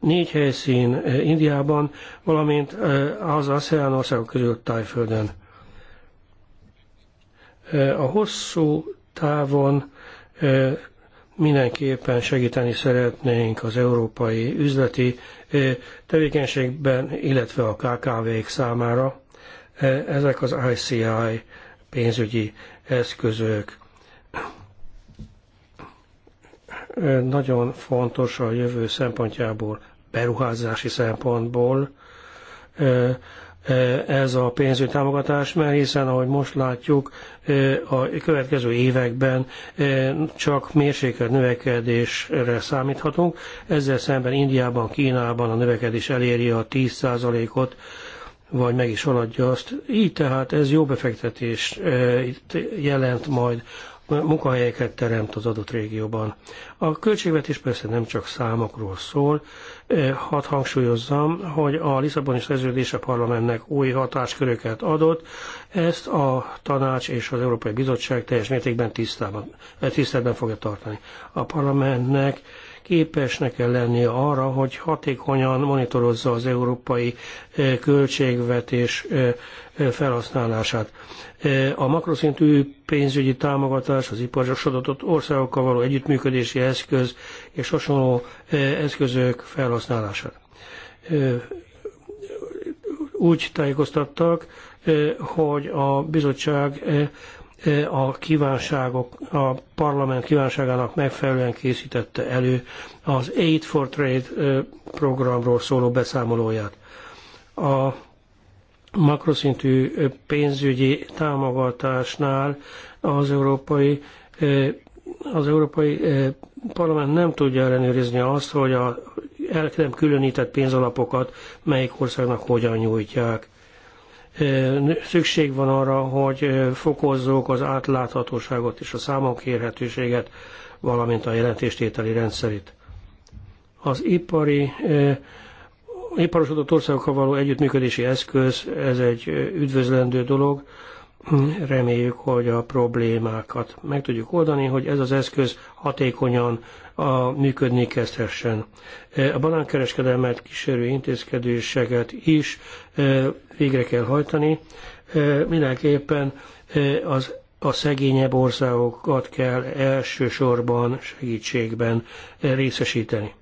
négy helyszín Indiában, valamint az ASEAN országok között Tájföldön a hosszú távon mindenképpen segíteni szeretnénk az európai üzleti tevékenységben, illetve a KKV-k számára. Ezek az ICI pénzügyi eszközök nagyon fontos a jövő szempontjából, beruházási szempontból, ez a pénzügyi támogatás, mert hiszen ahogy most látjuk, a következő években csak mérsékelt növekedésre számíthatunk. Ezzel szemben Indiában, Kínában a növekedés eléri a 10%-ot, vagy meg is haladja azt. Így tehát ez jó befektetés jelent majd munkahelyeket teremt az adott régióban. A költségvetés persze nem csak számokról szól, e, hadd hangsúlyozzam, hogy a Lisszaboni szerződés a parlamentnek új hatásköröket adott, ezt a tanács és az Európai Bizottság teljes mértékben tisztában, e, tiszteletben fogja tartani. A parlamentnek képesnek kell lennie arra, hogy hatékonyan monitorozza az európai e, költségvetés felhasználását. E, a makroszintű pénzügyi támogatás, az iparosodott országokkal való együttműködési eszköz és hasonló e, eszközök felhasználása. E, úgy tájékoztattak, hogy a bizottság a kívánságok, a parlament kívánságának megfelelően készítette elő az Aid for Trade programról szóló beszámolóját. A makroszintű pénzügyi támogatásnál az európai az Európai Parlament nem tudja ellenőrizni azt, hogy a el nem különített pénzalapokat melyik országnak hogyan nyújtják. Szükség van arra, hogy fokozzuk az átláthatóságot és a számok számonkérhetőséget, valamint a jelentéstételi rendszerét. Az ipari iparosodott országokkal való együttműködési eszköz, ez egy üdvözlendő dolog. Reméljük, hogy a problémákat meg tudjuk oldani, hogy ez az eszköz hatékonyan a, működni kezdhessen. A banánkereskedelmet kísérő intézkedéseket is e, végre kell hajtani. E, mindenképpen e, az a szegényebb országokat kell elsősorban segítségben részesíteni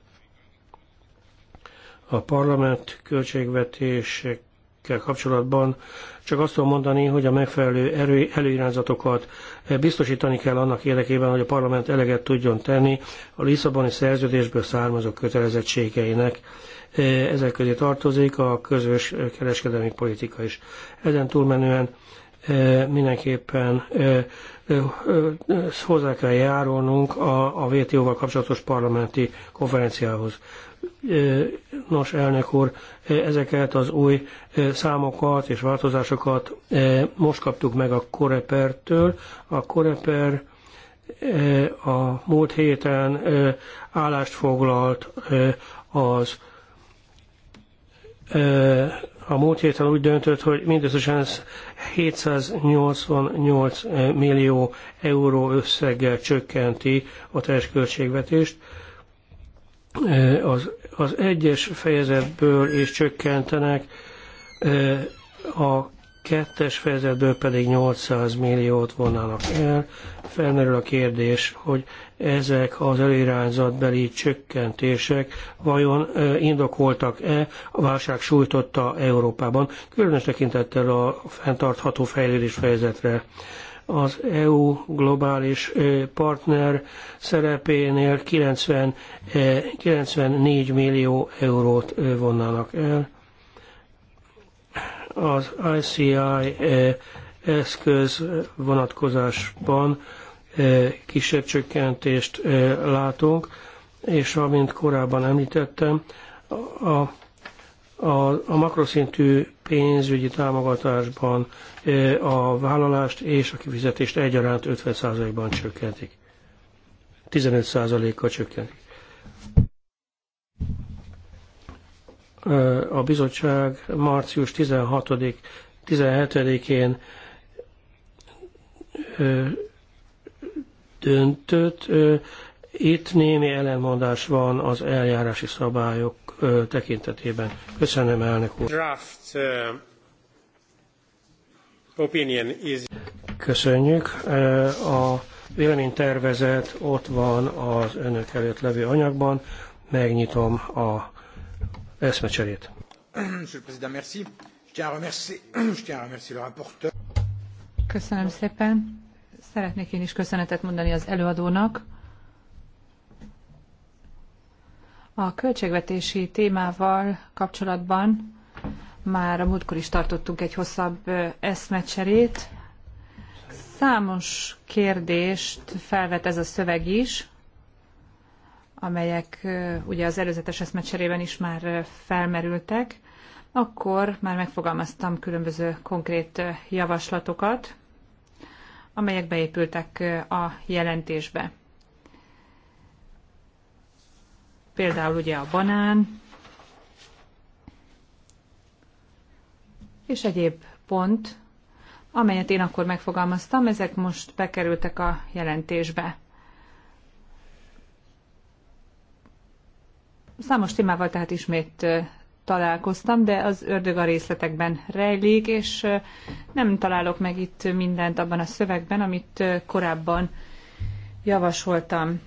a parlament költségvetésekkel kapcsolatban csak azt tudom mondani, hogy a megfelelő erő, előirányzatokat biztosítani kell annak érdekében, hogy a parlament eleget tudjon tenni a Lisszaboni szerződésből származó kötelezettségeinek. Ezek közé tartozik a közös kereskedelmi politika is. Ezen túlmenően eh, mindenképpen eh, eh, hozzá kell járulnunk a, a WTO-val kapcsolatos parlamenti konferenciához. Nos, elnök úr, ezeket az új számokat és változásokat most kaptuk meg a Korepertől. A Koreper a múlt héten állást foglalt az a múlt héten úgy döntött, hogy mindösszesen 788 millió euró összeggel csökkenti a teljes költségvetést. Az az egyes fejezetből is csökkentenek, a kettes fejezetből pedig 800 milliót vonnának el. Felmerül a kérdés, hogy ezek az előirányzatbeli csökkentések vajon indokoltak-e a válság sújtotta Európában, különös tekintettel a fenntartható fejlődés fejezetre az EU globális partner szerepénél 90, 94 millió eurót vonnának el. Az ICI eszköz vonatkozásban kisebb csökkentést látunk, és amint korábban említettem, a a, a makroszintű pénzügyi támogatásban e, a vállalást és a kifizetést egyaránt 50%-ban csökkentik. 15%-kal csökkentik. E, a bizottság március 16 17-én e, döntött, itt némi ellenmondás van az eljárási szabályok tekintetében. Köszönöm, elnök úr. Draft, opinion is... Köszönjük. A véleménytervezet ott van az önök előtt levő anyagban. Megnyitom a eszmecserét. Köszönöm szépen. Szeretnék én is köszönetet mondani az előadónak. A költségvetési témával kapcsolatban már a múltkor is tartottunk egy hosszabb eszmecserét. Számos kérdést felvet ez a szöveg is, amelyek ugye az előzetes eszmecserében is már felmerültek, akkor már megfogalmaztam különböző konkrét javaslatokat, amelyek beépültek a jelentésbe. például ugye a banán, és egyéb pont, amelyet én akkor megfogalmaztam, ezek most bekerültek a jelentésbe. Számos témával tehát ismét találkoztam, de az ördög a részletekben rejlik, és nem találok meg itt mindent abban a szövegben, amit korábban javasoltam.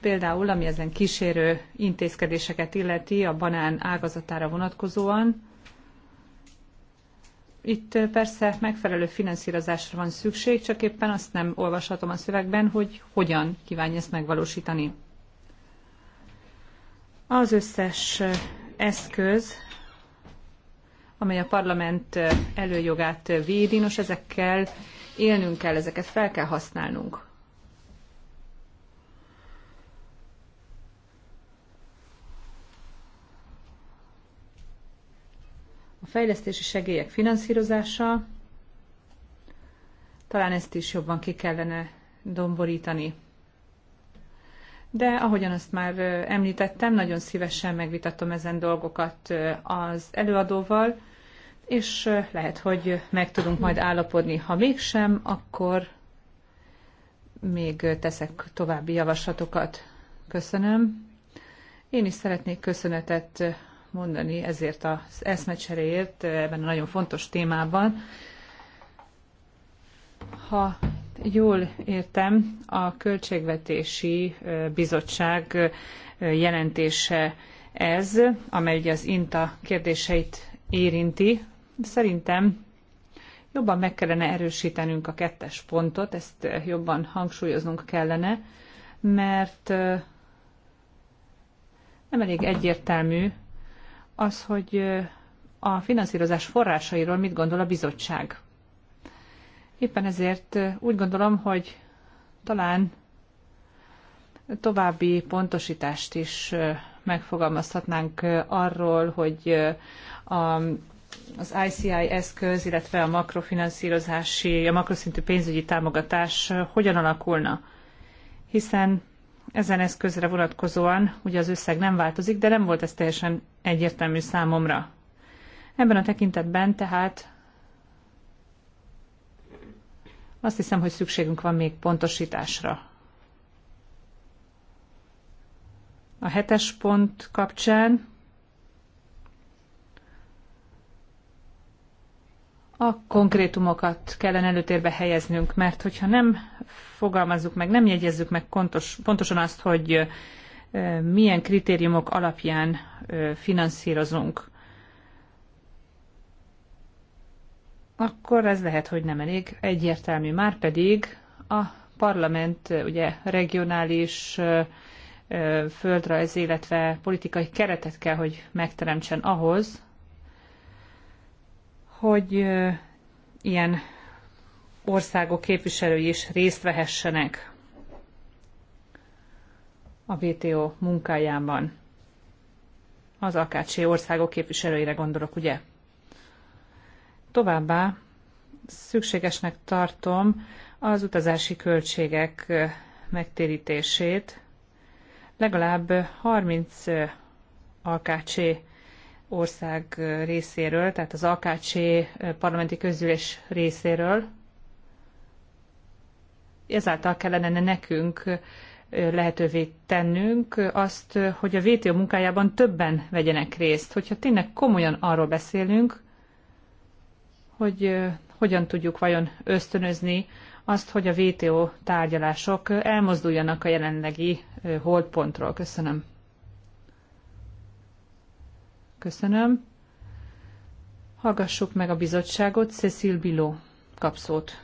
Például, ami ezen kísérő intézkedéseket illeti a banán ágazatára vonatkozóan, itt persze megfelelő finanszírozásra van szükség, csak éppen azt nem olvashatom a szövegben, hogy hogyan kívánja ezt megvalósítani. Az összes eszköz, amely a parlament előjogát védi, nos ezekkel élnünk kell, ezeket fel kell használnunk. fejlesztési segélyek finanszírozása. Talán ezt is jobban ki kellene domborítani. De ahogyan azt már említettem, nagyon szívesen megvitatom ezen dolgokat az előadóval, és lehet, hogy meg tudunk majd állapodni. Ha mégsem, akkor még teszek további javaslatokat. Köszönöm. Én is szeretnék köszönetet mondani ezért az eszmecseréért ebben a nagyon fontos témában. Ha jól értem, a Költségvetési Bizottság jelentése ez, amely ugye az INTA kérdéseit érinti. Szerintem jobban meg kellene erősítenünk a kettes pontot, ezt jobban hangsúlyoznunk kellene, mert nem elég egyértelmű az, hogy a finanszírozás forrásairól mit gondol a bizottság. Éppen ezért úgy gondolom, hogy talán további pontosítást is megfogalmazhatnánk arról, hogy a az ICI eszköz, illetve a makrofinanszírozási, a makroszintű pénzügyi támogatás hogyan alakulna. Hiszen ezen eszközre vonatkozóan ugye az összeg nem változik, de nem volt ez teljesen egyértelmű számomra. Ebben a tekintetben tehát azt hiszem, hogy szükségünk van még pontosításra. A hetes pont kapcsán a konkrétumokat kellene előtérbe helyeznünk, mert hogyha nem fogalmazzuk meg, nem jegyezzük meg pontos, pontosan azt, hogy milyen kritériumok alapján finanszírozunk, akkor ez lehet, hogy nem elég egyértelmű. Már pedig a parlament ugye regionális földrajz, illetve politikai keretet kell, hogy megteremtsen ahhoz, hogy ilyen országok képviselői is részt vehessenek a WTO munkájában. Az akácsi országok képviselőire gondolok, ugye? Továbbá szükségesnek tartom az utazási költségek megtérítését legalább 30 akácsi ország részéről, tehát az AKC parlamenti közülés részéről. Ezáltal kellene nekünk lehetővé tennünk azt, hogy a VTO munkájában többen vegyenek részt. Hogyha tényleg komolyan arról beszélünk, hogy hogyan tudjuk vajon ösztönözni azt, hogy a VTO tárgyalások elmozduljanak a jelenlegi holdpontról. Köszönöm. Köszönöm. Hallgassuk meg a bizottságot. Cecil Biló kap szót.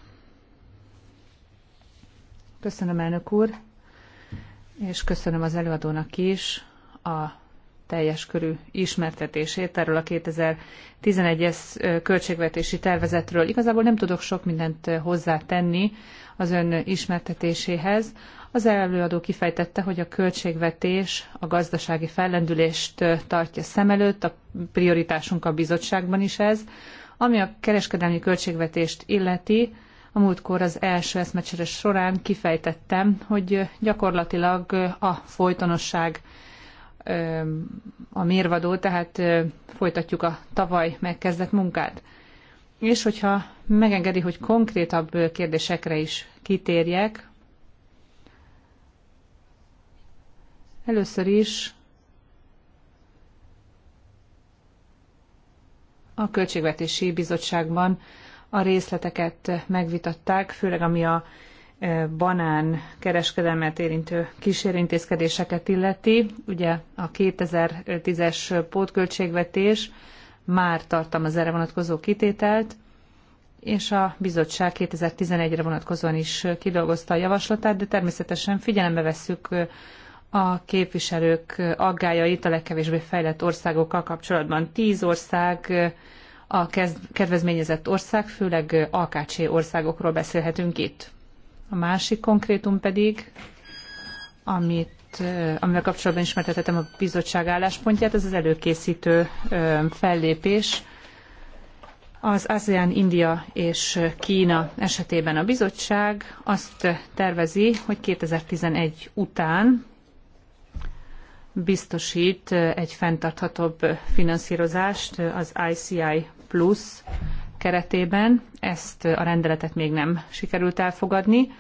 Köszönöm, elnök úr, és köszönöm az előadónak is a teljes körű ismertetését erről a 2011-es költségvetési tervezetről. Igazából nem tudok sok mindent hozzátenni az ön ismertetéséhez. Az előadó kifejtette, hogy a költségvetés a gazdasági fellendülést tartja szem előtt, a prioritásunk a bizottságban is ez. Ami a kereskedelmi költségvetést illeti, a múltkor az első eszmecseres során kifejtettem, hogy gyakorlatilag a folytonosság a mérvadó, tehát folytatjuk a tavaly megkezdett munkát. És hogyha megengedi, hogy konkrétabb kérdésekre is kitérjek, Először is a Költségvetési Bizottságban a részleteket megvitatták, főleg ami a e, banán kereskedelmet érintő kísérintézkedéseket illeti. Ugye a 2010-es pótköltségvetés már tartalmaz erre vonatkozó kitételt, és a bizottság 2011-re vonatkozóan is kidolgozta a javaslatát, de természetesen figyelembe vesszük a képviselők aggájait a legkevésbé fejlett országokkal kapcsolatban. Tíz ország a kedvezményezett ország, főleg AKC országokról beszélhetünk itt. A másik konkrétum pedig, amit amivel kapcsolatban ismertetettem a bizottság álláspontját, ez az előkészítő fellépés az ASEAN, India és Kína esetében a bizottság azt tervezi, hogy 2011 után biztosít egy fenntarthatóbb finanszírozást az ICI Plus keretében. Ezt a rendeletet még nem sikerült elfogadni,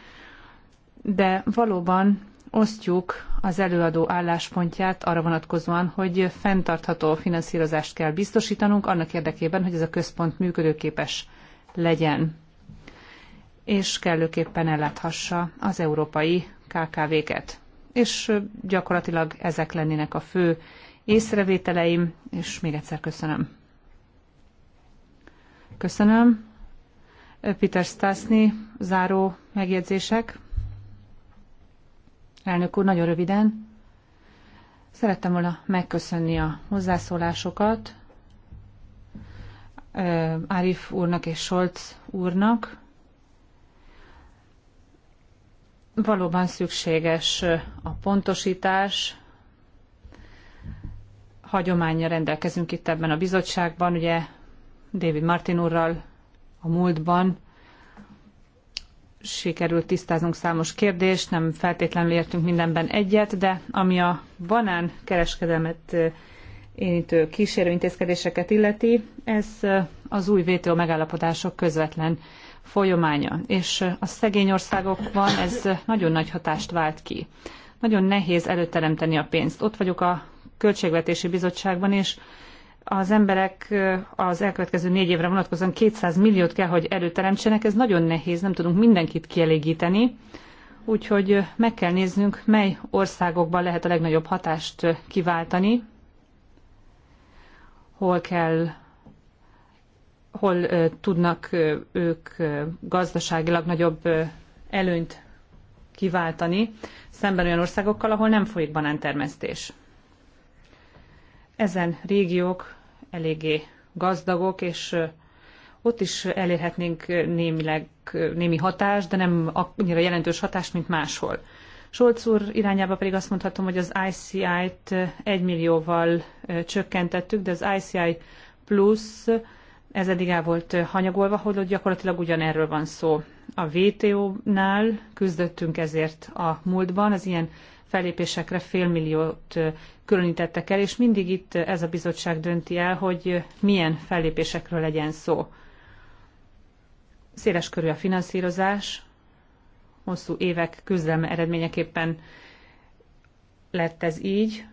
de valóban osztjuk az előadó álláspontját arra vonatkozóan, hogy fenntartható finanszírozást kell biztosítanunk annak érdekében, hogy ez a központ működőképes legyen és kellőképpen elláthassa az európai KKV-ket és gyakorlatilag ezek lennének a fő észrevételeim, és még egyszer köszönöm. Köszönöm. Peter Stasny, záró megjegyzések. Elnök úr, nagyon röviden. Szerettem volna megköszönni a hozzászólásokat Árif úrnak és Solc úrnak. valóban szükséges a pontosítás. Hagyományra rendelkezünk itt ebben a bizottságban, ugye David Martin úrral a múltban sikerült tisztáznunk számos kérdést, nem feltétlenül értünk mindenben egyet, de ami a banán kereskedelmet eh, érintő kísérőintézkedéseket illeti, ez eh, az új VTO megállapodások közvetlen folyománya és a szegény országokban ez nagyon nagy hatást vált ki. Nagyon nehéz előteremteni a pénzt. Ott vagyok a Költségvetési Bizottságban, és az emberek az elkövetkező négy évre vonatkozóan 200 milliót kell, hogy előteremtsenek. Ez nagyon nehéz, nem tudunk mindenkit kielégíteni. Úgyhogy meg kell néznünk, mely országokban lehet a legnagyobb hatást kiváltani, hol kell hol tudnak ők gazdaságilag nagyobb előnyt kiváltani, szemben olyan országokkal, ahol nem folyik banántermesztés. Ezen régiók eléggé gazdagok, és ott is elérhetnénk némileg, némi hatást, de nem annyira jelentős hatást, mint máshol. Solc úr irányába pedig azt mondhatom, hogy az ICI-t egymillióval millióval csökkentettük, de az ICI plusz ez eddig el volt hanyagolva, hogy gyakorlatilag ugyanerről van szó. A vto nál küzdöttünk ezért a múltban, az ilyen fellépésekre félmilliót különítettek el, és mindig itt ez a bizottság dönti el, hogy milyen fellépésekről legyen szó. Széles körű a finanszírozás, hosszú évek küzdelme eredményeképpen lett ez így,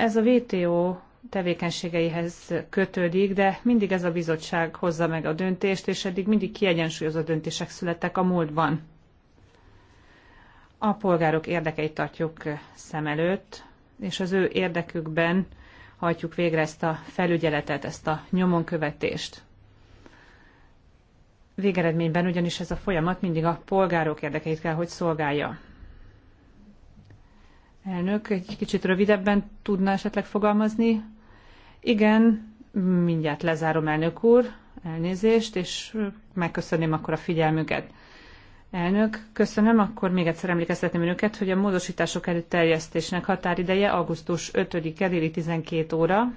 Ez a VTO tevékenységeihez kötődik, de mindig ez a bizottság hozza meg a döntést, és eddig mindig kiegyensúlyozott döntések születtek a múltban. A polgárok érdekeit tartjuk szem előtt, és az ő érdekükben hajtjuk végre ezt a felügyeletet, ezt a nyomonkövetést. Végeredményben ugyanis ez a folyamat mindig a polgárok érdekeit kell, hogy szolgálja. Elnök, egy kicsit rövidebben tudna esetleg fogalmazni? Igen, mindjárt lezárom, elnök úr, elnézést, és megköszönném akkor a figyelmüket. Elnök, köszönöm, akkor még egyszer emlékeztetném önöket, hogy a módosítások előterjesztésnek határideje augusztus 5-e déli 12 óra.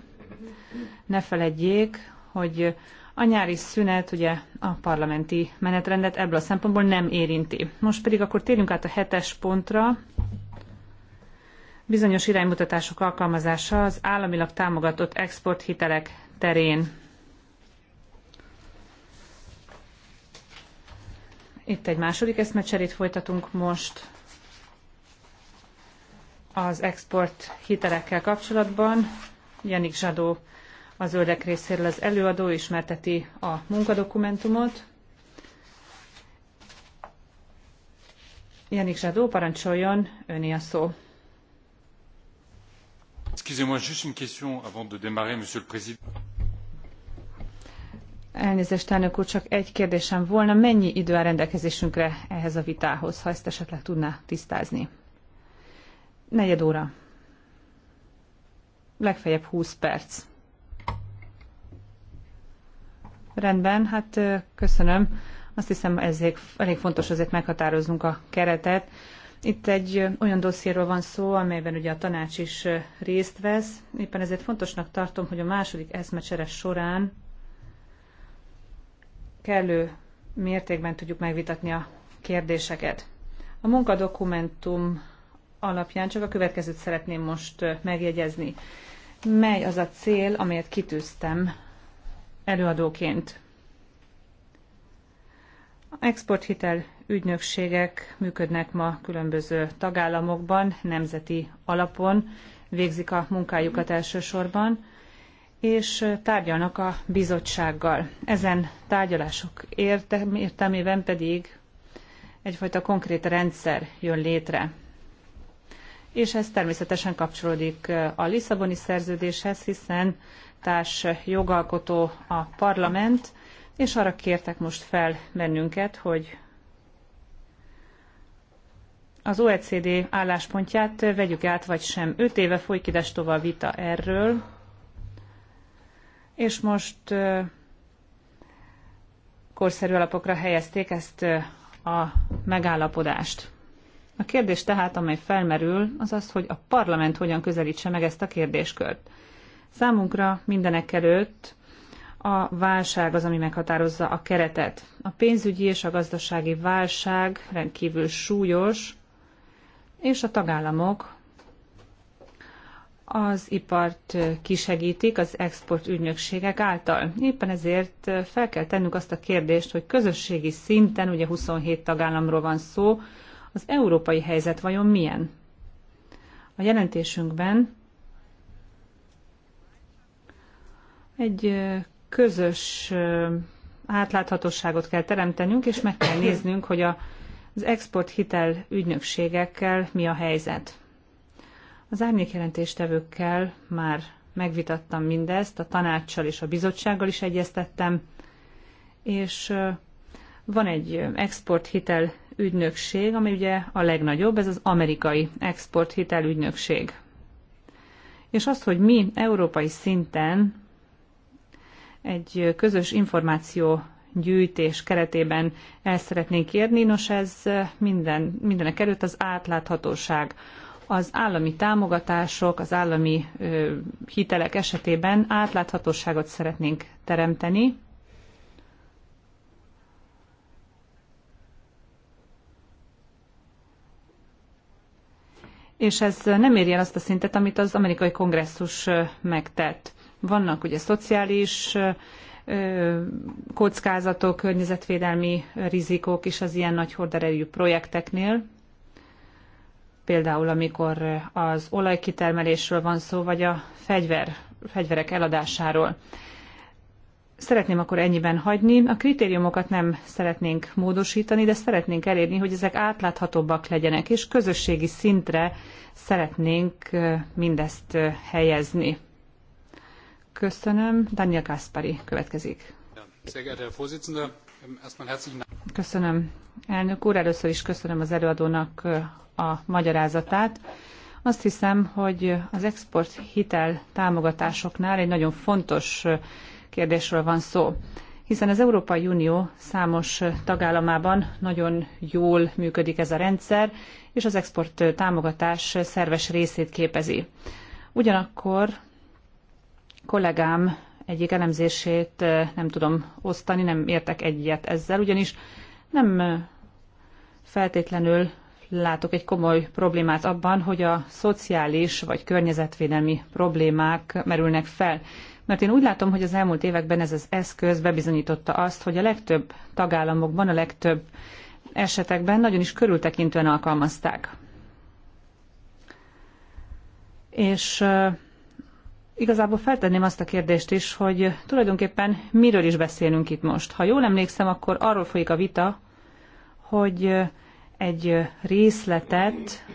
Ne feledjék, hogy a nyári szünet ugye a parlamenti menetrendet ebből a szempontból nem érinti. Most pedig akkor térjünk át a hetes pontra, bizonyos iránymutatások alkalmazása az államilag támogatott exporthitelek terén. Itt egy második eszmecserét folytatunk most az export hitelekkel kapcsolatban. Janik Zsadó az zöldek részéről az előadó ismerteti a munkadokumentumot. Janik Zsadó, parancsoljon, öné a szó. Elnézést, elnök úr, csak egy kérdésem volna. Mennyi idő áll rendelkezésünkre ehhez a vitához, ha ezt esetleg tudná tisztázni? Negyed óra. Legfeljebb 20 perc. Rendben, hát köszönöm. Azt hiszem, ez elég fontos azért meghatároznunk a keretet itt egy olyan dossziéről van szó, amelyben ugye a tanács is részt vesz. Éppen ezért fontosnak tartom, hogy a második eszmecsere során kellő mértékben tudjuk megvitatni a kérdéseket. A munkadokumentum alapján csak a következőt szeretném most megjegyezni. Mely az a cél, amelyet kitűztem előadóként? exporthitel ügynökségek működnek ma különböző tagállamokban, nemzeti alapon, végzik a munkájukat elsősorban, és tárgyalnak a bizottsággal. Ezen tárgyalások értelmében pedig egyfajta konkrét rendszer jön létre. És ez természetesen kapcsolódik a Lisszaboni szerződéshez, hiszen társ jogalkotó a parlament, és arra kértek most fel bennünket, hogy az OECD álláspontját vegyük át, vagy sem. Öt éve folyik ides a vita erről, és most korszerű alapokra helyezték ezt a megállapodást. A kérdés tehát, amely felmerül, az az, hogy a parlament hogyan közelítse meg ezt a kérdéskört. Számunkra mindenek előtt a válság az, ami meghatározza a keretet. A pénzügyi és a gazdasági válság rendkívül súlyos, és a tagállamok az ipart kisegítik az export ügynökségek által. Éppen ezért fel kell tennünk azt a kérdést, hogy közösségi szinten, ugye 27 tagállamról van szó, az európai helyzet vajon milyen? A jelentésünkben egy közös átláthatóságot kell teremtenünk, és meg kell néznünk, hogy a, az exporthitel ügynökségekkel mi a helyzet. Az árnyékjelentéstevőkkel már megvitattam mindezt, a tanácssal és a bizottsággal is egyeztettem, és van egy exporthitel ügynökség, ami ugye a legnagyobb, ez az amerikai exporthitel ügynökség. És az, hogy mi európai szinten egy közös információ gyűjtés keretében el szeretnénk kérni, Nos, ez minden, mindenek előtt az átláthatóság. Az állami támogatások, az állami ö, hitelek esetében átláthatóságot szeretnénk teremteni. És ez nem érje el azt a szintet, amit az amerikai kongresszus megtett vannak ugye szociális kockázatok, környezetvédelmi rizikók is az ilyen nagy horderejű projekteknél, például amikor az olajkitermelésről van szó, vagy a fegyver, fegyverek eladásáról. Szeretném akkor ennyiben hagyni. A kritériumokat nem szeretnénk módosítani, de szeretnénk elérni, hogy ezek átláthatóbbak legyenek, és közösségi szintre szeretnénk mindezt helyezni. Köszönöm. Daniel Kaspari következik. Köszönöm. Elnök úr, először is köszönöm az előadónak a magyarázatát. Azt hiszem, hogy az export hitel támogatásoknál egy nagyon fontos kérdésről van szó, hiszen az Európai Unió számos tagállamában nagyon jól működik ez a rendszer, és az export támogatás szerves részét képezi. Ugyanakkor kollégám egyik elemzését eh, nem tudom osztani, nem értek egyet ezzel, ugyanis nem eh, feltétlenül látok egy komoly problémát abban, hogy a szociális vagy környezetvédelmi problémák merülnek fel. Mert én úgy látom, hogy az elmúlt években ez az eszköz bebizonyította azt, hogy a legtöbb tagállamokban, a legtöbb esetekben nagyon is körültekintően alkalmazták. És eh, igazából feltenném azt a kérdést is, hogy tulajdonképpen miről is beszélünk itt most. Ha jól emlékszem, akkor arról folyik a vita, hogy egy részletet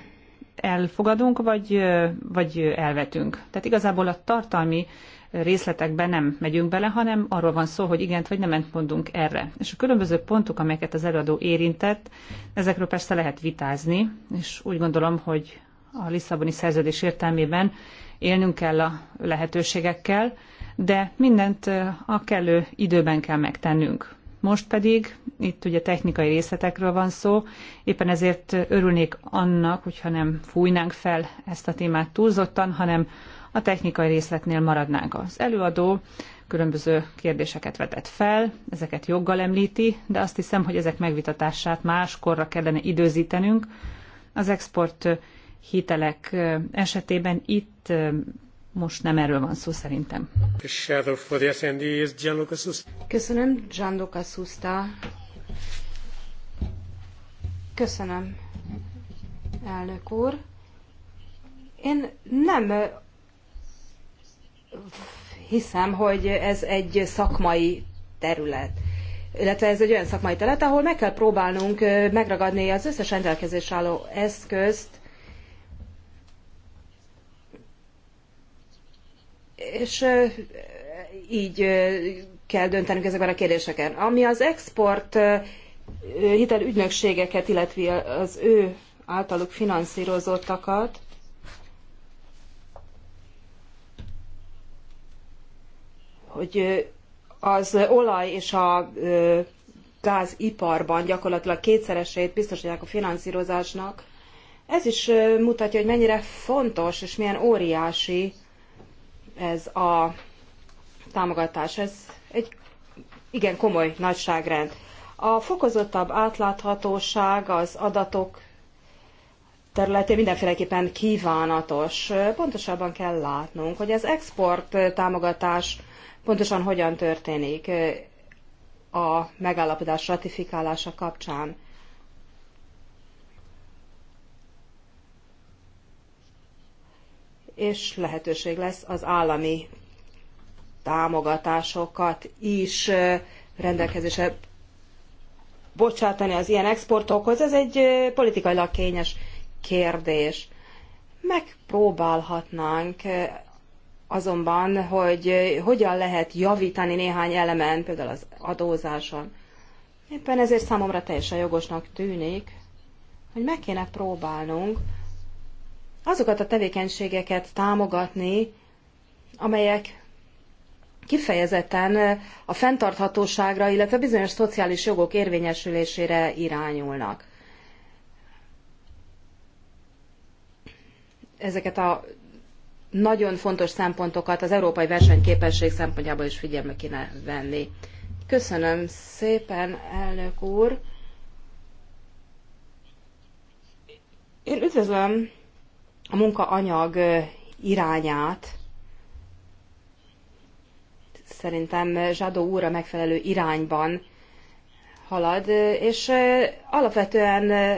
elfogadunk, vagy, vagy elvetünk. Tehát igazából a tartalmi részletekben nem megyünk bele, hanem arról van szó, hogy igent vagy nemet mondunk erre. És a különböző pontok, amelyeket az előadó érintett, ezekről persze lehet vitázni, és úgy gondolom, hogy a Lisszaboni szerződés értelmében élnünk kell a lehetőségekkel, de mindent a kellő időben kell megtennünk. Most pedig, itt ugye technikai részletekről van szó, éppen ezért örülnék annak, hogyha nem fújnánk fel ezt a témát túlzottan, hanem a technikai részletnél maradnánk. Az előadó különböző kérdéseket vetett fel, ezeket joggal említi, de azt hiszem, hogy ezek megvitatását máskorra kellene időzítenünk. Az export hitelek esetében. Itt most nem erről van szó szerintem. Köszönöm, Gianluca Susta. Köszönöm, elnök úr. Én nem hiszem, hogy ez egy szakmai terület illetve ez egy olyan szakmai terület, ahol meg kell próbálnunk megragadni az összes rendelkezés álló eszközt, és így kell döntenünk ezekben a kérdéseken. Ami az export hitelügynökségeket, illetve az ő általuk finanszírozottakat, hogy az olaj és a gáziparban gyakorlatilag kétszeresét biztosítják a finanszírozásnak. Ez is mutatja, hogy mennyire fontos és milyen óriási ez a támogatás. Ez egy igen komoly nagyságrend. A fokozottabb átláthatóság az adatok területén mindenféleképpen kívánatos. Pontosabban kell látnunk, hogy az export támogatás pontosan hogyan történik a megállapodás ratifikálása kapcsán. és lehetőség lesz az állami támogatásokat is rendelkezésre bocsátani az ilyen exportokhoz. Ez egy politikailag kényes kérdés. Megpróbálhatnánk azonban, hogy hogyan lehet javítani néhány elemen, például az adózáson. Éppen ezért számomra teljesen jogosnak tűnik, hogy meg kéne próbálnunk azokat a tevékenységeket támogatni, amelyek kifejezetten a fenntarthatóságra, illetve bizonyos szociális jogok érvényesülésére irányulnak. Ezeket a nagyon fontos szempontokat az európai versenyképesség szempontjából is figyelme kéne venni. Köszönöm szépen, elnök úr! Én üdvözlöm a munkaanyag irányát szerintem Zsadó úr a megfelelő irányban halad, és alapvetően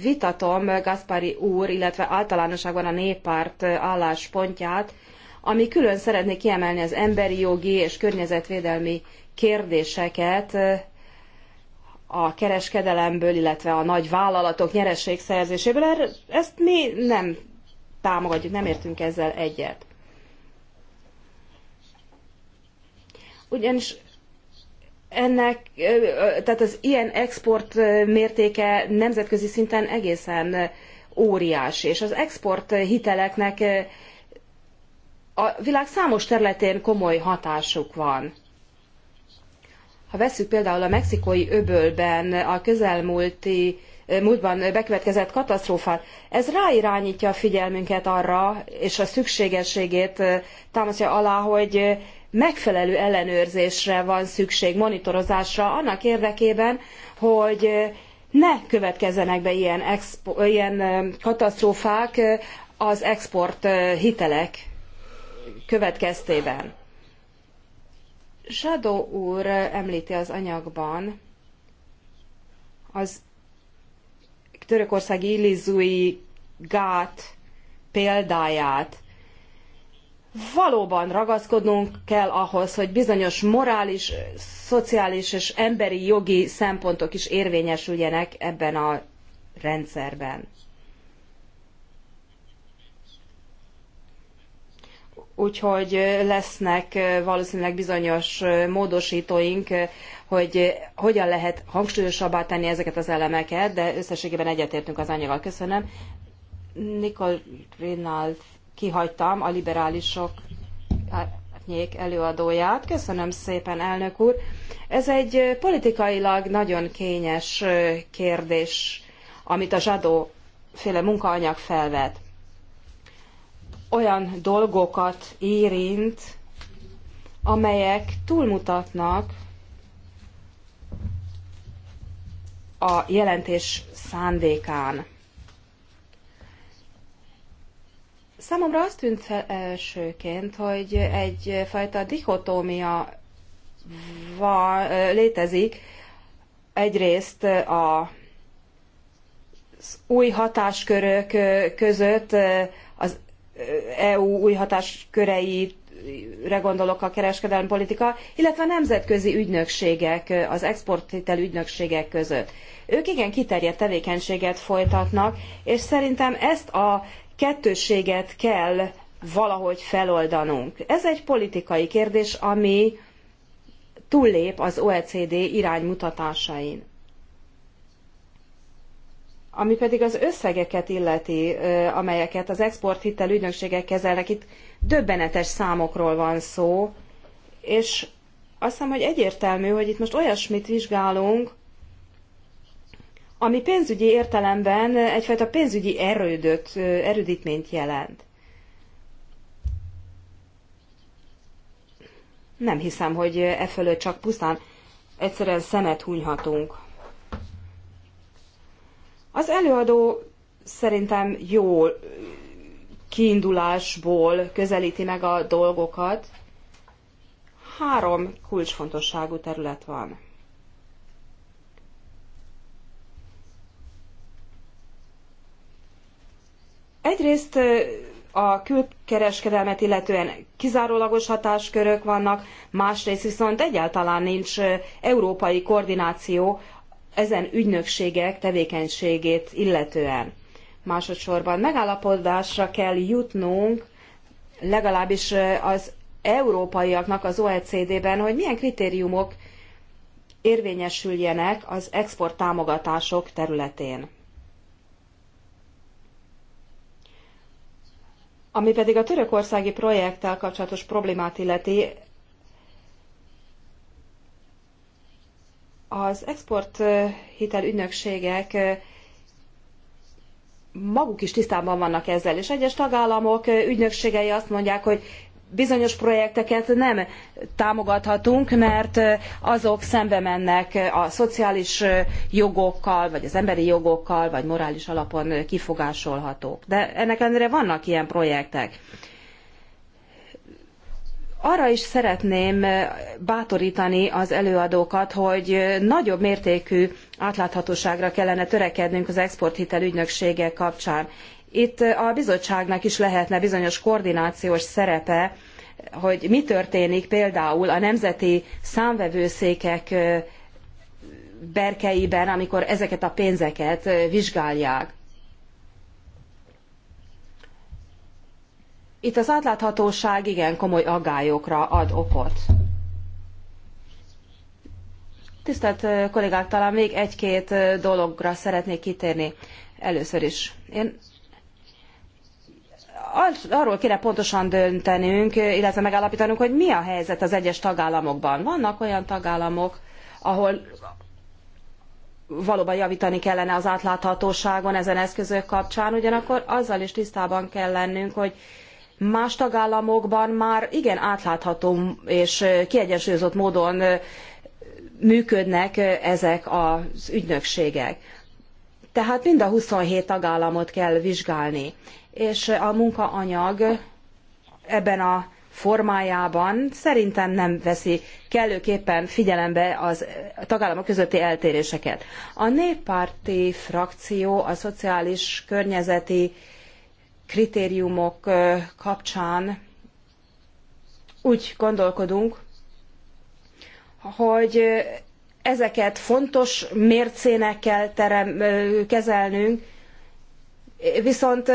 vitatom Gaspari úr, illetve általánosságban a néppárt álláspontját, ami külön szeretné kiemelni az emberi jogi és környezetvédelmi kérdéseket, a kereskedelemből, illetve a nagy vállalatok nyereségszerzéséből. Ezt mi nem támogatjuk, nem értünk ezzel egyet. Ugyanis ennek, tehát az ilyen export mértéke nemzetközi szinten egészen óriási, és az export hiteleknek a világ számos területén komoly hatásuk van. Ha vesszük például a mexikói öbölben a közelmúlti eh, múltban bekövetkezett katasztrófát, ez ráirányítja a figyelmünket arra, és a szükségességét eh, támasztja alá, hogy eh, megfelelő ellenőrzésre van szükség, monitorozásra annak érdekében, hogy ne következzenek be ilyen, expo, ilyen katasztrófák az export hitelek következtében. Zsadó úr említi az anyagban az törökországi illizui gát példáját. Valóban ragaszkodnunk kell ahhoz, hogy bizonyos morális, szociális és emberi jogi szempontok is érvényesüljenek ebben a rendszerben. úgyhogy lesznek valószínűleg bizonyos módosítóink, hogy hogyan lehet hangsúlyosabbá tenni ezeket az elemeket, de összességében egyetértünk az anyaggal. Köszönöm. Nikol Rinald kihagytam a liberálisok árnyék előadóját. Köszönöm szépen, elnök úr. Ez egy politikailag nagyon kényes kérdés, amit a zsadó féle munkaanyag felvet olyan dolgokat érint, amelyek túlmutatnak a jelentés szándékán. Számomra azt tűnt elsőként, hogy egyfajta dichotómia van, létezik. Egyrészt a új hatáskörök között az EU új hatásköreire gondolok a kereskedelmi politika, illetve a nemzetközi ügynökségek, az exporthitel ügynökségek között. Ők igen kiterjedt tevékenységet folytatnak, és szerintem ezt a kettősséget kell valahogy feloldanunk. Ez egy politikai kérdés, ami túllép az OECD iránymutatásain. Ami pedig az összegeket illeti, amelyeket az exporthitel ügynökségek kezelnek, itt döbbenetes számokról van szó, és azt hiszem, hogy egyértelmű, hogy itt most olyasmit vizsgálunk, ami pénzügyi értelemben egyfajta pénzügyi erődöt, erődítményt jelent. Nem hiszem, hogy e fölött csak pusztán egyszerűen szemet hunyhatunk. Az előadó szerintem jó kiindulásból közelíti meg a dolgokat. Három kulcsfontosságú terület van. Egyrészt a külkereskedelmet illetően kizárólagos hatáskörök vannak, másrészt viszont egyáltalán nincs európai koordináció ezen ügynökségek tevékenységét illetően. Másodszorban megállapodásra kell jutnunk legalábbis az európaiaknak az OECD-ben, hogy milyen kritériumok érvényesüljenek az exporttámogatások területén. Ami pedig a törökországi projekttel kapcsolatos problémát illeti, az exporthitel ügynökségek maguk is tisztában vannak ezzel, és egyes tagállamok ügynökségei azt mondják, hogy bizonyos projekteket nem támogathatunk, mert azok szembe mennek a szociális jogokkal, vagy az emberi jogokkal, vagy morális alapon kifogásolhatók. De ennek ellenére vannak ilyen projektek. Arra is szeretném bátorítani az előadókat, hogy nagyobb mértékű átláthatóságra kellene törekednünk az exporthitel ügynöksége kapcsán. Itt a bizottságnak is lehetne bizonyos koordinációs szerepe, hogy mi történik például a nemzeti számvevőszékek berkeiben, amikor ezeket a pénzeket vizsgálják. Itt az átláthatóság igen komoly aggályokra ad okot. Tisztelt kollégák, talán még egy-két dologra szeretnék kitérni először is. Én arról kéne pontosan döntenünk, illetve megállapítanunk, hogy mi a helyzet az egyes tagállamokban. Vannak olyan tagállamok, ahol valóban javítani kellene az átláthatóságon ezen eszközök kapcsán, ugyanakkor azzal is tisztában kell lennünk, hogy Más tagállamokban már igen átlátható és kiegyensúlyozott módon működnek ezek az ügynökségek. Tehát mind a 27 tagállamot kell vizsgálni, és a munkaanyag ebben a formájában szerintem nem veszi kellőképpen figyelembe az tagállamok közötti eltéréseket. A néppárti frakció a szociális környezeti kritériumok kapcsán úgy gondolkodunk, hogy ezeket fontos mércének kell terem, kezelnünk, viszont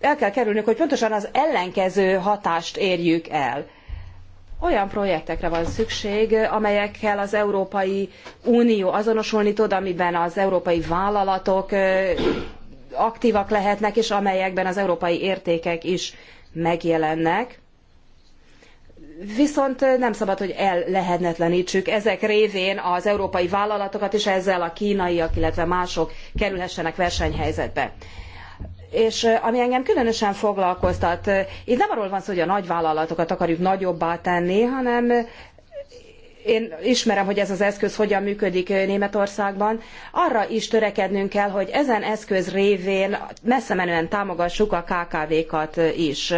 el kell kerülnünk, hogy pontosan az ellenkező hatást érjük el. Olyan projektekre van szükség, amelyekkel az Európai Unió azonosulni tud, amiben az európai vállalatok aktívak lehetnek, és amelyekben az európai értékek is megjelennek. Viszont eh, nem szabad, hogy ellehetetlenítsük ezek révén az európai vállalatokat, és ezzel a kínaiak, illetve mások kerülhessenek versenyhelyzetbe. És eh, ami engem különösen foglalkoztat, eh, itt nem arról van szó, hogy a nagyvállalatokat akarjuk nagyobbá tenni, hanem én ismerem, hogy ez az eszköz hogyan működik Németországban, arra is törekednünk kell, hogy ezen eszköz révén messzemenően támogassuk a KKV-kat is.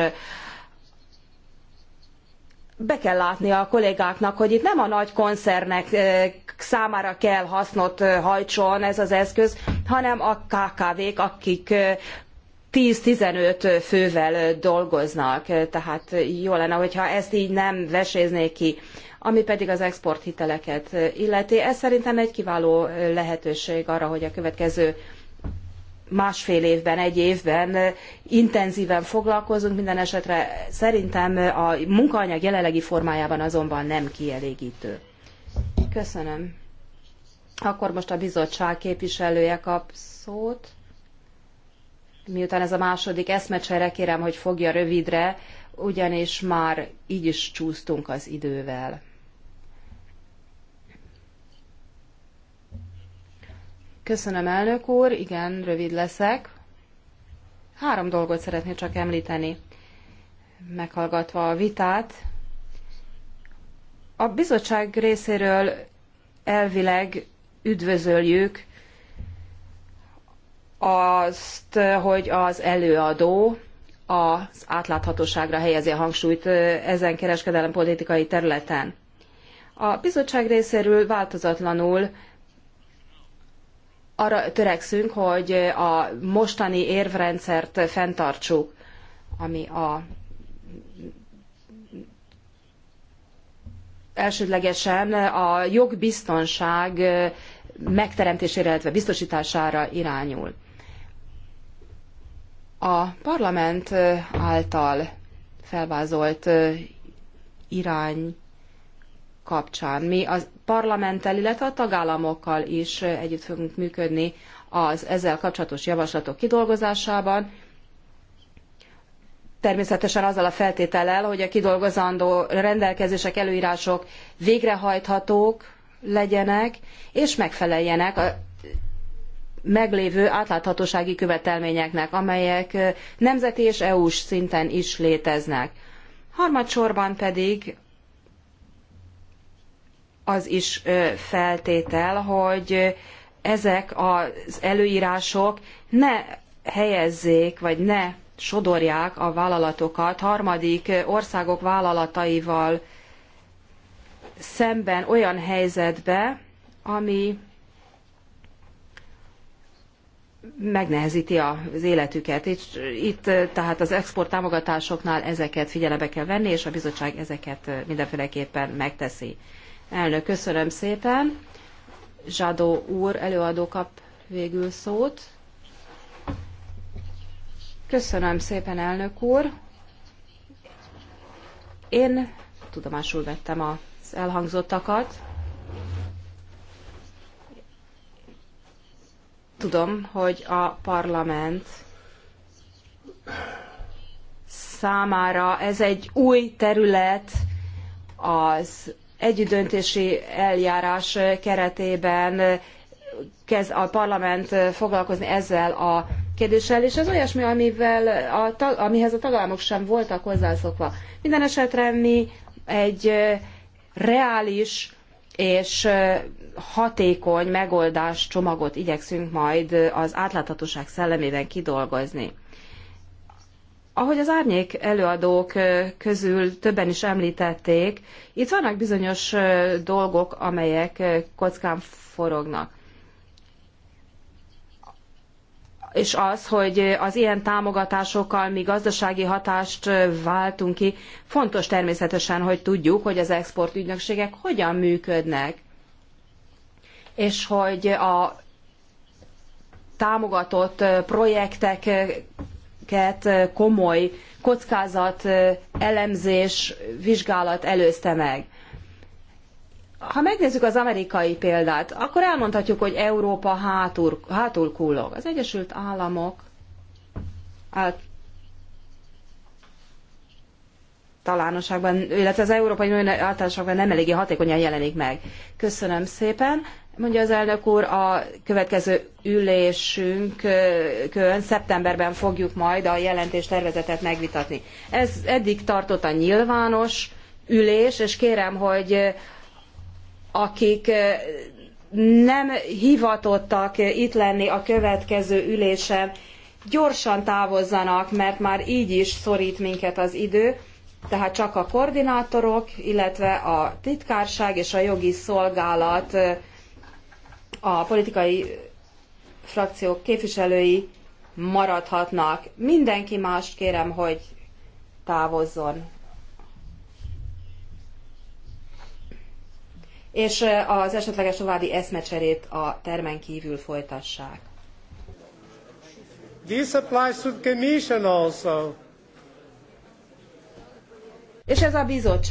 Be kell látni a kollégáknak, hogy itt nem a nagy koncernek eh, számára kell hasznot eh, hajtson ez az eszköz, hanem a KKV-k, akik 10-15 eh, fővel dolgoznak. Tehát jó lenne, hogyha ezt így nem veséznék ki ami pedig az exporthiteleket illeti. Ez szerintem egy kiváló lehetőség arra, hogy a következő másfél évben, egy évben intenzíven foglalkozunk, minden esetre szerintem a munkaanyag jelenlegi formájában azonban nem kielégítő. Köszönöm. Akkor most a bizottság képviselője kap szót. Miután ez a második eszmecsere, kérem, hogy fogja rövidre, ugyanis már így is csúsztunk az idővel. Köszönöm, elnök úr. Igen, rövid leszek. Három dolgot szeretnék csak említeni, meghallgatva a vitát. A bizottság részéről elvileg üdvözöljük azt, hogy az előadó az átláthatóságra helyezi a hangsúlyt ezen kereskedelem politikai területen. A bizottság részéről változatlanul arra törekszünk, hogy a mostani érvrendszert fenntartsuk, ami a elsődlegesen a jogbiztonság megteremtésére, illetve biztosítására irányul. A parlament által felvázolt irány kapcsán mi az parlamenttel, illetve a tagállamokkal is együtt fogunk működni az ezzel kapcsolatos javaslatok kidolgozásában. Természetesen azzal a feltétellel, hogy a kidolgozandó rendelkezések, előírások végrehajthatók legyenek, és megfeleljenek a meglévő átláthatósági követelményeknek, amelyek nemzeti és EU-s szinten is léteznek. Harmadsorban pedig az is feltétel, hogy ezek az előírások ne helyezzék, vagy ne sodorják a vállalatokat harmadik országok vállalataival szemben olyan helyzetbe, ami megnehezíti az életüket. Itt, itt tehát az export támogatásoknál ezeket figyelembe kell venni, és a bizottság ezeket mindenféleképpen megteszi. Elnök, köszönöm szépen. Zsadó úr előadó kap végül szót. Köszönöm szépen, elnök úr. Én tudomásul vettem az elhangzottakat. Tudom, hogy a parlament számára ez egy új terület, az együttdöntési eljárás keretében kezd a parlament foglalkozni ezzel a kérdéssel, és ez olyasmi, amivel a, amihez a tagállamok sem voltak hozzászokva. Minden esetre mi egy reális és hatékony megoldás csomagot igyekszünk majd az átláthatóság szellemében kidolgozni. Ahogy az árnyék előadók közül többen is említették, itt vannak bizonyos dolgok, amelyek kockán forognak. És az, hogy az ilyen támogatásokkal mi gazdasági hatást váltunk ki, fontos természetesen, hogy tudjuk, hogy az exportügynökségek hogyan működnek, és hogy a támogatott projektek amelyeket komoly kockázat elemzés, vizsgálat előzte meg. Ha megnézzük az amerikai példát, akkor elmondhatjuk, hogy Európa hátul, hátul kullog. Az Egyesült Államok át, talánosságban, illetve az Európai Unió általánosságban nem eléggé hatékonyan jelenik meg. Köszönöm szépen. Mondja az elnök úr, a következő ülésünkön szeptemberben fogjuk majd a jelentés tervezetet megvitatni. Ez eddig tartott a nyilvános ülés, és kérem, hogy akik nem hivatottak itt lenni a következő ülésen, gyorsan távozzanak, mert már így is szorít minket az idő, tehát csak a koordinátorok, illetve a titkárság és a jogi szolgálat a politikai frakciók képviselői maradhatnak. Mindenki más kérem, hogy távozzon. És az esetleges további eszmecserét a termen kívül folytassák. This applies to the commission also. És ez a bizottság.